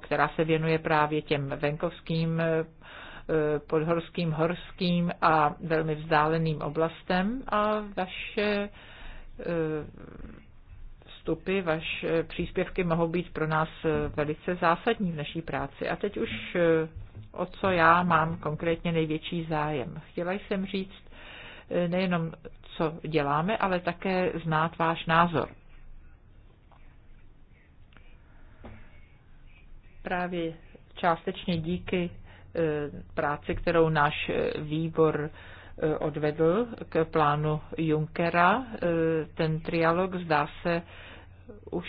která se věnuje právě těm venkovským Eh, podhorským, horským a velmi vzdáleným oblastem a vaše eh, vstupy, vaše příspěvky mohou být pro nás eh, velice zásadní v naší práci. A teď už o co já mám konkrétně největší zájem. Chtěla jsem říct nejenom, co děláme, ale také znát váš názor. Právě částečně díky Eh, práci, kterou náš výbor eh, odvedl k plánu Junckera. Eh, ten trialog zdá se už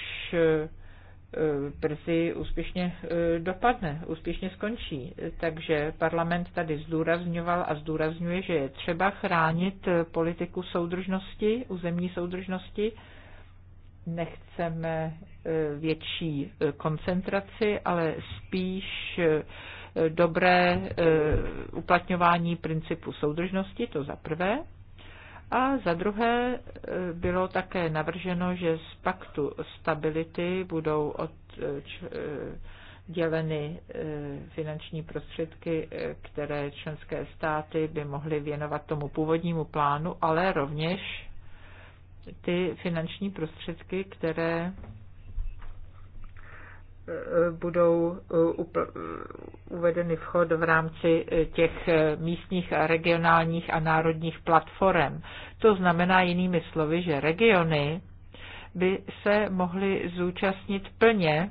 brzy úspěšně dopadne, úspěšně skončí. Takže parlament tady zdůrazňoval a zdůrazňuje, že je třeba chránit politiku soudržnosti, územní soudržnosti. Nechceme větší koncentraci, ale spíš dobré e, uplatňování principu soudržnosti, to za prvé. A za druhé e, bylo také navrženo, že z paktu stability budou od e, děleny finanční prostředky, které členské státy by mohly věnovat tomu původnímu plánu, ale rovněž ty finanční prostředky, které budou eh, uvedeny vchod v rámci eh, těch eh, místních a regionálních a národních platform. To znamená jinými slovy, že regiony by se mohly zúčastnit plně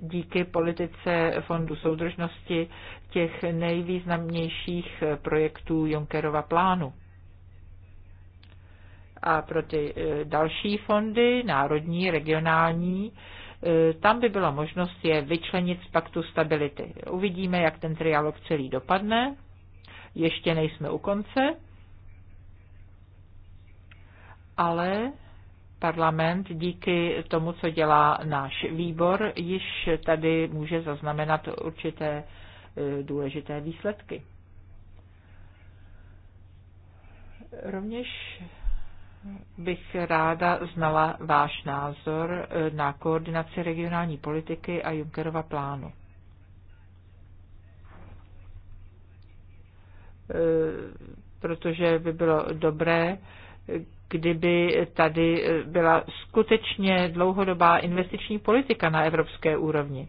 díky politice Fondu soudržnosti těch nejvýznamnějších projektů Junckerova plánu. A pro ty další fondy, národní, regionální, E, tam by byla možnost je vyčlenit z paktu stability. Uvidíme, jak ten trialog celý dopadne. Ještě nejsme u konce, ale parlament díky tomu, co dělá náš výbor, již tady může zaznamenat určité e, důležité výsledky. Rovněž bych ráda znala váš názor eh, na koordinaci regionální politiky a Junckerova plánu. Eh, protože by bylo dobré, kdyby tady byla skutečně dlouhodobá investiční politika na evropské úrovni.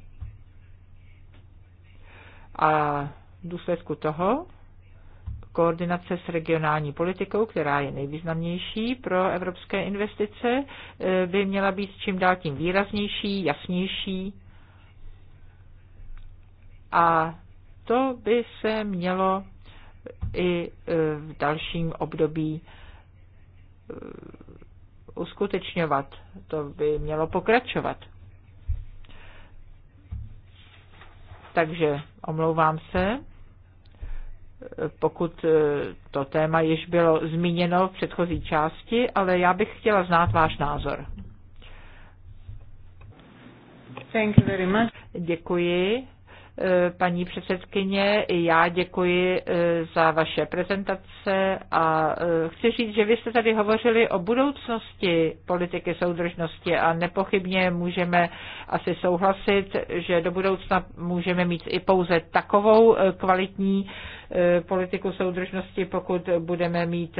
A v důsledku toho koordinace s regionální politikou, která je nejvýznamnější pro evropské investice, eh, by měla být čím dál tím výraznější, jasnější. A to by se mělo i eh, v dalším období eh, uskutečňovat. To by mělo pokračovat. Takže omlouvám se pokud e, to téma již bylo zmíněno v předchozí části, ale já bych chtěla znát váš názor. Thank you very much. Děkuji paní předsedkyně. I já děkuji e, za vaše prezentace a e, chci říct, že vy jste tady hovořili o budoucnosti politiky soudržnosti a nepochybně můžeme asi souhlasit, že do budoucna můžeme mít i pouze takovou e, kvalitní politiku soudržnosti, pokud budeme mít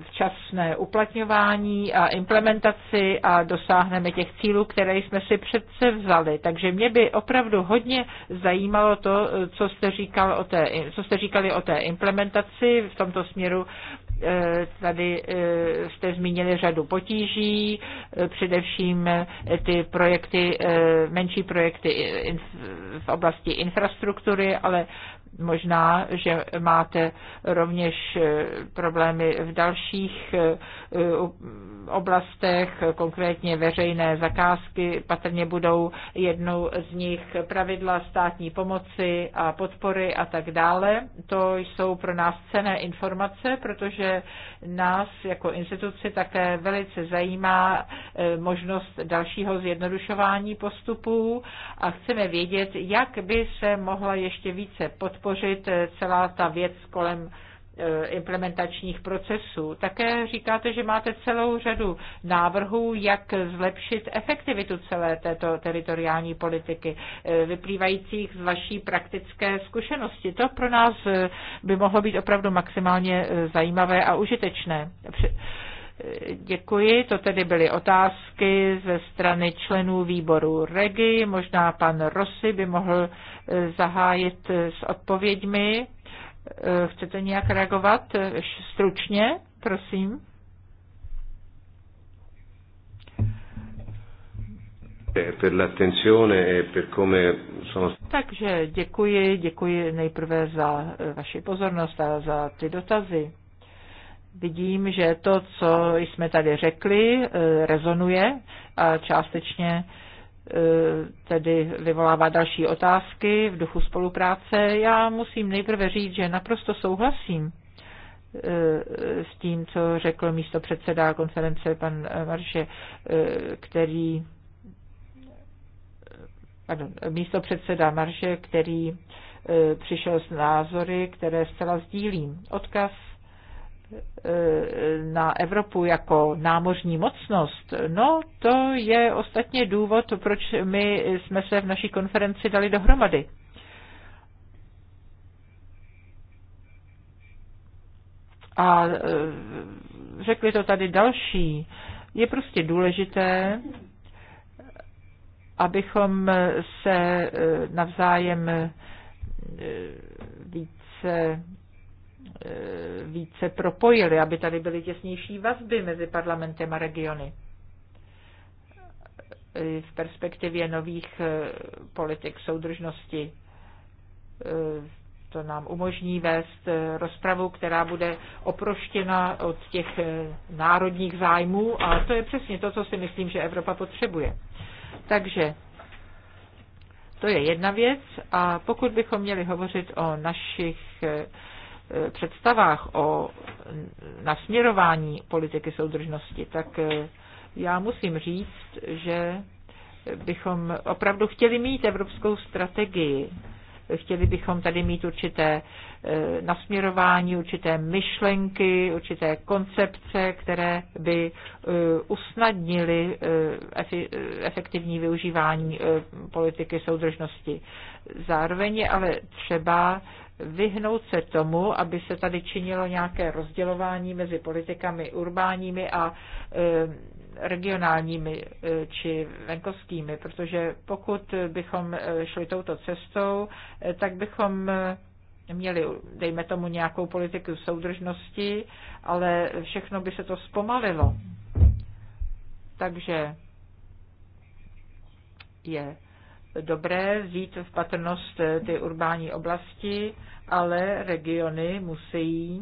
včasné uplatňování a implementaci a dosáhneme těch cílů, které jsme si přece vzali. Takže mě by opravdu hodně hodně zajímalo to, co jste, říkal o té, co jste říkali o té implementaci. V tomto směru eh, tady eh, jste zmínili řadu potíží, eh, především ty projekty, menší projekty v oblasti infrastruktury, ale Možná, že máte rovněž eh, problémy v dalších eh, eh, oblastech, konkrétně veřejné zakázky, patrně budou jednou z nich pravidla státní pomoci a podpory a tak dále. To jsou pro nás cené informace, protože nás jako instituci také velice zajímá možnost dalšího zjednodušování postupů a chceme vědět, jak by se mohla ještě více podporovat podpořit eh, celá ta věc kolem eh, implementačních procesů. Také říkáte, že máte celou řadu návrhů, jak zlepšit efektivitu celé této teritoriální politiky, eh, vyplývajících z vaší praktické zkušenosti. To pro nás by mohlo být opravdu maximálně zajímavé a užitečné. Děkuji, to tedy byly otázky ze strany členů výboru REGI. Možná pan Rossi by mohl eh, zahájit eh, s odpověďmi. Eh, chcete nějak reagovat? Stručně, prosím. E Takže děkuji, děkuji nejprve za vaši pozornost a za ty dotazy vidím, že to, co jsme tady řekli, eh, rezonuje a částečně eh, tedy vyvolává další otázky v duchu spolupráce. Já musím nejprve říct, že naprosto souhlasím eh, s tím, co řekl místo předseda konference pan Marše, který pardon, místo předseda Marše, který přišel s názory, které zcela sdílím. Odkaz Eh, na Evropu jako námořní mocnost, no to je ostatně důvod, proč my jsme se v naší konferenci dali dohromady. A eh, řekli to tady další, je prostě důležité, abychom se eh, navzájem více E, více propojili, aby tady byly těsnější vazby mezi parlamentem a regiony e, v perspektivě nových e, politik soudržnosti. To nám umožní vést rozpravu, která bude oproštěna od těch národních zájmů a to je přesně to, co si myslím, že Evropa potřebuje. Takže to je jedna věc a pokud bychom měli hovořit o našich Eh, představách o nasměrování politiky soudržnosti, tak eh, já musím říct, že bychom opravdu chtěli mít evropskou strategii. Chtěli bychom tady mít určité eh, nasměrování, určité myšlenky, určité koncepce, které by usnadnily efektivní využívání politiky soudržnosti. Zároveň je ale třeba vyhnout se tomu, aby se tady činilo nějaké rozdělování mezi politikami urbáními a eh, regionálními eh, či venkovskými, protože pokud bychom eh, šli touto cestou, tak bychom měli, dejme tomu, nějakou politiku soudržnosti, ale všechno by se to zpomalilo. Takže je dobré vzít v patrnost eh, ty urbání oblasti, ale regiony musí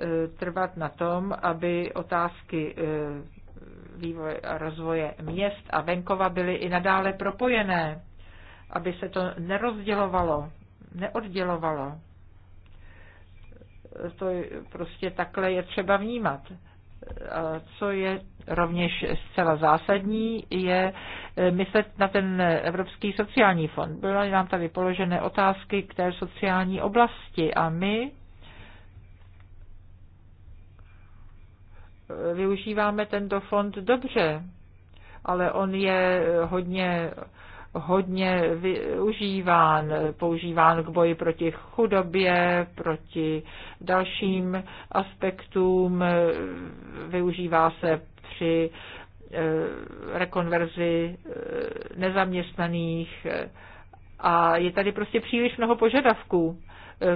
eh, trvat na tom, aby otázky eh, vývoje a rozvoje měst a venkova byly i nadále propojené, aby se to nerozdělovalo, neoddělovalo. To prostě takhle je třeba vnímat co je rovněž zcela zásadní, je eh, myslet na ten Evropský sociální fond. Byly nám tady položené otázky k té sociální oblasti a my eh, využíváme tento fond dobře, ale on je eh, hodně hodně využíván, používán k boji proti chudobě, proti dalším aspektům, využívá se při eh, rekonverzi eh, nezaměstnaných eh, a je tady prostě příliš mnoho požadavků,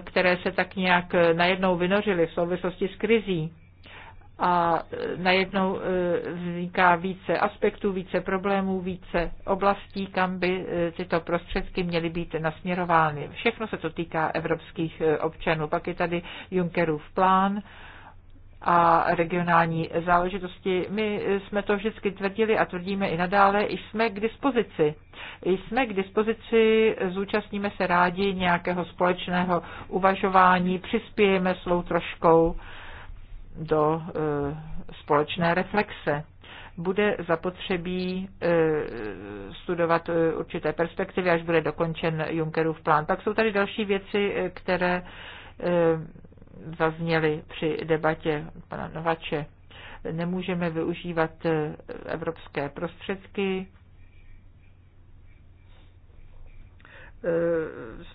které se tak nějak najednou vynořily v souvislosti s krizí a najednou e, vzniká více aspektů, více problémů, více oblastí, kam by e, tyto prostředky měly být nasměrovány. Všechno se to týká evropských e, občanů. Pak je tady Junckerův plán a regionální záležitosti. My jsme to vždycky tvrdili a tvrdíme i nadále, jsme k dispozici. Jsme k dispozici, zúčastníme se rádi nějakého společného uvažování, přispějeme svou troškou do e, společné reflexe. Bude zapotřebí e, studovat e, určité perspektivy, až bude dokončen Junckerův plán. Pak jsou tady další věci, které zazněly při debatě pana Novače. Nemůžeme využívat evropské prostředky,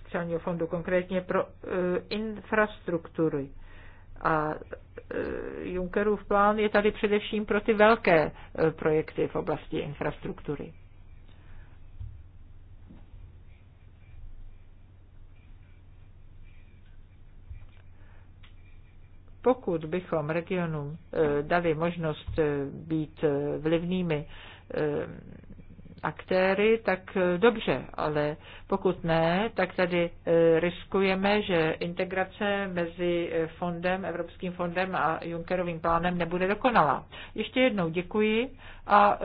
sociálního fondu konkrétně pro infrastruktury. A e, Junckerův plán je tady především pro ty velké e, projekty v oblasti infrastruktury. Pokud bychom regionům e, dali možnost být vlivnými aktéry, tak eh, dobře, ale pokud ne, tak tady eh, riskujeme, že integrace mezi eh, fondem, Evropským fondem a Junckerovým plánem nebude dokonalá. Ještě jednou děkuji a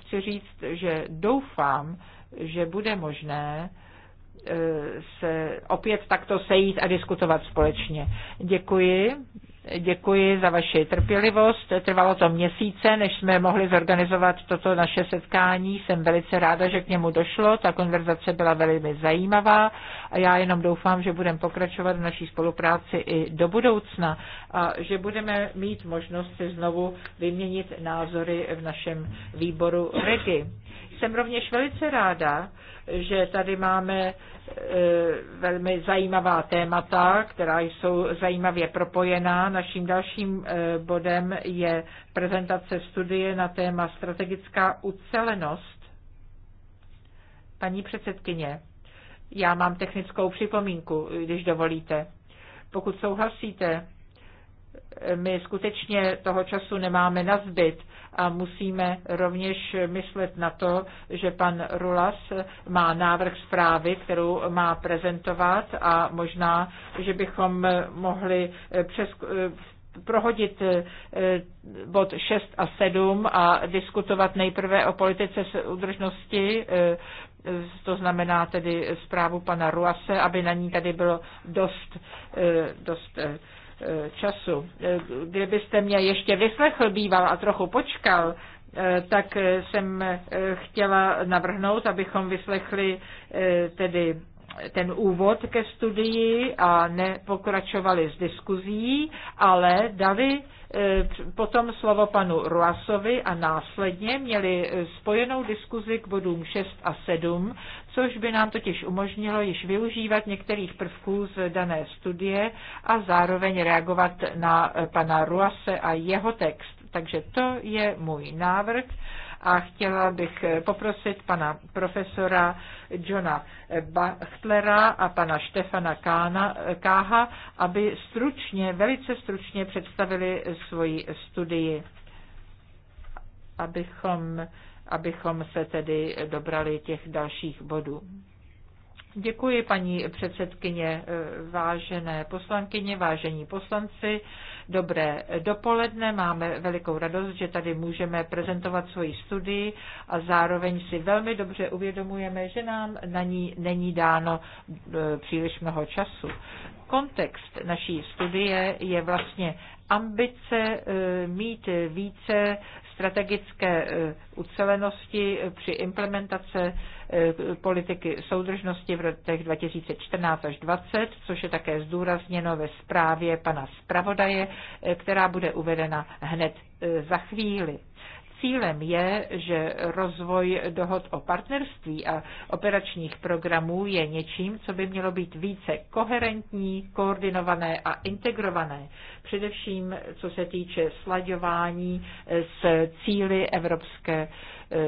chci říct, že doufám, že bude možné se opět takto sejít a diskutovat společně. Děkuji. Děkuji za vaši trpělivost. Trvalo to měsíce, než jsme mohli zorganizovat toto naše setkání. Jsem velice ráda, že k němu došlo. Ta konverzace byla velmi zajímavá a já jenom doufám, že budeme pokračovat v naší spolupráci i do budoucna a že budeme mít možnost si znovu vyměnit názory v našem výboru REGI. Jsem rovněž velice ráda, že tady máme e, velmi zajímavá témata, která jsou zajímavě propojená. Naším dalším e, bodem je prezentace studie na téma strategická ucelenost. Paní předsedkyně, já mám technickou připomínku, když dovolíte. Pokud souhlasíte, my skutečně toho času nemáme na zbyt a musíme rovněž myslet na to, že pan Rulas má návrh zprávy, kterou má prezentovat a možná, že bychom mohli přes, prohodit eh, bod 6 a 7 a diskutovat nejprve o politice udržnosti, eh, to znamená tedy zprávu pana Ruase, aby na ní tady bylo dost, eh, dost Eh, času. Eh, kdybyste mě ještě vyslechl býval a trochu počkal, eh, tak jsem chtěla navrhnout, abychom vyslechli tedy ten úvod ke studii a nepokračovali s diskuzí, ale dali potom slovo panu Ruasovi a následně měli spojenou diskuzi k bodům 6 a 7, což by nám totiž umožnilo již využívat některých prvků z dané studie a zároveň reagovat na eh, pana Ruase a jeho text. Takže to je můj návrh a chtěla bych eh, poprosit pana profesora Johna Bachtlera a pana Štefana Kána, Káha, aby stručně, velice stručně představili svoji studii, abychom abychom se tedy dobrali těch dalších bodů. Děkuji, paní předsedkyně, vážené poslankyně, vážení poslanci. Dobré dopoledne, máme velikou radost, že tady můžeme prezentovat svoji studii a zároveň si velmi dobře uvědomujeme, že nám na ní není dáno e, příliš mnoho času. Kontext naší studie je vlastně ambice eh, mít více strategické eh, ucelenosti eh, při implementace politiky soudržnosti v letech 2014 až 2020, což je také zdůrazněno ve zprávě pana zpravodaje, která bude uvedena hned za chvíli. Cílem je, že rozvoj dohod o partnerství a operačních programů je něčím, co by mělo být více koherentní, koordinované a integrované, především co se týče slaďování s cíly Evropské eh,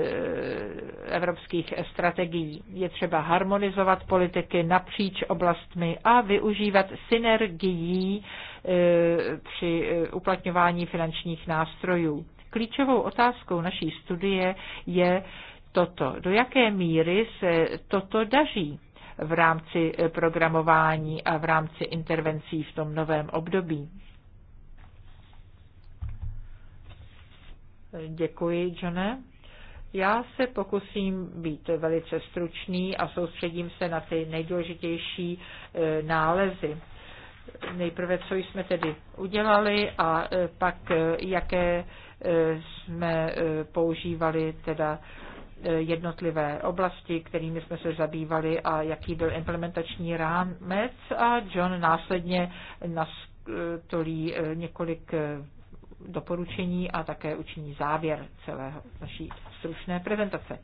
evropských strategií. Je třeba harmonizovat politiky napříč oblastmi a využívat synergií eh, při eh, uplatňování finančních nástrojů. Klíčovou otázkou naší studie je toto. Do jaké míry se toto daří v rámci eh, programování a v rámci intervencí v tom novém období? Děkuji, Johne. Já se pokusím být velice stručný a soustředím se na ty nejdůležitější eh, nálezy. Nejprve, co jsme tedy udělali a eh, pak, jaké jsme eh, používali teda eh, jednotlivé oblasti, kterými jsme se zabývali a jaký byl implementační rámec a John následně nastolí eh, několik doporučení a také učiní závěr celé naší stručné prezentace.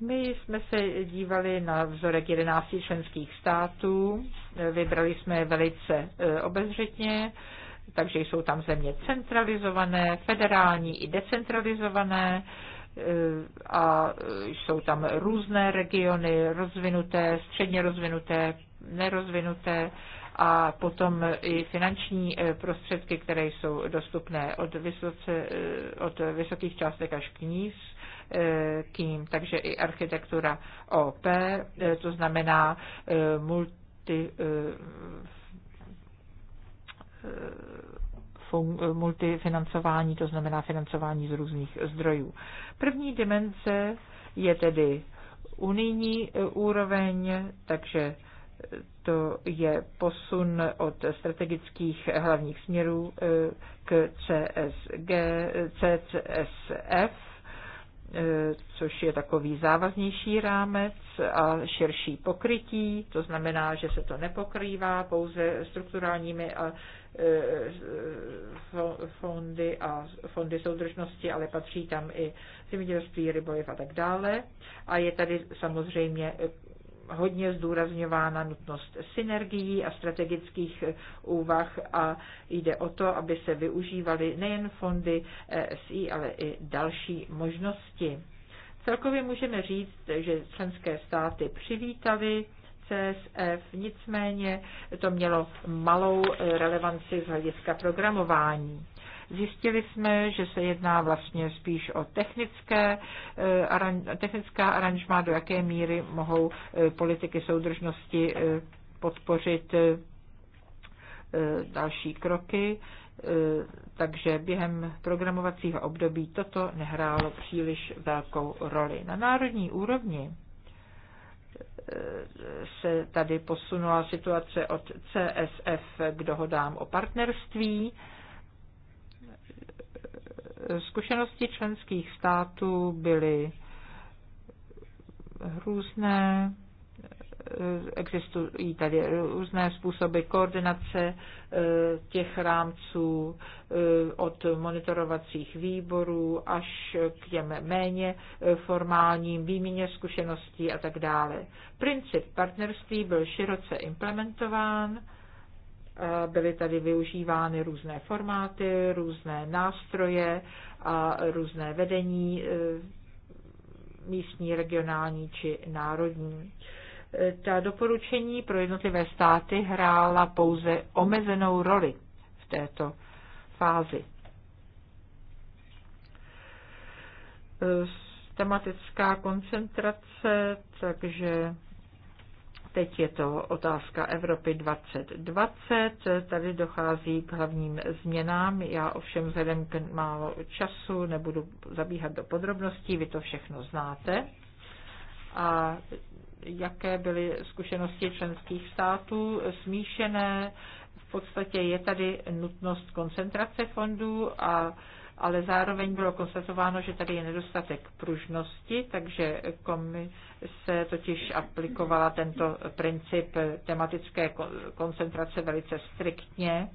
My jsme se dívali na vzorek 11 členských států, vybrali jsme je velice e, obezřetně, takže jsou tam země centralizované, federální i decentralizované e, a jsou tam různé regiony, rozvinuté, středně rozvinuté, nerozvinuté a potom i finanční e, prostředky, které jsou dostupné od, vysoce, od vysokých částek až k níz, E, kým, Takže i architektura OP, e, to znamená e, multi multifinancování, to znamená financování z různých zdrojů. První dimenze je tedy unijní úroveň, takže to je posun od strategických hlavních směrů k CSG, CCSF E, což je takový závaznější rámec a širší pokrytí, to znamená, že se to nepokrývá pouze strukturálními a, e, fondy a fondy soudržnosti, ale patří tam i zemědělství, rybojev a tak dále. A je tady samozřejmě hodně zdůrazňována nutnost synergií a strategických úvah a jde o to, aby se využívaly nejen fondy ESI, ale i další možnosti. Celkově můžeme říct, že členské státy přivítaly CSF, nicméně to mělo malou relevanci z hlediska programování. Zjistili jsme, že se jedná vlastně spíš o technické, eh, technická aranžma, do jaké míry mohou eh, politiky soudržnosti eh, podpořit další kroky, takže během programovacího období toto nehrálo příliš velkou roli. Na národní úrovni se tady posunula situace od CSF k dohodám o partnerství Zkušenosti členských států byly různé, existují tady různé způsoby koordinace eh, těch rámců eh, od monitorovacích výborů až k těm méně eh, formálním výměně zkušeností a tak dále. Princip partnerství byl široce implementován byly tady využívány různé formáty, různé nástroje a různé vedení e, místní, regionální či národní. E, ta doporučení pro jednotlivé státy hrála pouze omezenou roli v této fázi. E, tematická koncentrace, takže Teď je to otázka Evropy 2020. Tady dochází k hlavním změnám. Já ovšem vzhledem k málo času nebudu zabíhat do podrobností, vy to všechno znáte. A jaké byly zkušenosti členských států smíšené, v podstatě je tady nutnost koncentrace fondů a ale zároveň bylo konstatováno, že tady je nedostatek pružnosti, takže komise totiž aplikovala tento princip tematické koncentrace velice striktně.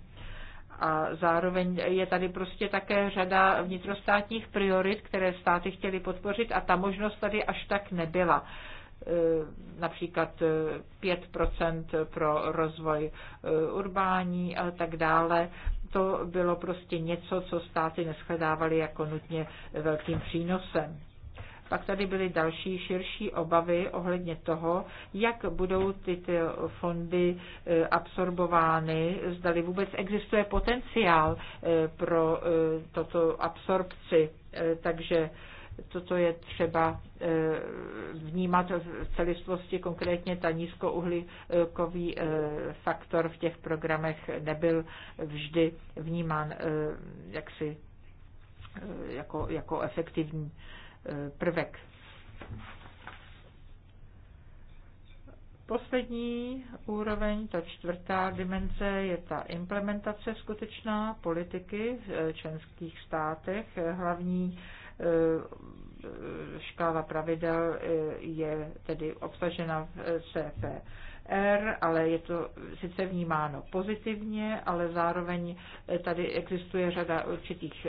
A zároveň je tady prostě také řada vnitrostátních priorit, které státy chtěly podpořit a ta možnost tady až tak nebyla e, například 5 e, pro rozvoj e, urbání a tak dále to bylo prostě něco, co státy neschledávaly jako nutně velkým přínosem. Pak tady byly další širší obavy ohledně toho, jak budou tyto fondy e, absorbovány, zdali vůbec existuje potenciál e, pro e, toto absorpci. Takže co je třeba e, vnímat v celistvosti, konkrétně ta nízkouhlíkový e, faktor v těch programech nebyl vždy vnímán e, jaksi jako, jako efektivní prvek. Poslední úroveň, ta čtvrtá dimenze, je ta implementace skutečná politiky v členských státech. Hlavní Eh, škála pravidel eh, je tedy obsažena v CFR, ale je to sice vnímáno pozitivně, ale zároveň eh, tady existuje řada určitých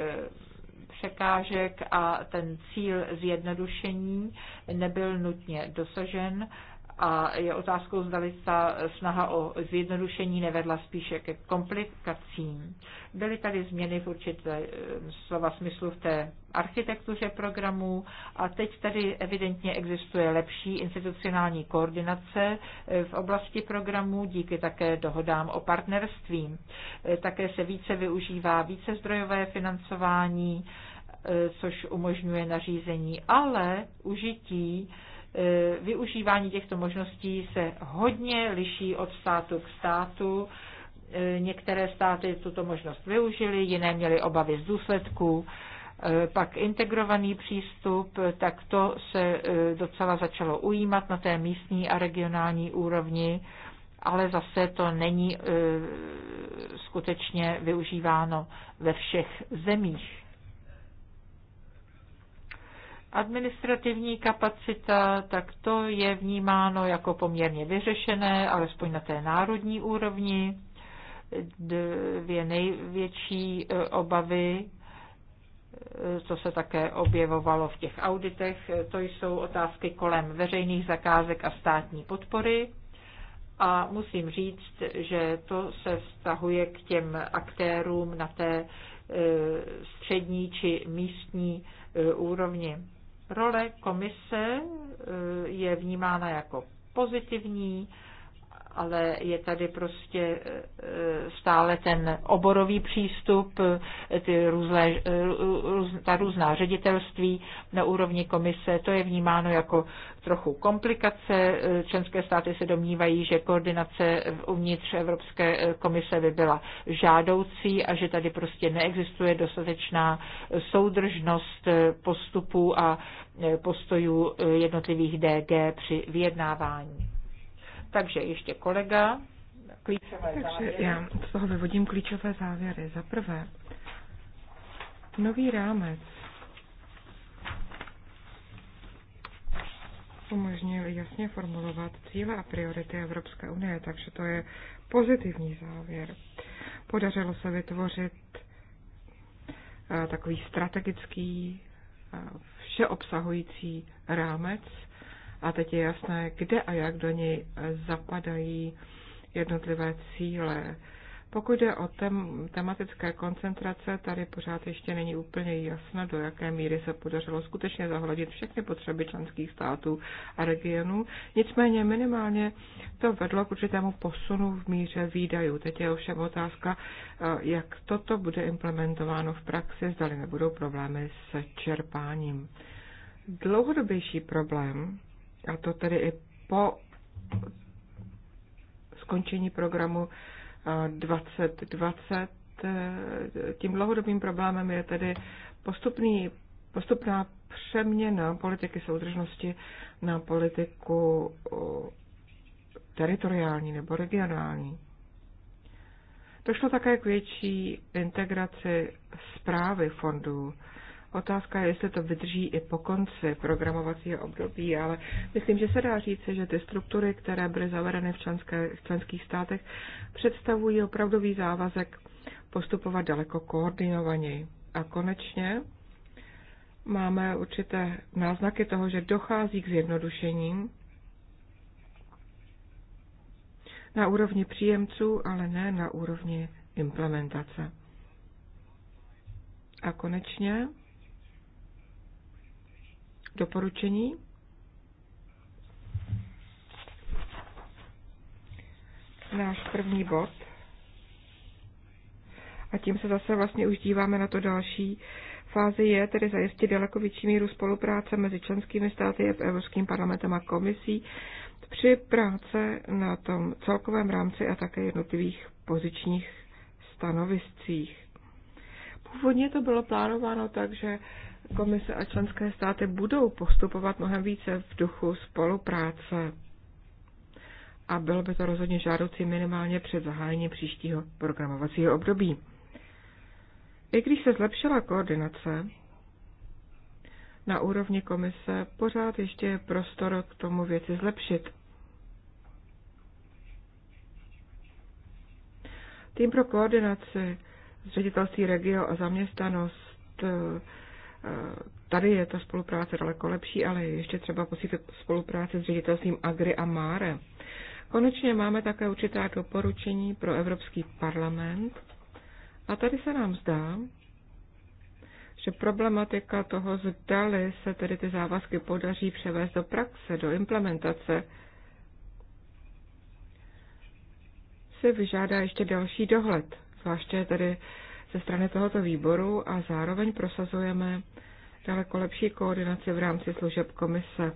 překážek a ten cíl zjednodušení nebyl nutně dosažen a je otázkou, zda ta snaha o zjednodušení nevedla spíše ke komplikacím. Byly tady změny v určité eh, slova smyslu v té architektuře programů a teď tady evidentně existuje lepší institucionální koordinace eh, v oblasti programů díky také dohodám o partnerství. Eh, také se více využívá více zdrojové financování, což umožňuje nařízení, ale užití E, využívání těchto možností se hodně liší od státu k státu. E, některé státy tuto možnost využily, jiné měly obavy z důsledků. E, pak integrovaný přístup, tak to se docela začalo ujímat na té místní a regionální úrovni, ale zase to není skutečně využíváno ve všech zemích. Administrativní kapacita, tak to je vnímáno jako poměrně vyřešené, alespoň na té národní úrovni. Dvě největší e, obavy e, co se také objevovalo v těch auditech, e, to jsou otázky kolem veřejných zakázek a státní podpory. A musím říct, že to se vztahuje k těm aktérům na té střední či místní úrovni. Role komise eh, je vnímána jako pozitivní ale je tady prostě e, e, stále ten oborový přístup, e, ty různé, růz, ta různá ředitelství na úrovni komise, to je vnímáno jako trochu komplikace. Členské státy se domnívají, že koordinace uvnitř Evropské komise by byla žádoucí a že tady prostě neexistuje dostatečná soudržnost postupů a postojů jednotlivých DG při vyjednávání. Takže ještě kolega. Klíčové Takže závěry. já z toho vyvodím klíčové závěry. Za prvé, nový rámec umožnil jasně formulovat cíle a priority Evropské unie, takže to je pozitivní závěr. Podařilo se vytvořit eh, takový strategický, eh, všeobsahující rámec, a teď je jasné, kde a jak do něj zapadají jednotlivé cíle. Pokud jde o tem, tematické koncentrace, tady pořád ještě není úplně jasno, do jaké míry se podařilo skutečně zahladit všechny potřeby členských států a regionů. Nicméně minimálně to vedlo k určitému posunu v míře výdajů. Teď je ovšem otázka, eh, jak toto bude implementováno v praxi, zdali nebudou problémy s čerpáním. Dlouhodobější problém a to tedy i po skončení programu 2020. Eh, eh, tím dlouhodobým problémem je tedy postupný, postupná přeměna politiky soudržnosti na politiku eh, teritoriální nebo regionální. Došlo také k větší integraci zprávy fondů Otázka je, jestli to vydrží i po konci programovacího období, ale myslím, že se dá říct, že ty struktury, které byly zavedeny v, členské, v členských státech, představují opravdový závazek postupovat daleko koordinovaněji. A konečně máme určité náznaky toho, že dochází k zjednodušením na úrovni příjemců, ale ne na úrovni implementace. A konečně doporučení. Náš první bod. A tím se zase vlastně už díváme na to další fázi je tedy zajistit daleko větší míru spolupráce mezi členskými státy a Evropským parlamentem a komisí při práce na tom celkovém rámci a také jednotlivých pozičních stanoviscích. Původně to bylo plánováno tak, že komise a členské státy budou postupovat mnohem více v duchu spolupráce. A bylo by to rozhodně žádoucí minimálně před zahájením příštího programovacího období. I když se zlepšila koordinace, na úrovni komise pořád ještě je prostor k tomu věci zlepšit. Tým pro koordinaci z ředitelství regio a zaměstnanost Tady je ta spolupráce daleko lepší, ale ještě třeba posílit spolupráce s ředitelstvím Agri a Mare. Konečně máme také určitá doporučení pro Evropský parlament. A tady se nám zdá, že problematika toho, zdali se tedy ty závazky podaří převést do praxe, do implementace, se vyžádá ještě další dohled, zvláště tedy ze strany tohoto výboru a zároveň prosazujeme daleko lepší koordinaci v rámci služeb komise.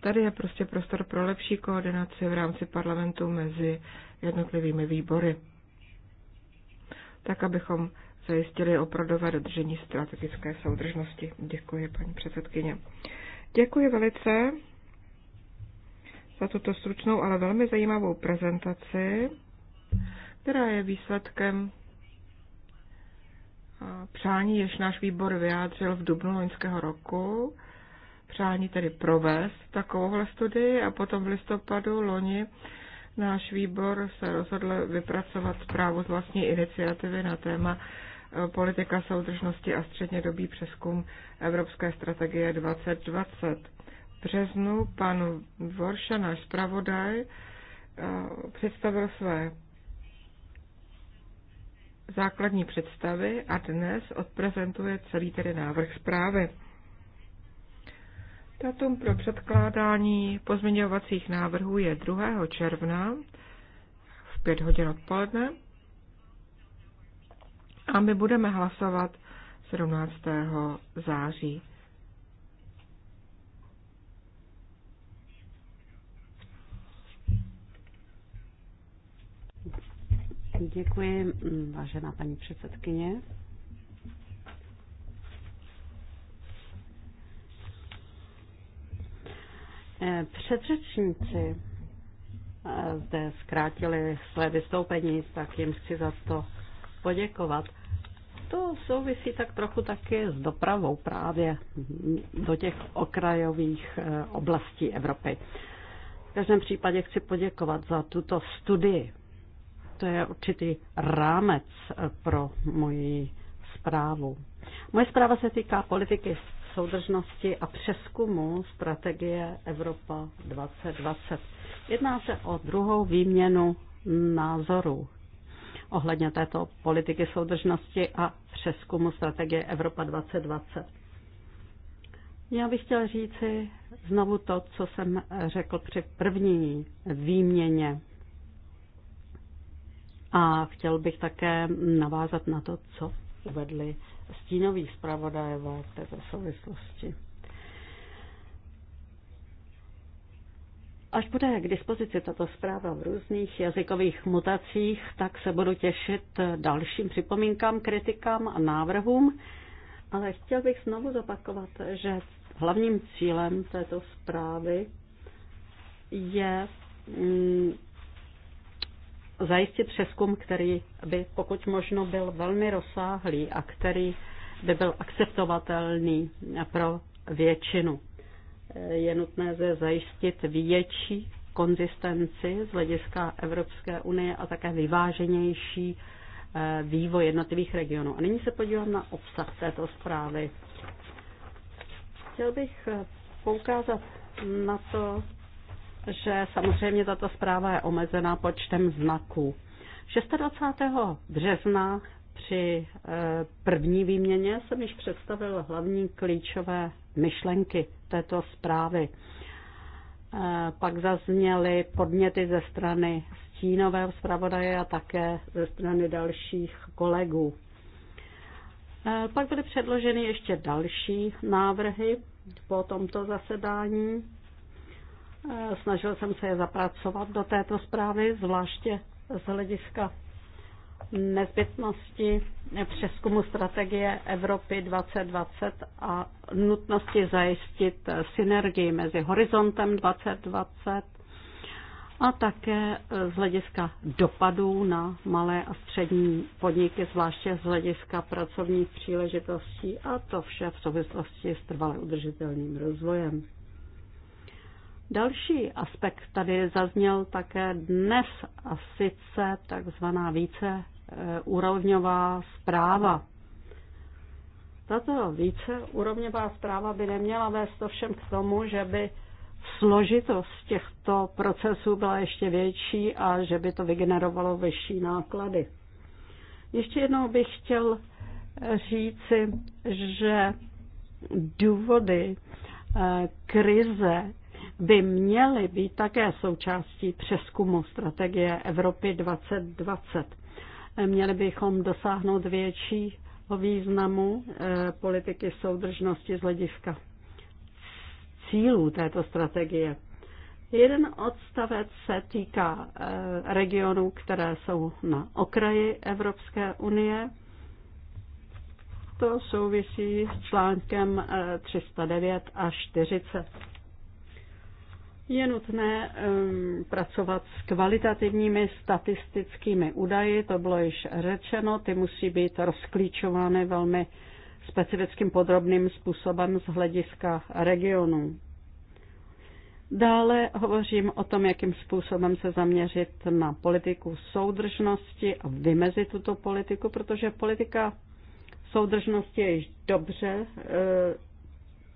Tady je prostě prostor pro lepší koordinaci v rámci parlamentu mezi jednotlivými výbory, tak abychom zajistili opravdové dodržení strategické soudržnosti. Děkuji, paní předsedkyně. Děkuji velice za tuto stručnou, ale velmi zajímavou prezentaci, která je výsledkem přání, jež náš výbor vyjádřil v dubnu loňského roku, přání tedy provést takovouhle studii a potom v listopadu loni náš výbor se rozhodl vypracovat zprávu z vlastní iniciativy na téma e, politika soudržnosti a střednědobý přeskum Evropské strategie 2020. V březnu pan Vorša, náš zpravodaj, e, představil své základní představy a dnes odprezentuje celý tedy návrh zprávy. Datum pro předkládání pozměňovacích návrhů je 2. června v 5 hodin odpoledne a my budeme hlasovat 17. září. Děkuji, vážená paní předsedkyně. Předřečníci eh, zde zkrátili své vystoupení, tak jim chci za to poděkovat. To souvisí tak trochu taky s dopravou právě do těch okrajových eh, oblastí Evropy. V každém případě chci poděkovat za tuto studii to je určitý rámec eh, pro moji zprávu. Moje zpráva se týká politiky soudržnosti a přeskumu strategie Evropa 2020. Jedná se o druhou výměnu názorů ohledně této politiky soudržnosti a přeskumu strategie Evropa 2020. Já bych chtěla říci znovu to, co jsem řekl při první výměně a chtěl bych také navázat na to, co uvedli stínoví zpravodajové v této souvislosti. Až bude k dispozici tato zpráva v různých jazykových mutacích, tak se budu těšit dalším připomínkám, kritikám a návrhům, ale chtěl bych znovu zopakovat, že hlavním cílem této zprávy je mm, zajistit přeskum, který by pokud možno byl velmi rozsáhlý a který by byl akceptovatelný pro většinu. Je nutné zde zajistit větší konzistenci z hlediska Evropské unie a také vyváženější eh, vývoj jednotlivých regionů. A nyní se podívám na obsah této zprávy. Chtěl bych eh, poukázat na to, že samozřejmě tato zpráva je omezená počtem znaků. 26. března při eh, první výměně jsem již představil hlavní klíčové myšlenky této zprávy. Eh, pak zazněly podněty ze strany stínového zpravodaje a také ze strany dalších kolegů. Eh, pak byly předloženy ještě další návrhy po tomto zasedání Eh, snažil jsem se je zapracovat do této zprávy, zvláště z hlediska nezbytnosti přeskumu strategie Evropy 2020 a nutnosti zajistit synergii mezi horizontem 2020 a také eh, z hlediska dopadů na malé a střední podniky, zvláště z hlediska pracovních příležitostí a to vše v souvislosti s trvale udržitelným rozvojem. Další aspekt tady zazněl také dnes a sice takzvaná více úrovňová zpráva. Tato více úrovňová zpráva by neměla vést ovšem k tomu, že by složitost těchto procesů byla ještě větší a že by to vygenerovalo vyšší náklady. Ještě jednou bych chtěl říci, že důvody eh, krize by měly být také součástí přeskumu strategie Evropy 2020. Měli bychom dosáhnout většího významu eh, politiky soudržnosti z hlediska cílů této strategie. Jeden odstavec se týká eh, regionů, které jsou na okraji Evropské unie. To souvisí s článkem 309 eh, a 40. Je nutné um, pracovat s kvalitativními statistickými údaji, to bylo již řečeno, ty musí být rozklíčovány velmi specifickým podrobným způsobem z hlediska regionů. Dále hovořím o tom, jakým způsobem se zaměřit na politiku soudržnosti a vymezit tuto politiku, protože politika soudržnosti je již dobře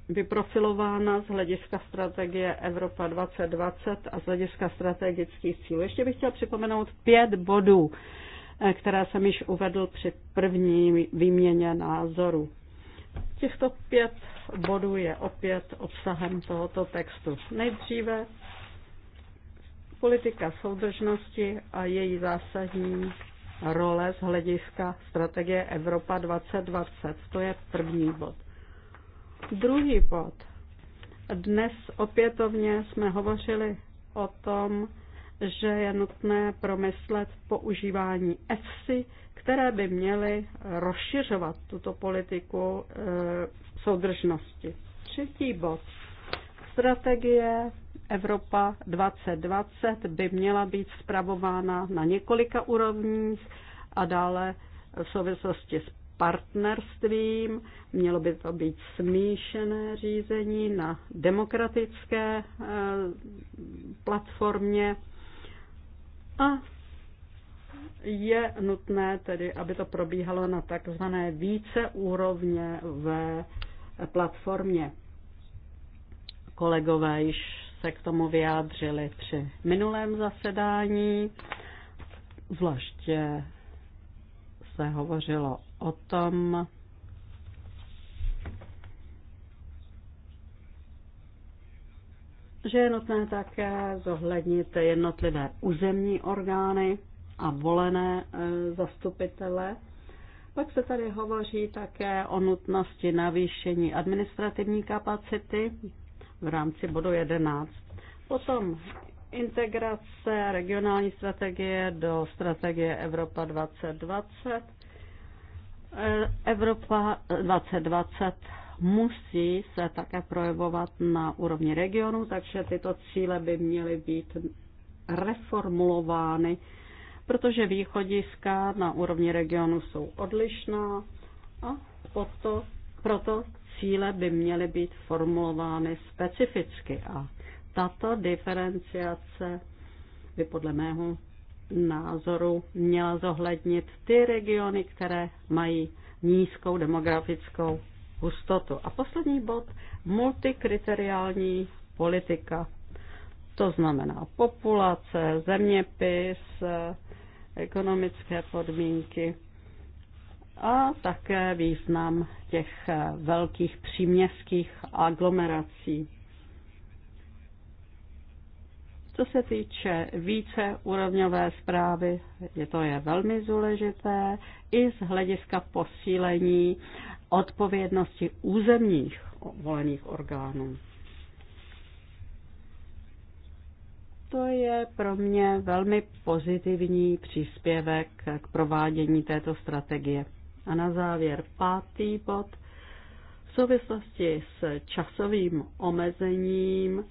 vyprofilována z hlediska strategie Evropa 2020 a z hlediska strategických cílů. Ještě bych chtěla připomenout pět bodů, eh, které jsem již uvedl při první výměně názoru. Těchto pět bodů je opět obsahem tohoto textu. Nejdříve politika soudržnosti a její zásadní role z hlediska strategie Evropa 2020. To je první bod. Druhý bod. Dnes opětovně jsme hovořili o tom, že je nutné promyslet používání EFSI, které by měly rozšiřovat tuto politiku e, soudržnosti. Třetí bod. Strategie Evropa 2020 by měla být zpravována na několika úrovních a dále v souvislosti s partnerstvím, mělo by to být smíšené řízení na demokratické eh, platformě a je nutné tedy, aby to probíhalo na takzvané více úrovně ve platformě. Kolegové již se k tomu vyjádřili při minulém zasedání, zvláště se hovořilo o tom, že je nutné také zohlednit jednotlivé územní orgány a volené e, zastupitele. Pak se tady hovoří také o nutnosti navýšení administrativní kapacity v rámci bodu 11. Potom integrace regionální strategie do strategie Evropa 2020 Evropa 2020 musí se také projevovat na úrovni regionu, takže tyto cíle by měly být reformulovány, protože východiska na úrovni regionu jsou odlišná a proto, proto cíle by měly být formulovány specificky. A tato diferenciace by podle mého názoru měla zohlednit ty regiony, které mají nízkou demografickou hustotu. A poslední bod, multikriteriální politika. To znamená populace, zeměpis, ekonomické podmínky a také význam těch velkých příměstských aglomerací. Co se týče více úrovňové zprávy, je to je velmi důležité i z hlediska posílení odpovědnosti územních volených orgánů. To je pro mě velmi pozitivní příspěvek k provádění této strategie. A na závěr pátý bod. V souvislosti s časovým omezením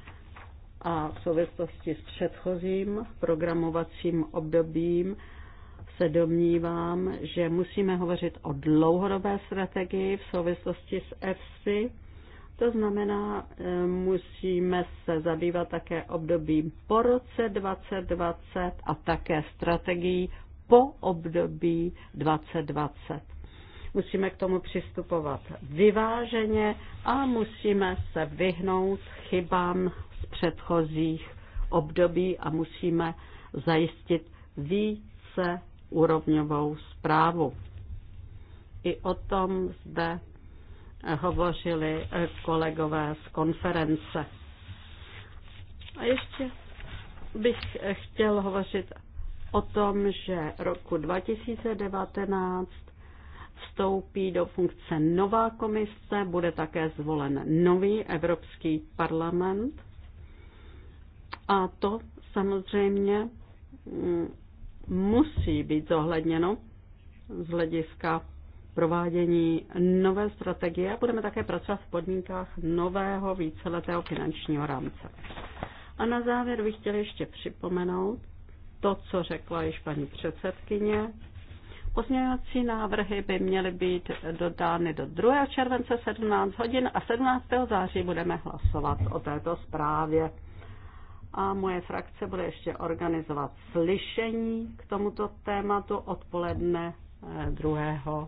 a v souvislosti s předchozím programovacím obdobím se domnívám, že musíme hovořit o dlouhodobé strategii v souvislosti s EFSI. To znamená, eh, musíme se zabývat také obdobím po roce 2020 a také strategií po období 2020. Musíme k tomu přistupovat vyváženě a musíme se vyhnout chybám z předchozích období a musíme zajistit více úrovňovou zprávu. I o tom zde hovořili kolegové z konference. A ještě bych chtěl hovořit o tom, že roku 2019 vstoupí do funkce nová komise, bude také zvolen nový Evropský parlament a to samozřejmě mm, musí být zohledněno z hlediska provádění nové strategie a budeme také pracovat v podmínkách nového víceletého finančního rámce. A na závěr bych chtěla ještě připomenout to, co řekla již paní předsedkyně. Pozměňovací návrhy by měly být dodány do 2. července 17 hodin a 17. září budeme hlasovat o této zprávě a moje frakce bude ještě organizovat slyšení k tomuto tématu odpoledne 2. Eh,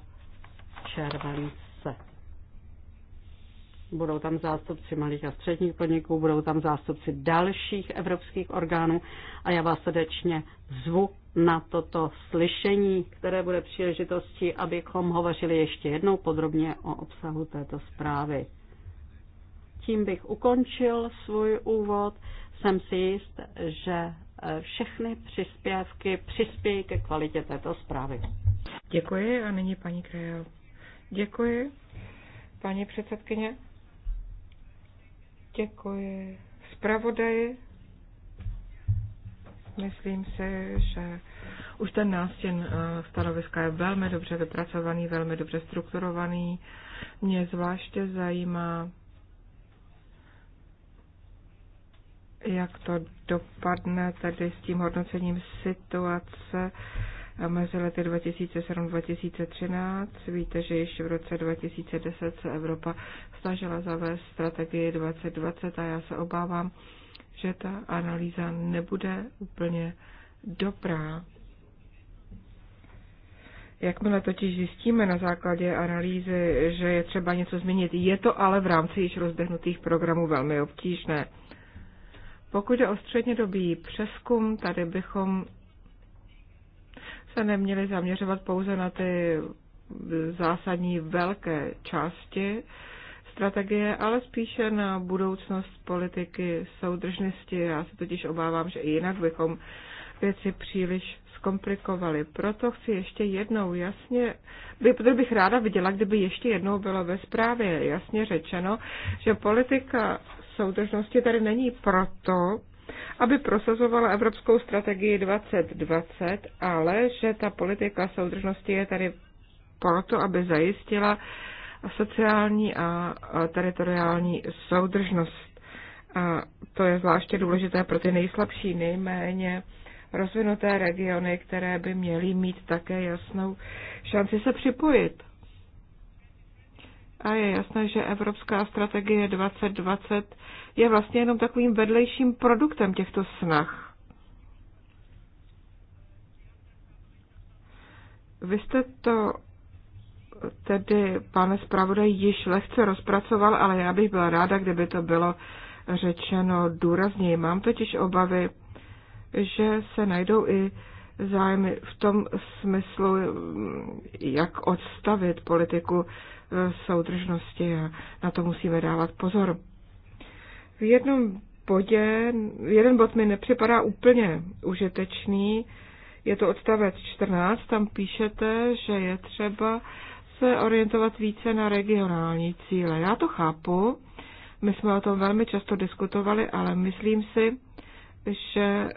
července. Budou tam zástupci malých a středních podniků, budou tam zástupci dalších evropských orgánů a já vás srdečně zvu na toto slyšení, které bude příležitostí, abychom hovořili ještě jednou podrobně o obsahu této zprávy. Tím bych ukončil svůj úvod. Jsem si jist, že eh, všechny přispěvky přispějí ke kvalitě této zprávy. Děkuji a nyní paní Krejel. Děkuji, paní předsedkyně. Děkuji zpravodaji. Myslím si, že už ten nástěn eh, stanoviska je velmi dobře vypracovaný, velmi dobře strukturovaný. Mě zvláště zajímá jak to dopadne tady s tím hodnocením situace mezi lety 2007-2013. Víte, že ještě v roce 2010 se Evropa snažila zavést strategii 2020 a já se obávám, že ta analýza nebude úplně dobrá. Jakmile totiž zjistíme na základě analýzy, že je třeba něco změnit, je to ale v rámci již rozběhnutých programů velmi obtížné. Pokud je o střednědobý přeskum, tady bychom se neměli zaměřovat pouze na ty zásadní velké části strategie, ale spíše na budoucnost politiky soudržnosti. Já se totiž obávám, že i jinak bychom věci příliš zkomplikovali. Proto chci ještě jednou jasně, by, protože bych ráda viděla, kdyby ještě jednou bylo ve zprávě jasně řečeno, že politika soudržnosti tady není proto, aby prosazovala Evropskou strategii 2020, ale že ta politika soudržnosti je tady proto, aby zajistila sociální a teritoriální soudržnost. A to je zvláště důležité pro ty nejslabší, nejméně rozvinuté regiony, které by měly mít také jasnou šanci se připojit a je jasné, že Evropská strategie 2020 je vlastně jenom takovým vedlejším produktem těchto snah. Vy jste to tedy, pane zpravodaj, již lehce rozpracoval, ale já bych byla ráda, kdyby to bylo řečeno důrazněji. Mám totiž obavy, že se najdou i zájmy v tom smyslu, jak odstavit politiku eh, soudržnosti a na to musíme dávat pozor. V jednom bodě, jeden bod mi nepřipadá úplně užitečný, je to odstavec 14, tam píšete, že je třeba se orientovat více na regionální cíle. Já to chápu, my jsme o tom velmi často diskutovali, ale myslím si, že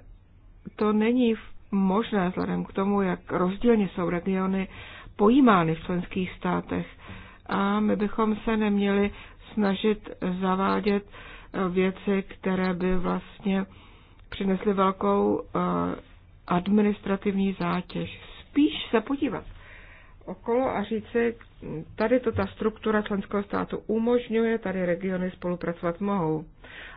to není v možné vzhledem k tomu, jak rozdílně jsou regiony pojímány v členských státech. A my bychom se neměli snažit zavádět eh, věci, které by vlastně přinesly velkou eh, administrativní zátěž. Spíš se podívat okolo a říci, tady to ta struktura členského státu umožňuje, tady regiony spolupracovat mohou.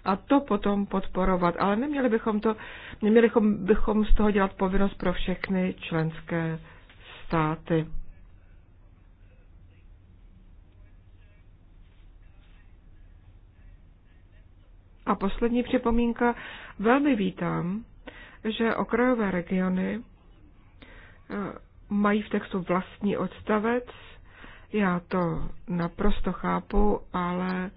A to potom podporovat, ale neměli bychom, to, neměli bychom z toho dělat povinnost pro všechny členské státy. A poslední připomínka. Velmi vítám, že okrajové regiony eh, mají v textu vlastní odstavec, já to naprosto chápu, ale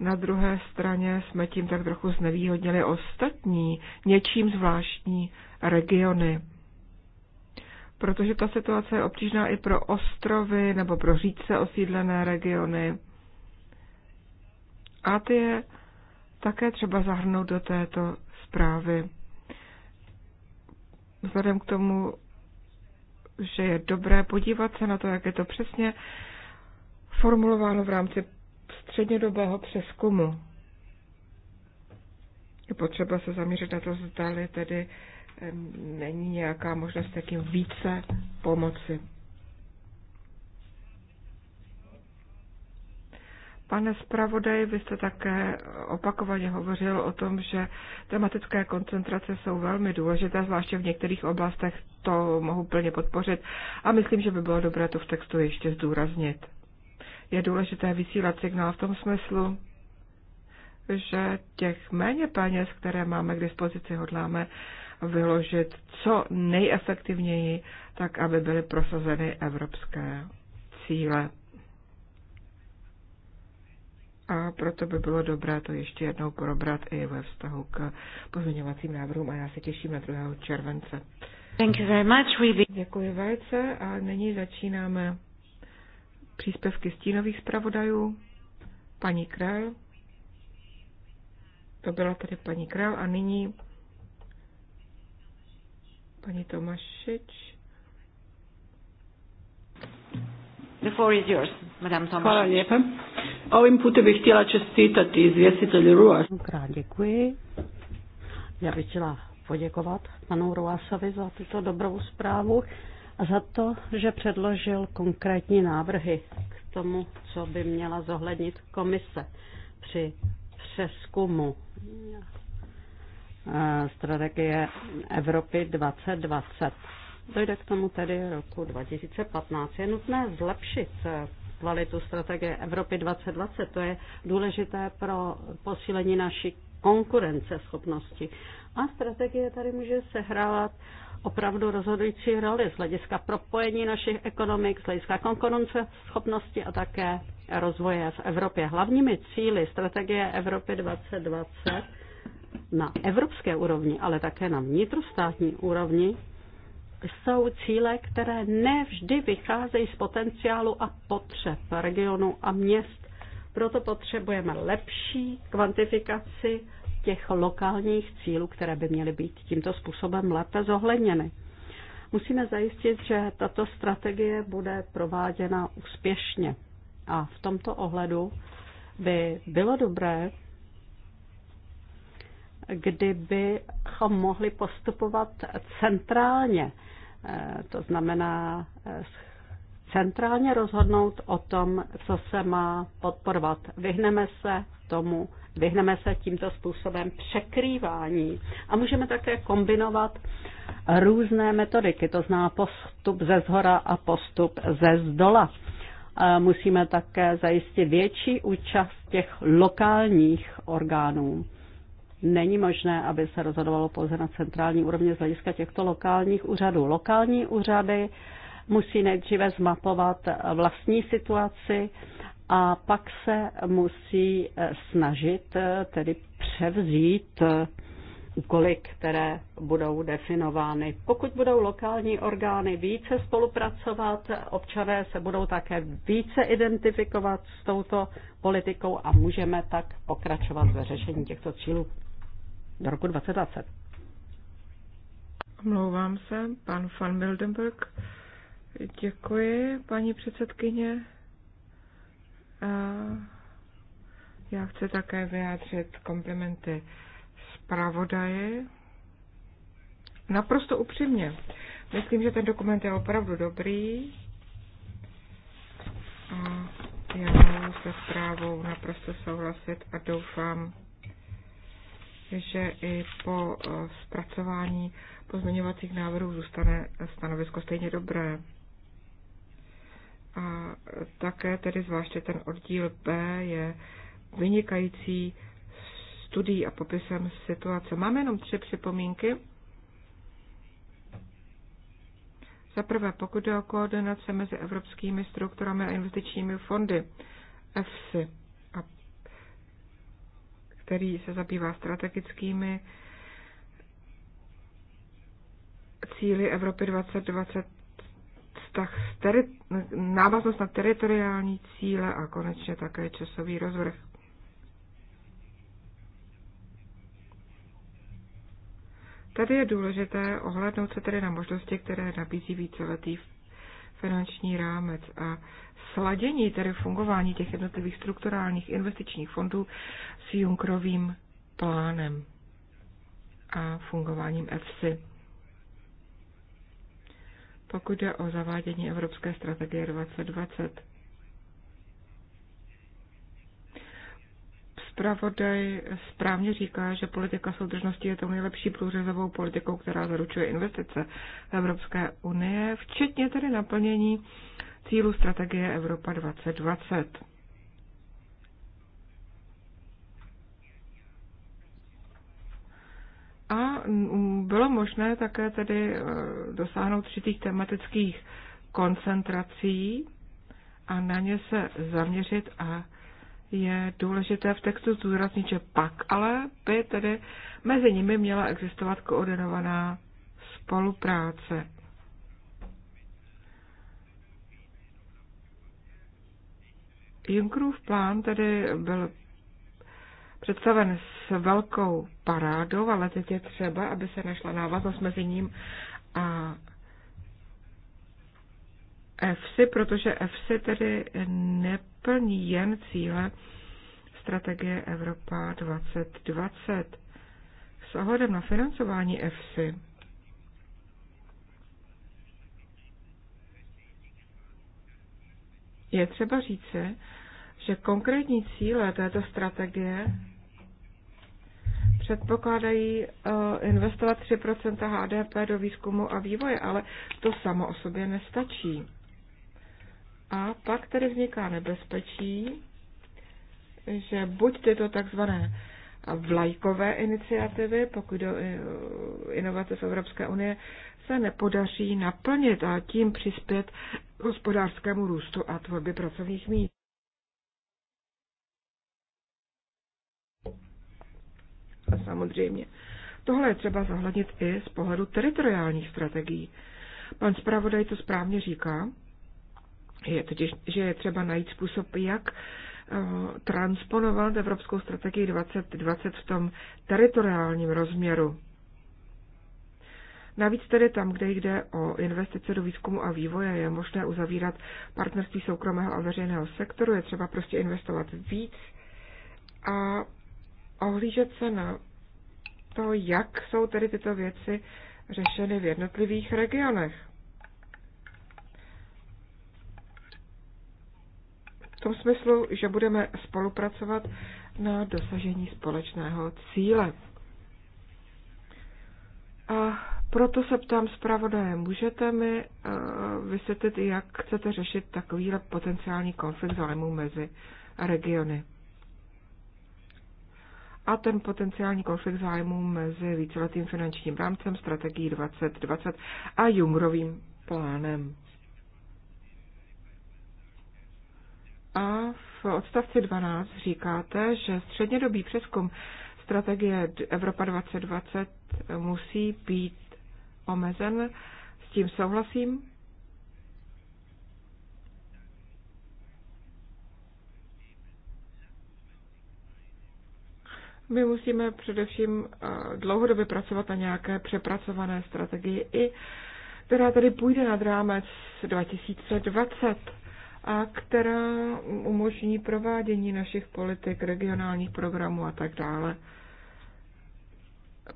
na druhé straně jsme tím tak trochu znevýhodnili ostatní, něčím zvláštní regiony. Protože ta situace je obtížná i pro ostrovy nebo pro řídce osídlené regiony. A ty je také třeba zahrnout do této zprávy. Vzhledem k tomu, že je dobré podívat se na to, jak je to přesně formulováno v rámci střednědobého přeskumu. Je potřeba se zaměřit na to, zdali tedy není nějaká možnost, takým více pomoci. Pane zpravodaj, vy jste také opakovaně hovořil o tom, že tematické koncentrace jsou velmi důležité, zvláště v některých oblastech to mohu plně podpořit a myslím, že by bylo dobré to v textu ještě zdůraznit je důležité vysílat signál v tom smyslu, že těch méně peněz, které máme k dispozici, hodláme vyložit co nejefektivněji, tak aby byly prosazeny evropské cíle. A proto by bylo dobré to ještě jednou probrat i ve vztahu k pozměňovacím návrhům a já se těším na 2. července. Thank you very much. Děkuji velice a nyní začínáme příspěvky stínových zpravodajů, paní Král, to byla tady paní Král a nyní paní Tomašič. The floor is yours, Madame Tomašič. Hvala lijepa. Ovim putem bih htjela čestitati izvjestitelju Ruas. Král, děkuji. Já bych chtěla poděkovat panu Ruasovi za tuto dobrou zprávu a za to, že předložil konkrétní návrhy k tomu, co by měla zohlednit komise při přeskumu eh, strategie Evropy 2020. Dojde k tomu tedy roku 2015. Je nutné zlepšit eh, kvalitu strategie Evropy 2020. To je důležité pro posílení naší konkurenceschopnosti. A strategie tady může sehrávat opravdu rozhodující roli z hlediska propojení našich ekonomik, z hlediska konkurence, schopnosti a také rozvoje v Evropě. Hlavními cíly strategie Evropy 2020 na evropské úrovni, ale také na vnitrostátní úrovni jsou cíle, které nevždy vycházejí z potenciálu a potřeb regionu a měst. Proto potřebujeme lepší kvantifikaci těch lokálních cílů, které by měly být tímto způsobem lépe zohledněny. Musíme zajistit, že tato strategie bude prováděna úspěšně. A v tomto ohledu by bylo dobré, kdybychom mohli postupovat centrálně. Eh, to znamená eh, centrálně rozhodnout o tom, co se má podporovat. Vyhneme se tomu, Vyhneme se tímto způsobem překrývání a můžeme také kombinovat různé metodiky, to zná postup ze zhora a postup ze zdola. Musíme také zajistit větší účast těch lokálních orgánů. Není možné, aby se rozhodovalo pouze na centrální úrovni z hlediska těchto lokálních úřadů. Lokální úřady musí nejdříve zmapovat vlastní situaci a pak se musí eh, snažit eh, tedy převzít eh, úkoly, které budou definovány. Pokud budou lokální orgány více spolupracovat, občané se budou také více identifikovat s touto politikou a můžeme tak pokračovat ve řešení těchto cílů do roku 2020. Omlouvám se, pan van Mildenburg. Děkuji, paní předsedkyně. A já chci také vyjádřit komplimenty zpravodaji. Naprosto upřímně. Myslím, že ten dokument je opravdu dobrý. A já mohu se zprávou naprosto souhlasit a doufám, že i po eh, zpracování pozměňovacích návrhů zůstane stanovisko stejně dobré. A také tedy zvláště ten oddíl B je vynikající studií a popisem situace. Máme jenom tři připomínky. Za prvé, pokud jde o koordinace mezi evropskými strukturami a investičními fondy EFSI, a který se zabývá strategickými cíly Evropy 2020 vztah s teri- návaznost na teritoriální cíle a konečně také časový rozvrh. Tady je důležité ohlednout se tedy na možnosti, které nabízí víceletý finanční rámec a sladění tedy fungování těch jednotlivých strukturálních investičních fondů s Junkrovým plánem a fungováním EFSI pokud jde o zavádění Evropské strategie 2020. Spravodaj správně říká, že politika soudržnosti je tou nejlepší průřezovou politikou, která zaručuje investice Evropské unie, včetně tedy naplnění cílu strategie Evropa 2020. A bylo možné také tedy e, dosáhnout určitých tematických koncentrací a na ně se zaměřit a je důležité v textu zúraznit, že pak ale by tedy mezi nimi měla existovat koordinovaná spolupráce. Junckerův plán tedy byl představen s velkou parádou, ale teď je třeba, aby se našla návaznost mezi ním a EFSI, protože EFSI tedy neplní jen cíle strategie Evropa 2020. S ohledem na financování EFSI je třeba říci, že konkrétní cíle této strategie předpokládají eh, investovat 3 HDP do výzkumu a vývoje, ale to samo o sobě nestačí. A pak tedy vzniká nebezpečí, že buď tyto takzvané vlajkové iniciativy, pokud do eh, inovace v Evropské unie, se nepodaří naplnit a tím přispět hospodářskému růstu a tvorbě pracovních míst. samozřejmě. Tohle je třeba zohlednit i z pohledu teritoriálních strategií. Pan zpravodaj to správně říká, je totiž, že je třeba najít způsob, jak eh, transponovat Evropskou strategii 2020 v tom teritoriálním rozměru. Navíc tedy tam, kde jde o investice do výzkumu a vývoje, je možné uzavírat partnerství soukromého a veřejného sektoru, je třeba prostě investovat víc a ohlížet se na to, jak jsou tedy tyto věci řešeny v jednotlivých regionech. V tom smyslu, že budeme spolupracovat na dosažení společného cíle. A proto se ptám zpravodaje, můžete mi uh, vysvětlit, jak chcete řešit takovýhle potenciální konflikt zájmu mezi regiony? a ten potenciální konflikt zájmů mezi víceletým finančním rámcem, strategií 2020 a Jumrovým plánem. A v odstavci 12 říkáte, že střednědobý přeskum strategie Evropa 2020 musí být omezen. S tím souhlasím, My musíme především eh, dlouhodobě pracovat na nějaké přepracované strategii, i která tady půjde nad rámec 2020 a která umožní provádění našich politik, regionálních programů a tak dále.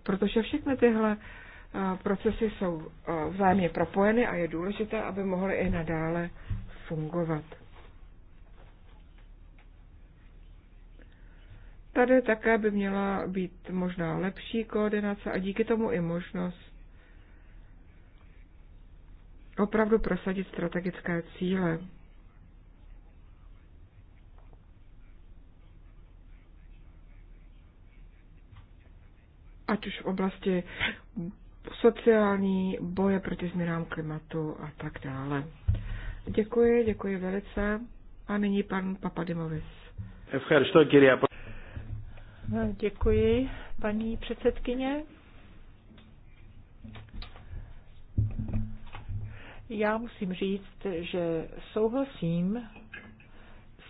Protože všechny tyhle eh, procesy jsou eh, vzájemně propojeny a je důležité, aby mohly i nadále fungovat. Tady také by měla být možná lepší koordinace a díky tomu i možnost opravdu prosadit strategické cíle. Ať už v oblasti sociální, boje proti změnám klimatu a tak dále. Děkuji, děkuji velice. A nyní pan Papadimovis. Děkuji, paní předsedkyně. Já musím říct, že souhlasím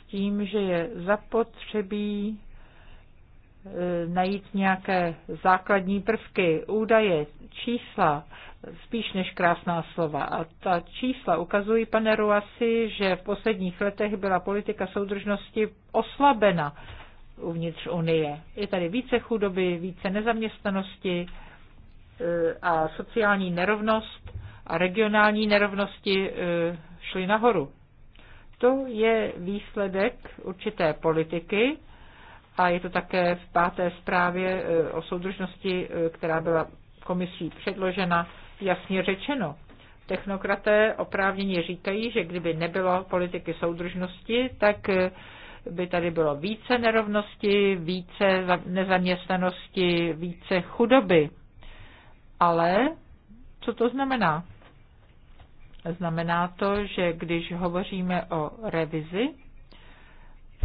s tím, že je zapotřebí e, najít nějaké základní prvky, údaje, čísla, spíš než krásná slova. A ta čísla ukazují, pane Ruasi, že v posledních letech byla politika soudržnosti oslabena uvnitř Unie. Je tady více chudoby, více nezaměstnanosti e, a sociální nerovnost a regionální nerovnosti e, šly nahoru. To je výsledek určité politiky a je to také v páté zprávě e, o soudržnosti, která byla komisí předložena, jasně řečeno. Technokraté oprávněně říkají, že kdyby nebylo politiky soudržnosti, tak by tady bylo více nerovnosti, více nezaměstnanosti, více chudoby. Ale co to znamená? Znamená to, že když hovoříme o revizi,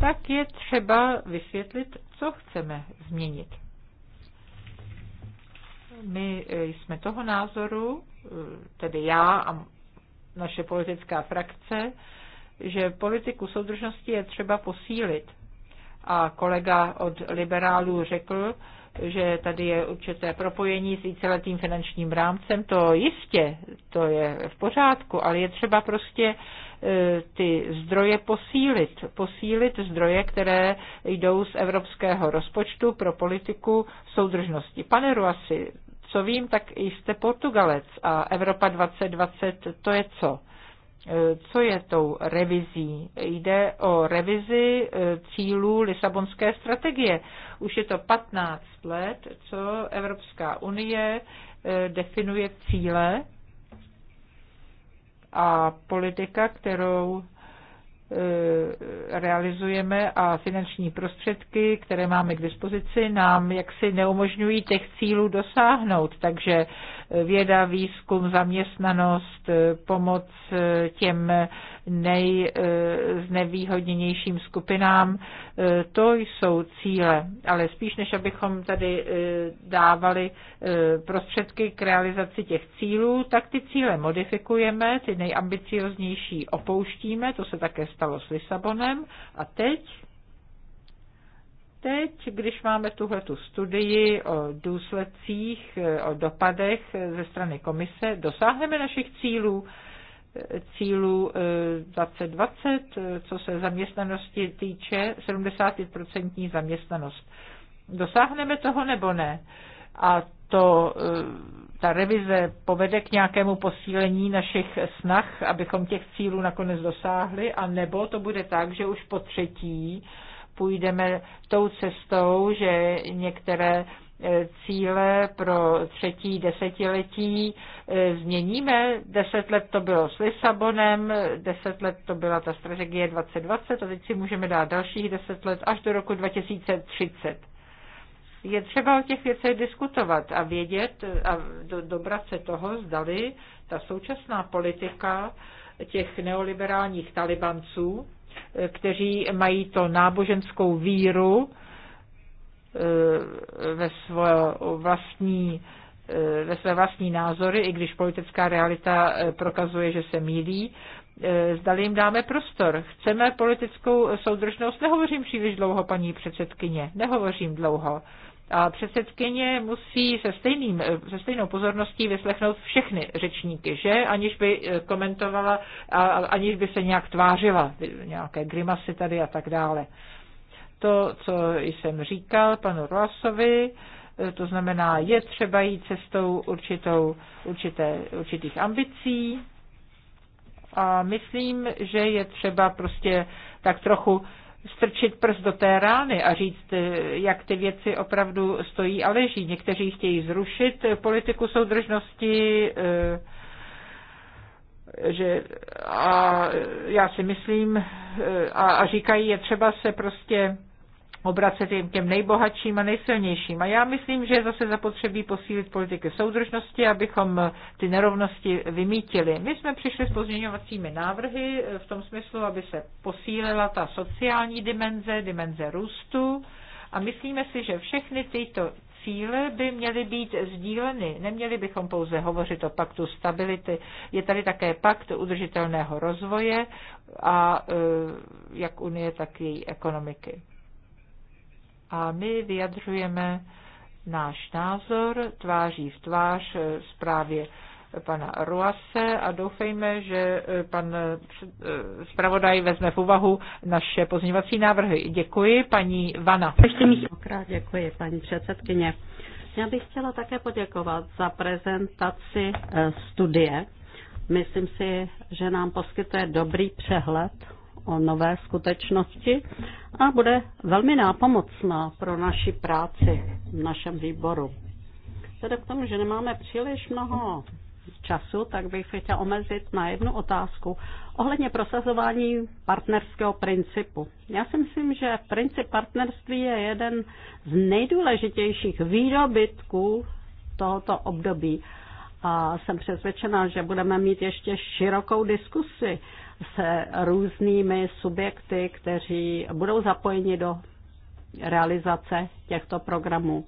tak je třeba vysvětlit, co chceme změnit. My jsme toho názoru, tedy já a naše politická frakce, že politiku soudržnosti je třeba posílit. A kolega od liberálů řekl, že tady je určité propojení s víceletým finančním rámcem, to jistě, to je v pořádku, ale je třeba prostě e, ty zdroje posílit, posílit zdroje, které jdou z evropského rozpočtu pro politiku soudržnosti. Pane Ruasi, co vím, tak jste Portugalec a Evropa 2020, to je co? Eh, co je tou revizí? Jde o revizi eh, cílů Lisabonské strategie. Už je to 15 let, co Evropská unie eh, definuje cíle a politika, kterou Eh, realizujeme a finanční prostředky, které máme k dispozici, nám jaksi neumožňují těch cílů dosáhnout. Takže eh, věda, výzkum, zaměstnanost, eh, pomoc těm nejznevýhodněnějším eh, skupinám. Eh, to jsou cíle, ale spíš než abychom tady eh, dávali prostředky k realizaci těch cílů, tak ty cíle modifikujeme, ty nejambicioznější opouštíme, to se také stalo s Lisabonem a teď teď, když máme tuhle tu studii o důsledcích, o dopadech ze strany komise, dosáhneme našich cílů cílu 2020, eh, eh, co se zaměstnanosti týče, 75% zaměstnanost. Dosáhneme toho nebo ne? A to, eh, ta revize povede k nějakému posílení našich snah, abychom těch cílů nakonec dosáhli, a nebo to bude tak, že už po třetí půjdeme tou cestou, že některé E, cíle pro třetí desetiletí e, změníme. Deset let to bylo s Lisabonem, deset let to byla ta strategie 2020 a teď si můžeme dát dalších deset let až do roku 2030. Je třeba o těch věcech diskutovat a vědět a do, dobrat se toho, zdali ta současná politika těch neoliberálních talibanců, e, kteří mají to náboženskou víru, ve, svoje vlastní, ve své vlastní názory, i když politická realita eh, prokazuje, že se mílí, eh, zdali jim dáme prostor. Chceme politickou soudržnost? Nehovořím příliš dlouho, paní předsedkyně, nehovořím dlouho. A předsedkyně musí se, stejným, eh, se stejnou pozorností vyslechnout všechny řečníky, že? Aniž by komentovala, a, aniž by se nějak tvářila, nějaké grimasy tady a tak dále to, co jsem říkal panu Roasovi, eh, to znamená, je třeba jít cestou určitou, určité, určitých ambicí a myslím, že je třeba prostě tak trochu strčit prst do té rány a říct, eh, jak ty věci opravdu stojí a leží. Někteří chtějí zrušit politiku soudržnosti, eh, že a já si myslím a, a říkají, je třeba se prostě obracet jim těm nejbohatším a nejsilnějším. A já myslím, že je zase zapotřebí posílit politiky soudržnosti, abychom ty nerovnosti vymítili. My jsme přišli s pozměňovacími návrhy v tom smyslu, aby se posílila ta sociální dimenze, dimenze růstu. A myslíme si, že všechny tyto cíle by měly být sdíleny. Neměli bychom pouze hovořit o paktu stability. Je tady také pakt udržitelného rozvoje a e, jak Unie, tak její ekonomiky. A my vyjadřujeme náš názor tváří v tvář e, zprávě pana Ruase a doufejme, že eh, pan eh, zpravodaj vezme v úvahu naše pozměňovací návrhy. Děkuji, paní Vana. Ještě mnohokrát děkuji, paní předsedkyně. Já bych chtěla také poděkovat za prezentaci eh, studie. Myslím si, že nám poskytuje dobrý přehled o nové skutečnosti a bude velmi nápomocná pro naši práci v našem výboru. Tedy k tomu, že nemáme příliš mnoho času, tak bych se chtěla omezit na jednu otázku ohledně prosazování partnerského principu. Já si myslím, že princip partnerství je jeden z nejdůležitějších výrobitků tohoto období. A jsem přesvědčena, že budeme mít ještě širokou diskusi se různými subjekty, kteří budou zapojeni do realizace těchto programů.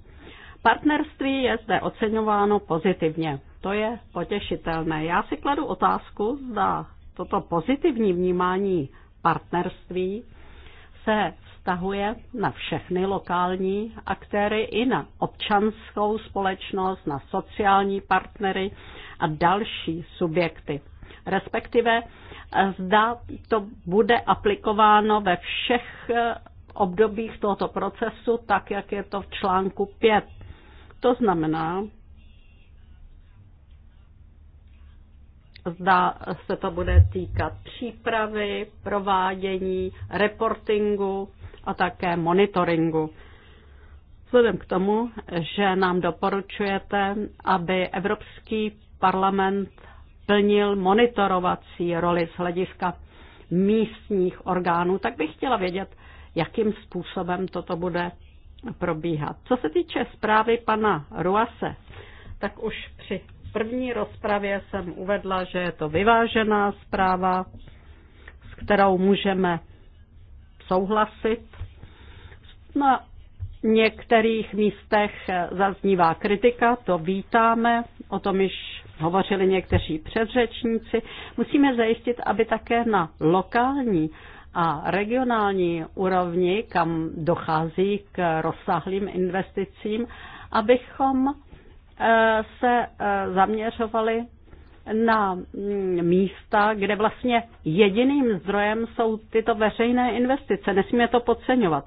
Partnerství je zde oceňováno pozitivně. To je potěšitelné. Já si kladu otázku, zda toto pozitivní vnímání partnerství se vztahuje na všechny lokální aktéry i na občanskou společnost, na sociální partnery a další subjekty. Respektive eh, zda to bude aplikováno ve všech eh, obdobích tohoto procesu, tak jak je to v článku 5. To znamená, zda se to bude týkat přípravy, provádění, reportingu a také monitoringu. Vzhledem k tomu, že nám doporučujete, aby Evropský parlament plnil monitorovací roli z hlediska místních orgánů, tak bych chtěla vědět, jakým způsobem toto bude probíhat. Co se týče zprávy pana Ruase, tak už při první rozpravě jsem uvedla, že je to vyvážená zpráva, s kterou můžeme souhlasit. Na některých místech zaznívá kritika, to vítáme, o tom již hovořili někteří předřečníci. Musíme zajistit, aby také na lokální a regionální úrovni, kam dochází k rozsáhlým investicím, abychom se eh, zaměřovali na mm, místa, kde vlastně jediným zdrojem jsou tyto veřejné investice. Nesmíme to podceňovat.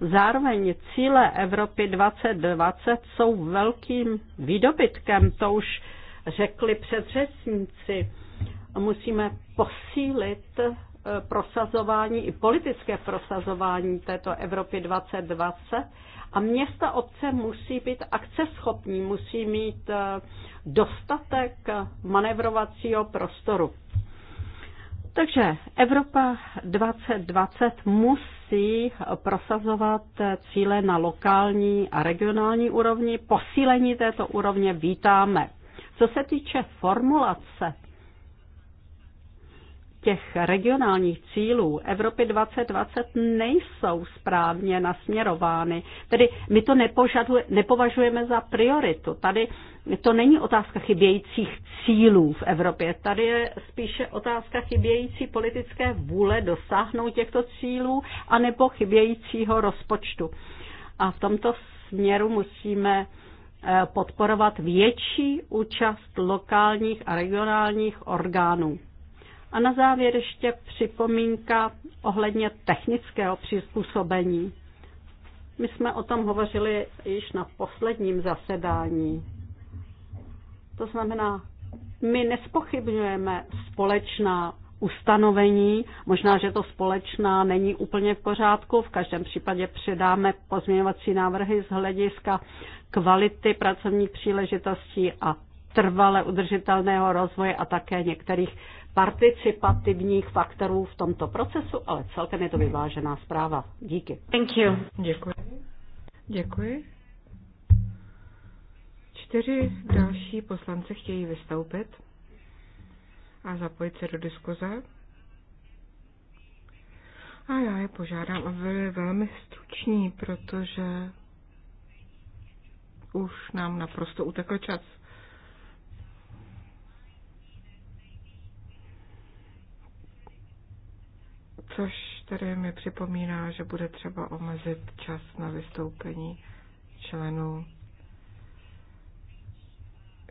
Zároveň cíle Evropy 2020 jsou velkým výdobytkem, to už řekli předřečníci. Musíme posílit eh, prosazování i politické prosazování této Evropy 2020 a města obce musí být akceschopní, musí mít eh, dostatek manevrovacího prostoru. Takže Evropa 2020 musí prosazovat cíle na lokální a regionální úrovni. Posílení této úrovně vítáme. Co se týče formulace těch regionálních cílů Evropy 2020 nejsou správně nasměrovány. Tedy my to nepovažujeme za prioritu. Tady to není otázka chybějících cílů v Evropě. Tady je spíše otázka chybějící politické vůle dosáhnout těchto cílů anebo chybějícího rozpočtu. A v tomto směru musíme eh, podporovat větší účast lokálních a regionálních orgánů. A na závěr ještě připomínka ohledně technického přizpůsobení. My jsme o tom hovořili již na posledním zasedání. To znamená, my nespochybňujeme společná ustanovení. Možná, že to společná není úplně v pořádku. V každém případě předáme pozměňovací návrhy z hlediska kvality pracovních příležitostí a trvale udržitelného rozvoje a také některých participativních faktorů v tomto procesu, ale celkem je to vyvážená zpráva. Díky. Thank you. Děkuji. Děkuji. Čtyři další poslance chtějí vystoupit a zapojit se do diskuze. A já je požádám, aby byli velmi struční, protože už nám naprosto utekl čas. což tedy mi připomíná, že bude třeba omezit čas na vystoupení členů.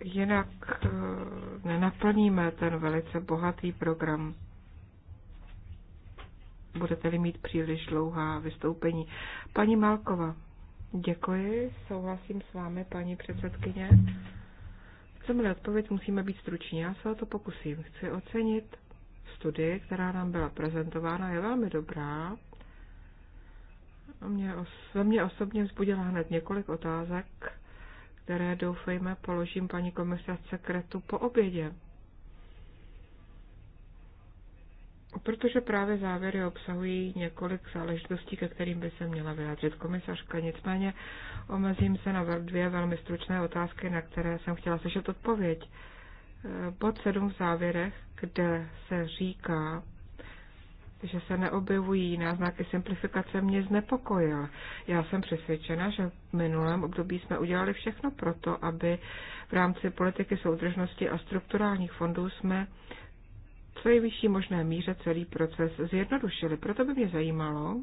Jinak eh, nenaplníme ten velice bohatý program. Budete-li mít příliš dlouhá vystoupení. Paní Malkova, děkuji, souhlasím s vámi, paní předsedkyně. chceme odpověď, musíme být struční. Já se o to pokusím. Chci ocenit studie, která nám byla prezentována, je velmi dobrá. Mě, ve mně osobně vzbudila hned několik otázek, které doufejme položím paní komisařce Kretu po obědě. Protože právě závěry obsahují několik záležitostí, ke kterým by se měla vyjádřit komisařka. Nicméně omezím se na dvě velmi stručné otázky, na které jsem chtěla slyšet odpověď bod 7 v závěrech, kde se říká, že se neobjevují náznaky simplifikace, mě znepokojil. Já jsem přesvědčena, že v minulém období jsme udělali všechno proto, aby v rámci politiky soudržnosti a strukturálních fondů jsme co vyšší možné míře celý proces zjednodušili. Proto by mě zajímalo,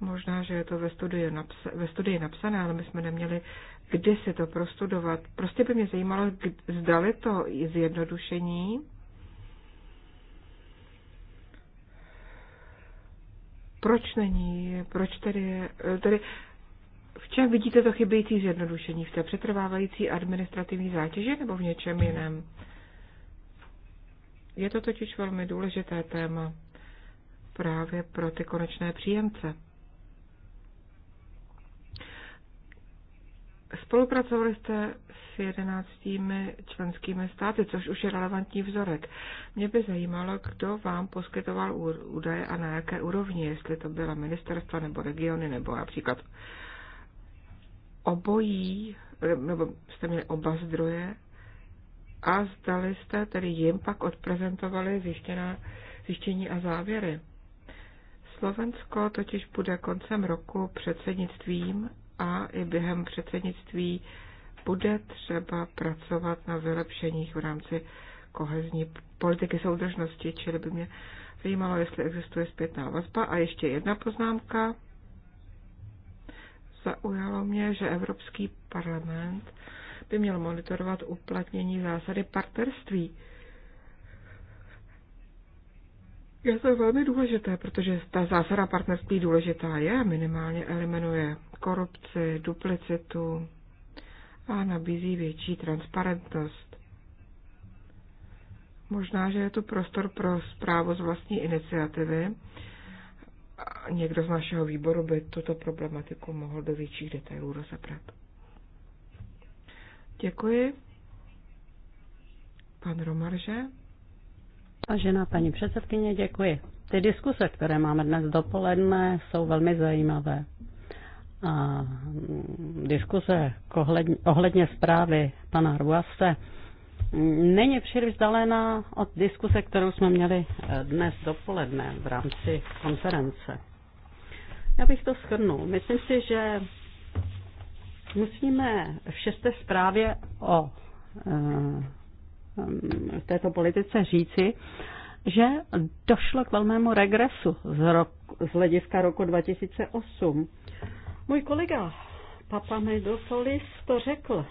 možná, že je to ve studii, napsa- ve studii napsané, ale my jsme neměli kde se to prostudovat. Prostě by mě zajímalo, zdali to zjednodušení proč není, proč tedy, tedy v čem vidíte to chybějící zjednodušení? V té přetrvávající administrativní zátěži nebo v něčem jiném? Je to totiž velmi důležité téma právě pro ty konečné příjemce. Spolupracovali jste s jedenáctými členskými státy, což už je relevantní vzorek. Mě by zajímalo, kdo vám poskytoval údaje a na jaké úrovni, jestli to byla ministerstva nebo regiony, nebo například obojí, nebo jste měli oba zdroje a zdali jste tedy jim pak odprezentovali zjištěná, zjištění a závěry. Slovensko totiž bude koncem roku předsednictvím a i během předsednictví bude třeba pracovat na vylepšeních v rámci kohezní politiky soudržnosti, čili by mě zajímalo, jestli existuje zpětná vazba. A ještě jedna poznámka. Zaujalo mě, že Evropský parlament by měl monitorovat uplatnění zásady partnerství je to velmi důležité, protože ta zásada partnerství důležitá je, minimálně eliminuje korupci, duplicitu a nabízí větší transparentnost. Možná, že je tu prostor pro zprávu z vlastní iniciativy. Někdo z našeho výboru by tuto problematiku mohl do větších detailů rozebrat. Děkuji. Pan Romarže. Vážená paní předsedkyně, děkuji. Ty diskuse, které máme dnes dopoledne, jsou velmi zajímavé. A mm, diskuse ohledně zprávy pana Ruase mm, není příliš vzdálená od diskuse, kterou jsme měli eh, dnes dopoledne v rámci konference. Já bych to shrnul. Myslím si, že musíme v šesté zprávě o eh, v této politice říci, že došlo k velmému regresu z, rok, z hlediska roku 2008. Můj kolega Papa Medopolis to řekl.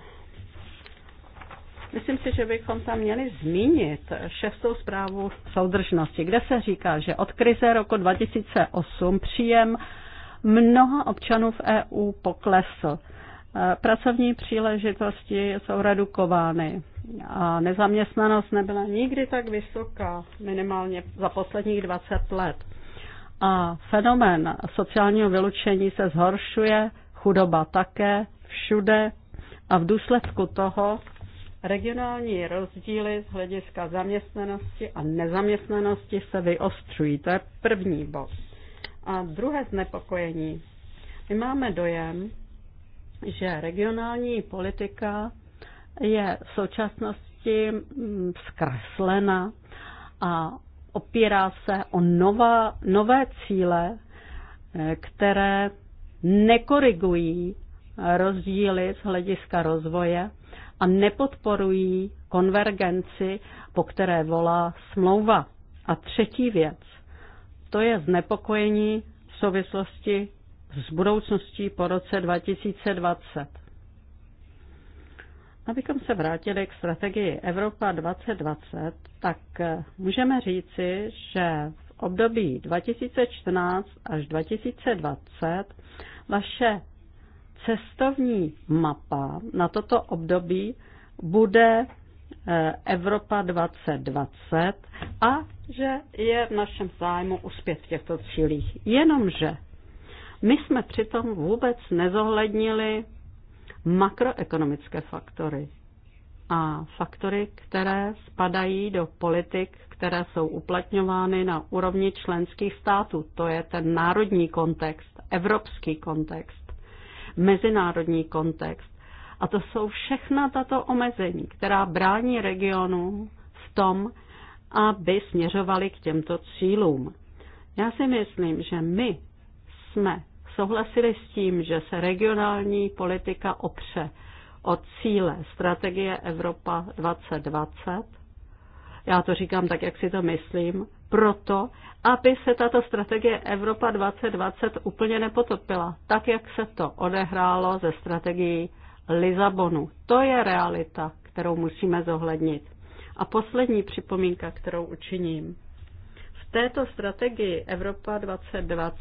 Myslím si, že bychom tam měli zmínit šestou zprávu soudržnosti, kde se říká, že od krize roku 2008 příjem mnoha občanů v EU poklesl. Eh, pracovní příležitosti jsou redukovány a nezaměstnanost nebyla nikdy tak vysoká, minimálně za posledních 20 let. A fenomén sociálního vylučení se zhoršuje, chudoba také, všude a v důsledku toho regionální rozdíly z hlediska zaměstnanosti a nezaměstnanosti se vyostřují. To je první bod. A druhé znepokojení. My máme dojem, že regionální politika je v současnosti mm, zkreslena a opírá se o nová, nové cíle, eh, které nekorigují rozdíly z hlediska rozvoje a nepodporují konvergenci, po které volá smlouva. A třetí věc, to je znepokojení v souvislosti s budoucností po roce 2020. Abychom se vrátili k strategii Evropa 2020, tak eh, můžeme říci, že v období 2014 až 2020 vaše cestovní mapa na toto období bude eh, Evropa 2020 a že je v našem zájmu uspět v těchto cílích. Jenomže my jsme přitom vůbec nezohlednili makroekonomické faktory a faktory, které spadají do politik, které jsou uplatňovány na úrovni členských států. To je ten národní kontext, evropský kontext, mezinárodní kontext. A to jsou všechna tato omezení, která brání regionu v tom, aby směřovali k těmto cílům. Já si myslím, že my jsme souhlasili s tím, že se regionální politika opře o cíle strategie Evropa 2020, já to říkám tak, jak si to myslím, proto, aby se tato strategie Evropa 2020 úplně nepotopila, tak, jak se to odehrálo ze strategií Lisabonu. To je realita, kterou musíme zohlednit. A poslední připomínka, kterou učiním. V této strategii Evropa 2020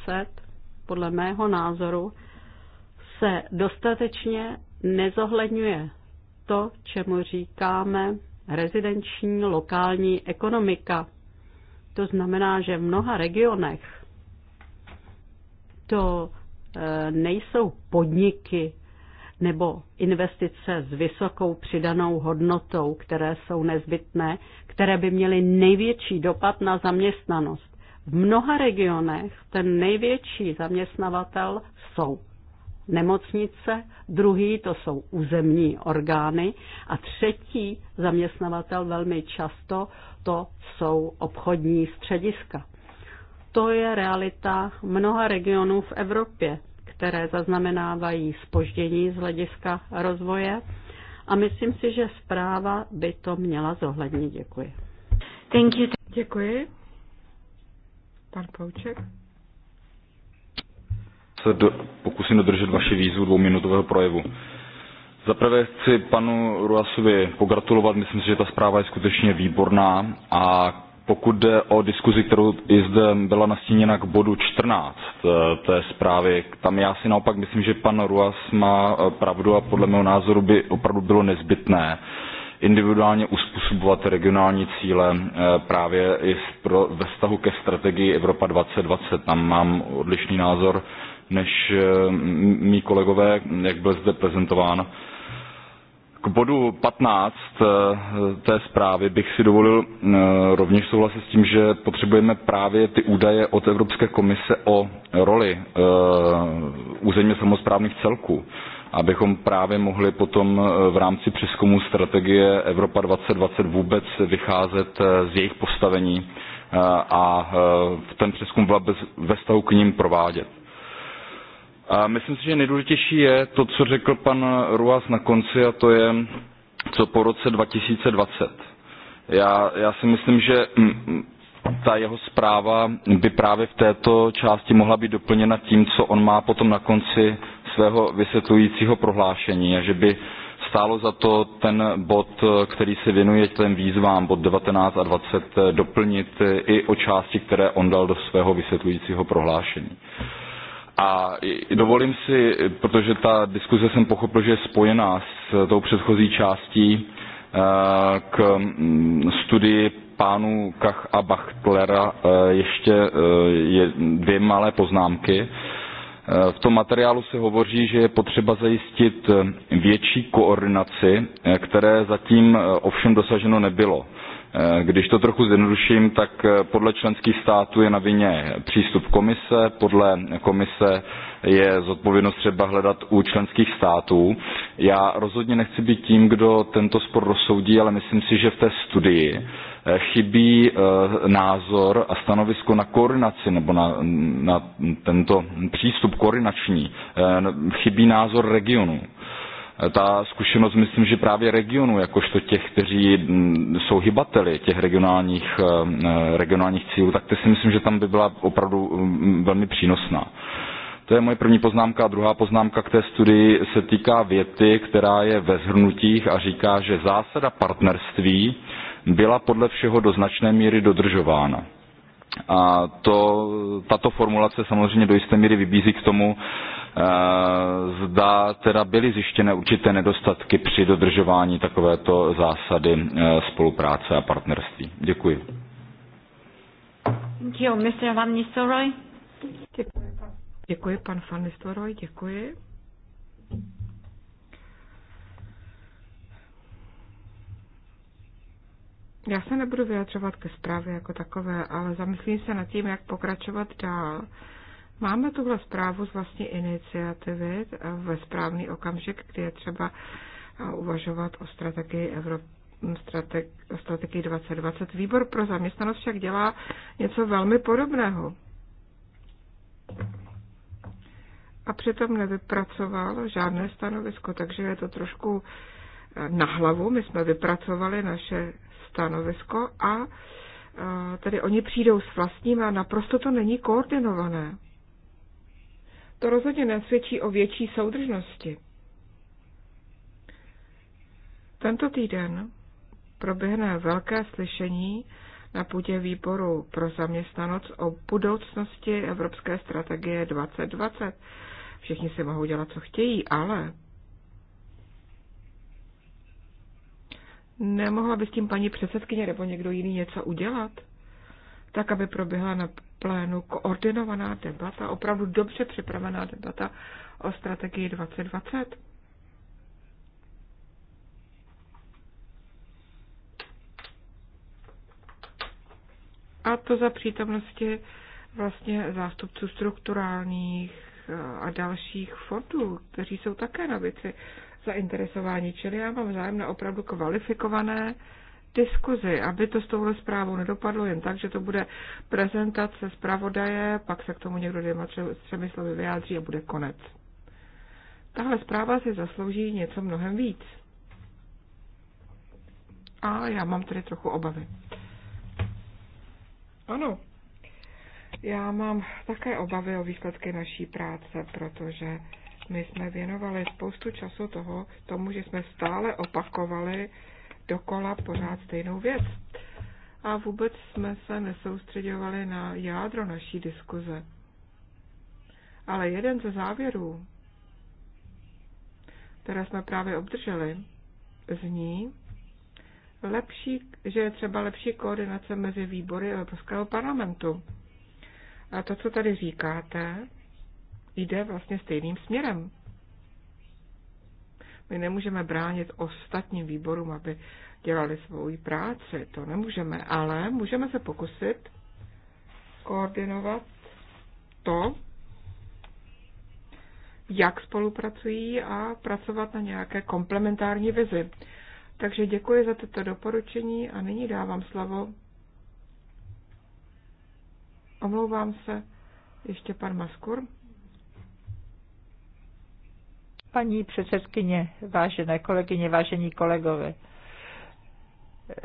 podle mého názoru se dostatečně nezohledňuje to, čemu říkáme rezidenční lokální ekonomika. To znamená, že v mnoha regionech to e, nejsou podniky nebo investice s vysokou přidanou hodnotou, které jsou nezbytné, které by měly největší dopad na zaměstnanost. V mnoha regionech ten největší zaměstnavatel jsou nemocnice, druhý to jsou územní orgány a třetí zaměstnavatel velmi často to jsou obchodní střediska. To je realita mnoha regionů v Evropě, které zaznamenávají spoždění z hlediska rozvoje a myslím si, že zpráva by to měla zohlednit. Děkuji. Thank you. Děkuji. Pan Pouček. Se do, pokusím dodržet vaši výzvu dvouminutového projevu. Zaprvé chci panu Ruasovi pogratulovat, myslím si, že ta zpráva je skutečně výborná a pokud jde o diskuzi, kterou i zde byla nastíněna k bodu 14 eh, té zprávy, tam já si naopak myslím, že pan Ruas má eh, pravdu a podle mého názoru by opravdu bylo nezbytné, individuálně uspůsobovat regionální cíle eh, právě i pro, ve vztahu ke strategii Evropa 2020. Tam mám odlišný názor než eh, mý kolegové, jak byl zde prezentován. K bodu 15 eh, té zprávy bych si dovolil rovněž souhlasit s tím, že potřebujeme právě ty údaje od Evropské komise o roli územně samozprávných celků abychom právě mohli potom eh, v rámci přeskumu strategie Evropa 2020 vůbec vycházet eh, z jejich postavení eh, a ten přeskum ve vztahu k ním provádět. A myslím si, že nejdůležitější je to, co řekl pan Ruas na konci, a to je, co po roce 2020. Já, já si myslím, že mm, mm, ta jeho zpráva by právě v této části mohla být doplněna tím, co on má potom na konci svého vysvětlujícího prohlášení a že by stálo za to ten bod, který se věnuje těm výzvám, bod 19 a 20, doplnit i o části, které on dal do svého vysvětlujícího prohlášení. A dovolím si, protože ta diskuze jsem pochopil, že je spojená s tou předchozí částí eh, k mm, studii pánů Kach a Bachtlera eh, ještě eh, dvě malé poznámky v tom materiálu se hovoří že je potřeba zajistit eh, větší koordinaci eh, které zatím eh, ovšem dosaženo nebylo. když to trochu zjednoduším tak podle členských států je na vině přístup komise podle komise je zodpovědnost třeba hledat u členských států. já rozhodně nechci být tím kdo tento spor rozsoudí ale myslím si že v té studii chybí eh, názor a stanovisko na koordinaci nebo na, na tento přístup koordinační, eh, chybí názor regionu eh, ta zkušenost myslím, že právě regionu, jakožto těch, kteří mm, jsou hybateli těch regionálních, regionálních cílů, tak to si myslím, že tam by byla opravdu mm, velmi přínosná. To je moje první poznámka. A druhá poznámka k té studii se týká věty, která je ve zhrnutích a říká, že zásada partnerství byla podle všeho do značné míry dodržována. A to, tato formulace samozřejmě do jisté míry vybízí k tomu, eh, zda teda byly zjištěné určité nedostatky při dodržování takovéto zásady eh, spolupráce a partnerství. Děkuji. Van Nistelrooy. Děkuji, pan Van Nistelrooy, děkuji. Já se nebudu vyjadřovat ke zprávě jako takové, ale zamyslím se nad tím, jak pokračovat dál. Máme tuhle zprávu z vlastní iniciativy ve správný okamžik, kdy je třeba eh, uvažovat o strategii Evropy strateg, strategii 2020. Výbor pro zaměstnanost však dělá něco velmi podobného. A přitom nevypracoval žádné stanovisko, takže je to trošku eh, na hlavu. My jsme vypracovali naše stanovisko a e, tedy oni přijdou s vlastním a naprosto to není koordinované. To rozhodně nesvědčí o větší soudržnosti. Tento týden proběhne velké slyšení na půdě výboru pro zaměstnanost o budoucnosti Evropské strategie 2020. Všichni si mohou dělat, co chtějí, ale nemohla by s tím paní předsedkyně nebo někdo jiný něco udělat? Tak, aby proběhla na plénu koordinovaná debata, opravdu dobře připravená debata o strategii 2020? A to za přítomnosti vlastně zástupců strukturálních eh, a dalších fondů, kteří jsou také na věci zainteresováni. Čili já mám zájem na opravdu kvalifikované diskuzi, aby to s touhle zprávou nedopadlo jen tak, že to bude prezentace zpravodaje, pak se k tomu někdo dvěma třemi slovy vyjádří a bude konec. Tahle zpráva si zaslouží něco mnohem víc. A já mám tady trochu obavy. Ano, já mám také obavy o výsledky naší práce, protože my jsme věnovali spoustu času toho, tomu, že jsme stále opakovali dokola pořád stejnou věc. A vůbec jsme se nesoustředovali na jádro naší diskuze. Ale jeden ze závěrů, které jsme právě obdrželi, zní, lepší, že je třeba lepší koordinace mezi výbory Evropského parlamentu. A to, co tady říkáte, jde vlastně stejným směrem. My nemůžeme bránit ostatním výborům, aby dělali svou práci, to nemůžeme, ale můžeme se pokusit koordinovat to, jak spolupracují a pracovat na nějaké komplementární vizi. Takže děkuji za toto doporučení a nyní dávám slovo. Omlouvám se, ještě pan Maskur. Paní předsedkyně, vážené kolegyně, vážení kolegové, eh,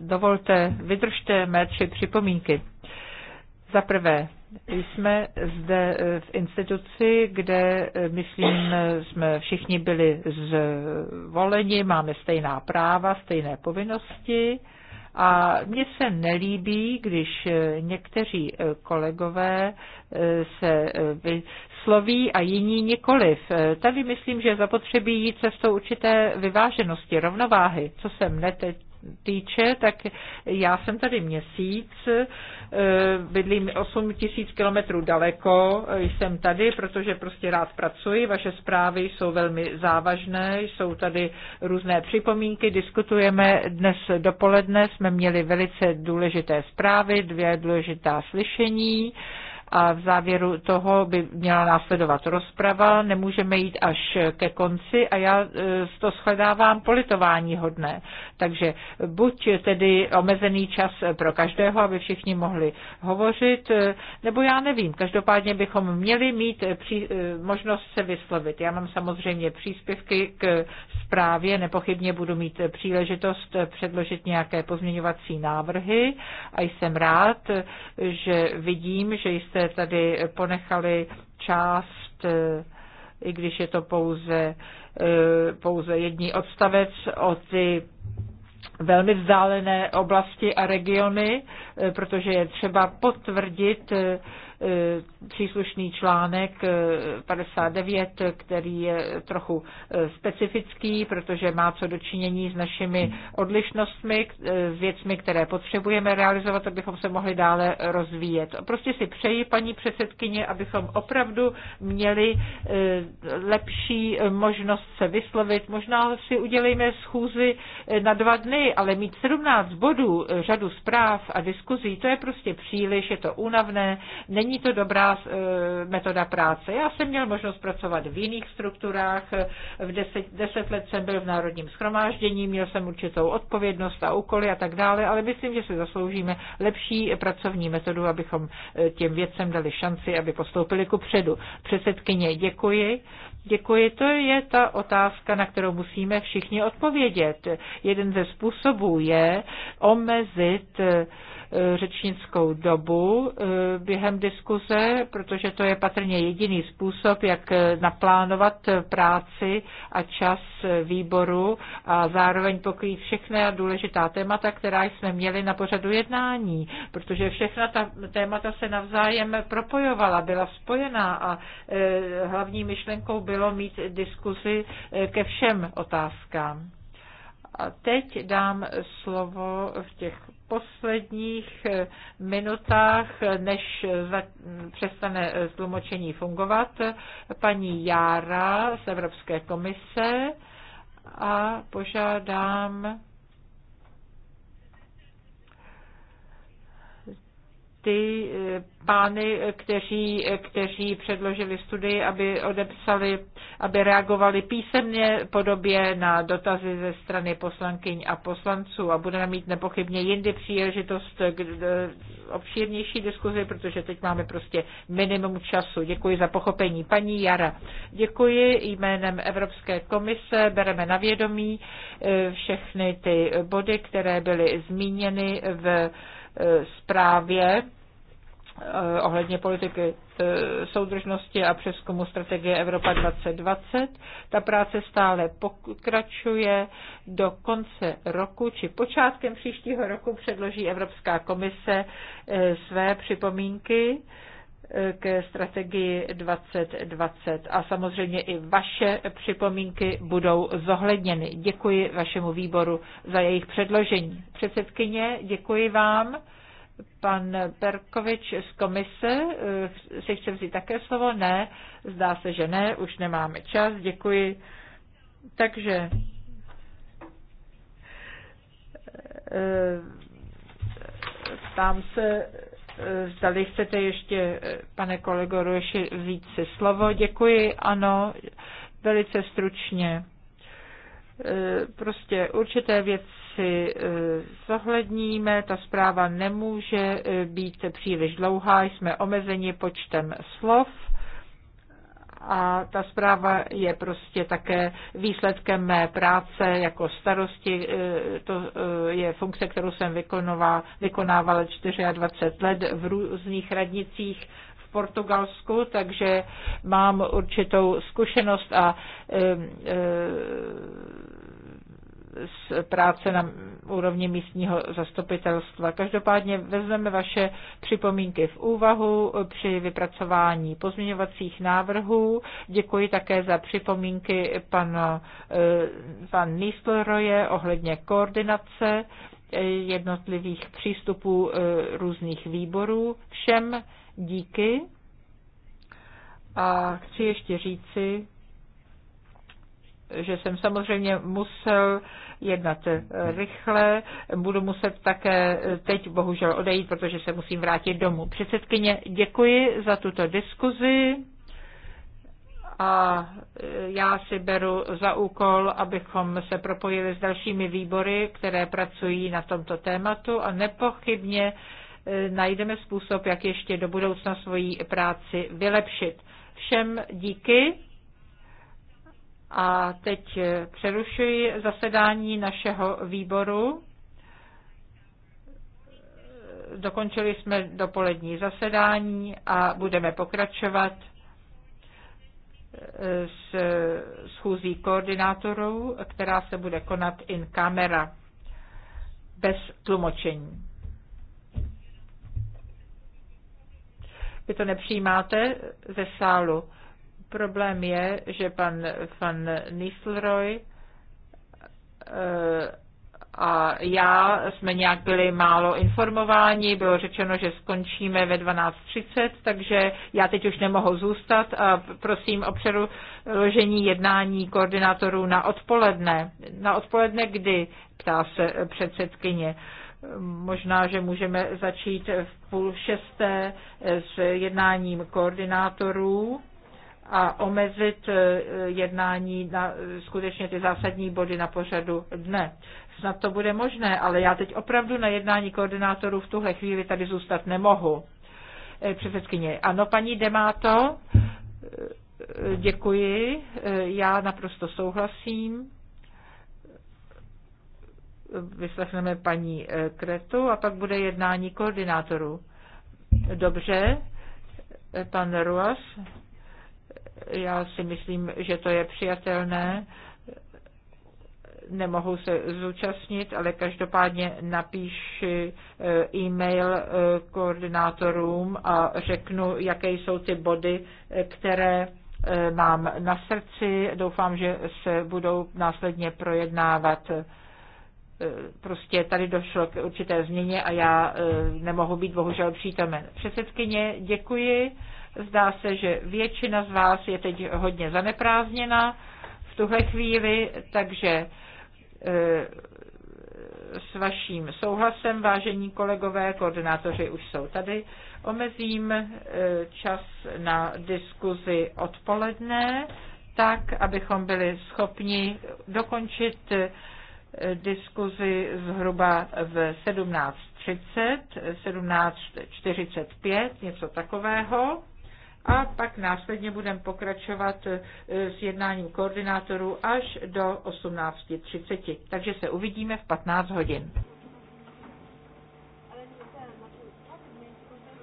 dovolte, vydržte mé tři připomínky. Za prvé, jsme zde eh, v instituci, kde, eh, myslím, jsme všichni byli zvoleni, máme stejná práva, stejné povinnosti. A mně se nelíbí, když někteří kolegové se sloví a jiní nikoliv. E, tady myslím, že zapotřebí jít cestou určité vyváženosti, rovnováhy, co se mne teď týče, tak já jsem tady měsíc, e, bydlím 8 tisíc kilometrů daleko, e, jsem tady, protože prostě rád pracuji, vaše zprávy jsou velmi závažné, jsou tady různé připomínky, diskutujeme dnes dopoledne, jsme měli velice důležité zprávy, dvě důležitá slyšení, a v závěru toho by měla následovat rozprava. Nemůžeme jít až ke konci a já e, to shledávám politování hodné. Takže buď tedy omezený čas pro každého, aby všichni mohli hovořit, e, nebo já nevím. Každopádně bychom měli mít e, při, možnost se vyslovit. Já mám samozřejmě příspěvky k zprávě, nepochybně budu mít příležitost předložit nějaké pozměňovací návrhy a jsem rád, že vidím, že jste jste tady ponechali část, eh, i když je to pouze, eh, pouze jední odstavec o ty velmi vzdálené oblasti a regiony, eh, protože je třeba potvrdit Eh, příslušný článek 59, eh, který je trochu eh, specifický, protože má co dočinění s našimi odlišnostmi, s věcmi, které potřebujeme realizovat, abychom se mohli dále rozvíjet. Prostě si přeji, paní předsedkyně, abychom opravdu měli lepší možnost se vyslovit. Možná si udělejme schůzy na dva dny, ale mít 17 bodů, řadu zpráv a diskuzí, to je prostě příliš, je to únavné, není není to dobrá eh, metoda práce. Já jsem měl možnost pracovat v jiných strukturách, v deset, deset let jsem byl v Národním schromáždění, měl jsem určitou odpovědnost a úkoly a tak dále, ale myslím, že si zasloužíme lepší pracovní metodu, abychom eh, těm věcem dali šanci, aby postoupili ku předu. Předsedkyně, děkuji. Děkuji, to je ta otázka, na kterou musíme všichni odpovědět. Jeden ze způsobů je omezit eh, řečnickou dobu eh, během diskuze, protože to je patrně jediný způsob, jak eh, naplánovat práci a čas výboru a zároveň pokrýt všechna důležitá témata, která jsme měli na pořadu jednání, protože všechna ta témata se navzájem propojovala, byla spojená a hlavní myšlenkou bylo mít diskuzi eh, ke všem otázkám. A teď dám slovo v těch posledních eh, minutách, než za, přestane eh, tlumočení fungovat, paní Jára z Evropské komise a požádám ty eh, pány, kteří, kteří předložili studii, aby odepsali, aby reagovali písemně podobě na dotazy ze strany poslankyň a poslanců a budeme mít nepochybně jindy příležitost k eh, obšírnější diskuzi, protože teď máme prostě minimum času. Děkuji za pochopení. Paní Jara, děkuji jménem Evropské komise, bereme na vědomí eh, všechny ty body, které byly zmíněny v E, zprávě e, ohledně politiky e, soudržnosti a přeskumu strategie Evropa 2020. Ta práce stále pokračuje. Do konce roku či počátkem příštího roku předloží Evropská komise své připomínky ke strategii 2020 a samozřejmě i vaše připomínky budou zohledněny. Děkuji vašemu výboru za jejich předložení. Předsedkyně, děkuji vám. Pan Perkovič z komise eh, si chce vzít také slovo? Ne, zdá se, že ne, už nemáme čas, děkuji. Takže eh, tam se Eh, zdali chcete ještě, eh, pane kolego ještě více slovo. Děkuji, ano, velice stručně. Eh, prostě určité věci zohledníme, ta zpráva nemůže být příliš dlouhá, jsme omezeni počtem slov a ta zpráva je prostě také výsledkem mé práce jako starosti. E, to e, je funkce, kterou jsem vykonávala 24 let v různých radnicích v Portugalsku, takže mám určitou zkušenost a e, z práce na úrovni místního zastupitelstva. Každopádně vezmeme vaše připomínky v úvahu při vypracování pozměňovacích návrhů. Děkuji také za připomínky pana, pan eh, Nistelroje ohledně koordinace eh, jednotlivých přístupů eh, různých výborů. Všem díky. A chci ještě říci, že jsem samozřejmě musel jednat eh, rychle, budu muset také eh, teď bohužel odejít, protože se musím vrátit domů. Předsedkyně, děkuji za tuto diskuzi a eh, já si beru za úkol, abychom se propojili s dalšími výbory, které pracují na tomto tématu a nepochybně najdeme způsob, jak ještě do budoucna svoji práci vylepšit. Všem díky. A teď eh, přerušuji zasedání našeho výboru. Dokončili jsme dopolední zasedání a budeme pokračovat eh, s schůzí koordinátorů, která se bude konat in camera bez tlumočení. Vy to nepřijímáte ze sálu. Problém je, že pan van Nistelrooy eh, a já jsme nějak byli málo informováni, bylo řečeno, že skončíme ve 12.30, takže já teď už nemohu zůstat a prosím o přeložení jednání koordinátorů na odpoledne. Na odpoledne kdy, ptá se předsedkyně. Možná, že můžeme začít v půl šesté s jednáním koordinátorů a omezit e, jednání na skutečně ty zásadní body na pořadu dne. Snad to bude možné, ale já teď opravdu na jednání koordinátorů v tuhle chvíli tady zůstat nemohu. E, předsedkyně, ano, paní Demáto, e, děkuji, já naprosto souhlasím vyslechneme paní Kretu a pak bude jednání koordinátorů. Dobře, pan Ruas. Já si myslím, že to je přijatelné. Nemohu se zúčastnit, ale každopádně napíši eh, e-mail eh, koordinátorům a řeknu, jaké jsou ty body, eh, které mám na srdci. Doufám, že se budou následně projednávat. Prostě tady došlo k určité změně a já nemohu být bohužel přítomen. Předsedkyně, děkuji. Zdá se, že většina z vás je teď hodně zaneprázdněna v tuhle chvíli, takže e, s vaším souhlasem, vážení kolegové, koordinátoři už jsou tady, omezím e, čas na diskuzi odpoledne, tak, abychom byli schopni dokončit e, diskuzi zhruba v 17.30, 17.45, něco takového a pak následně budeme pokračovat e, s jednáním koordinátorů až do 18.30. Takže se uvidíme v 15 hodin.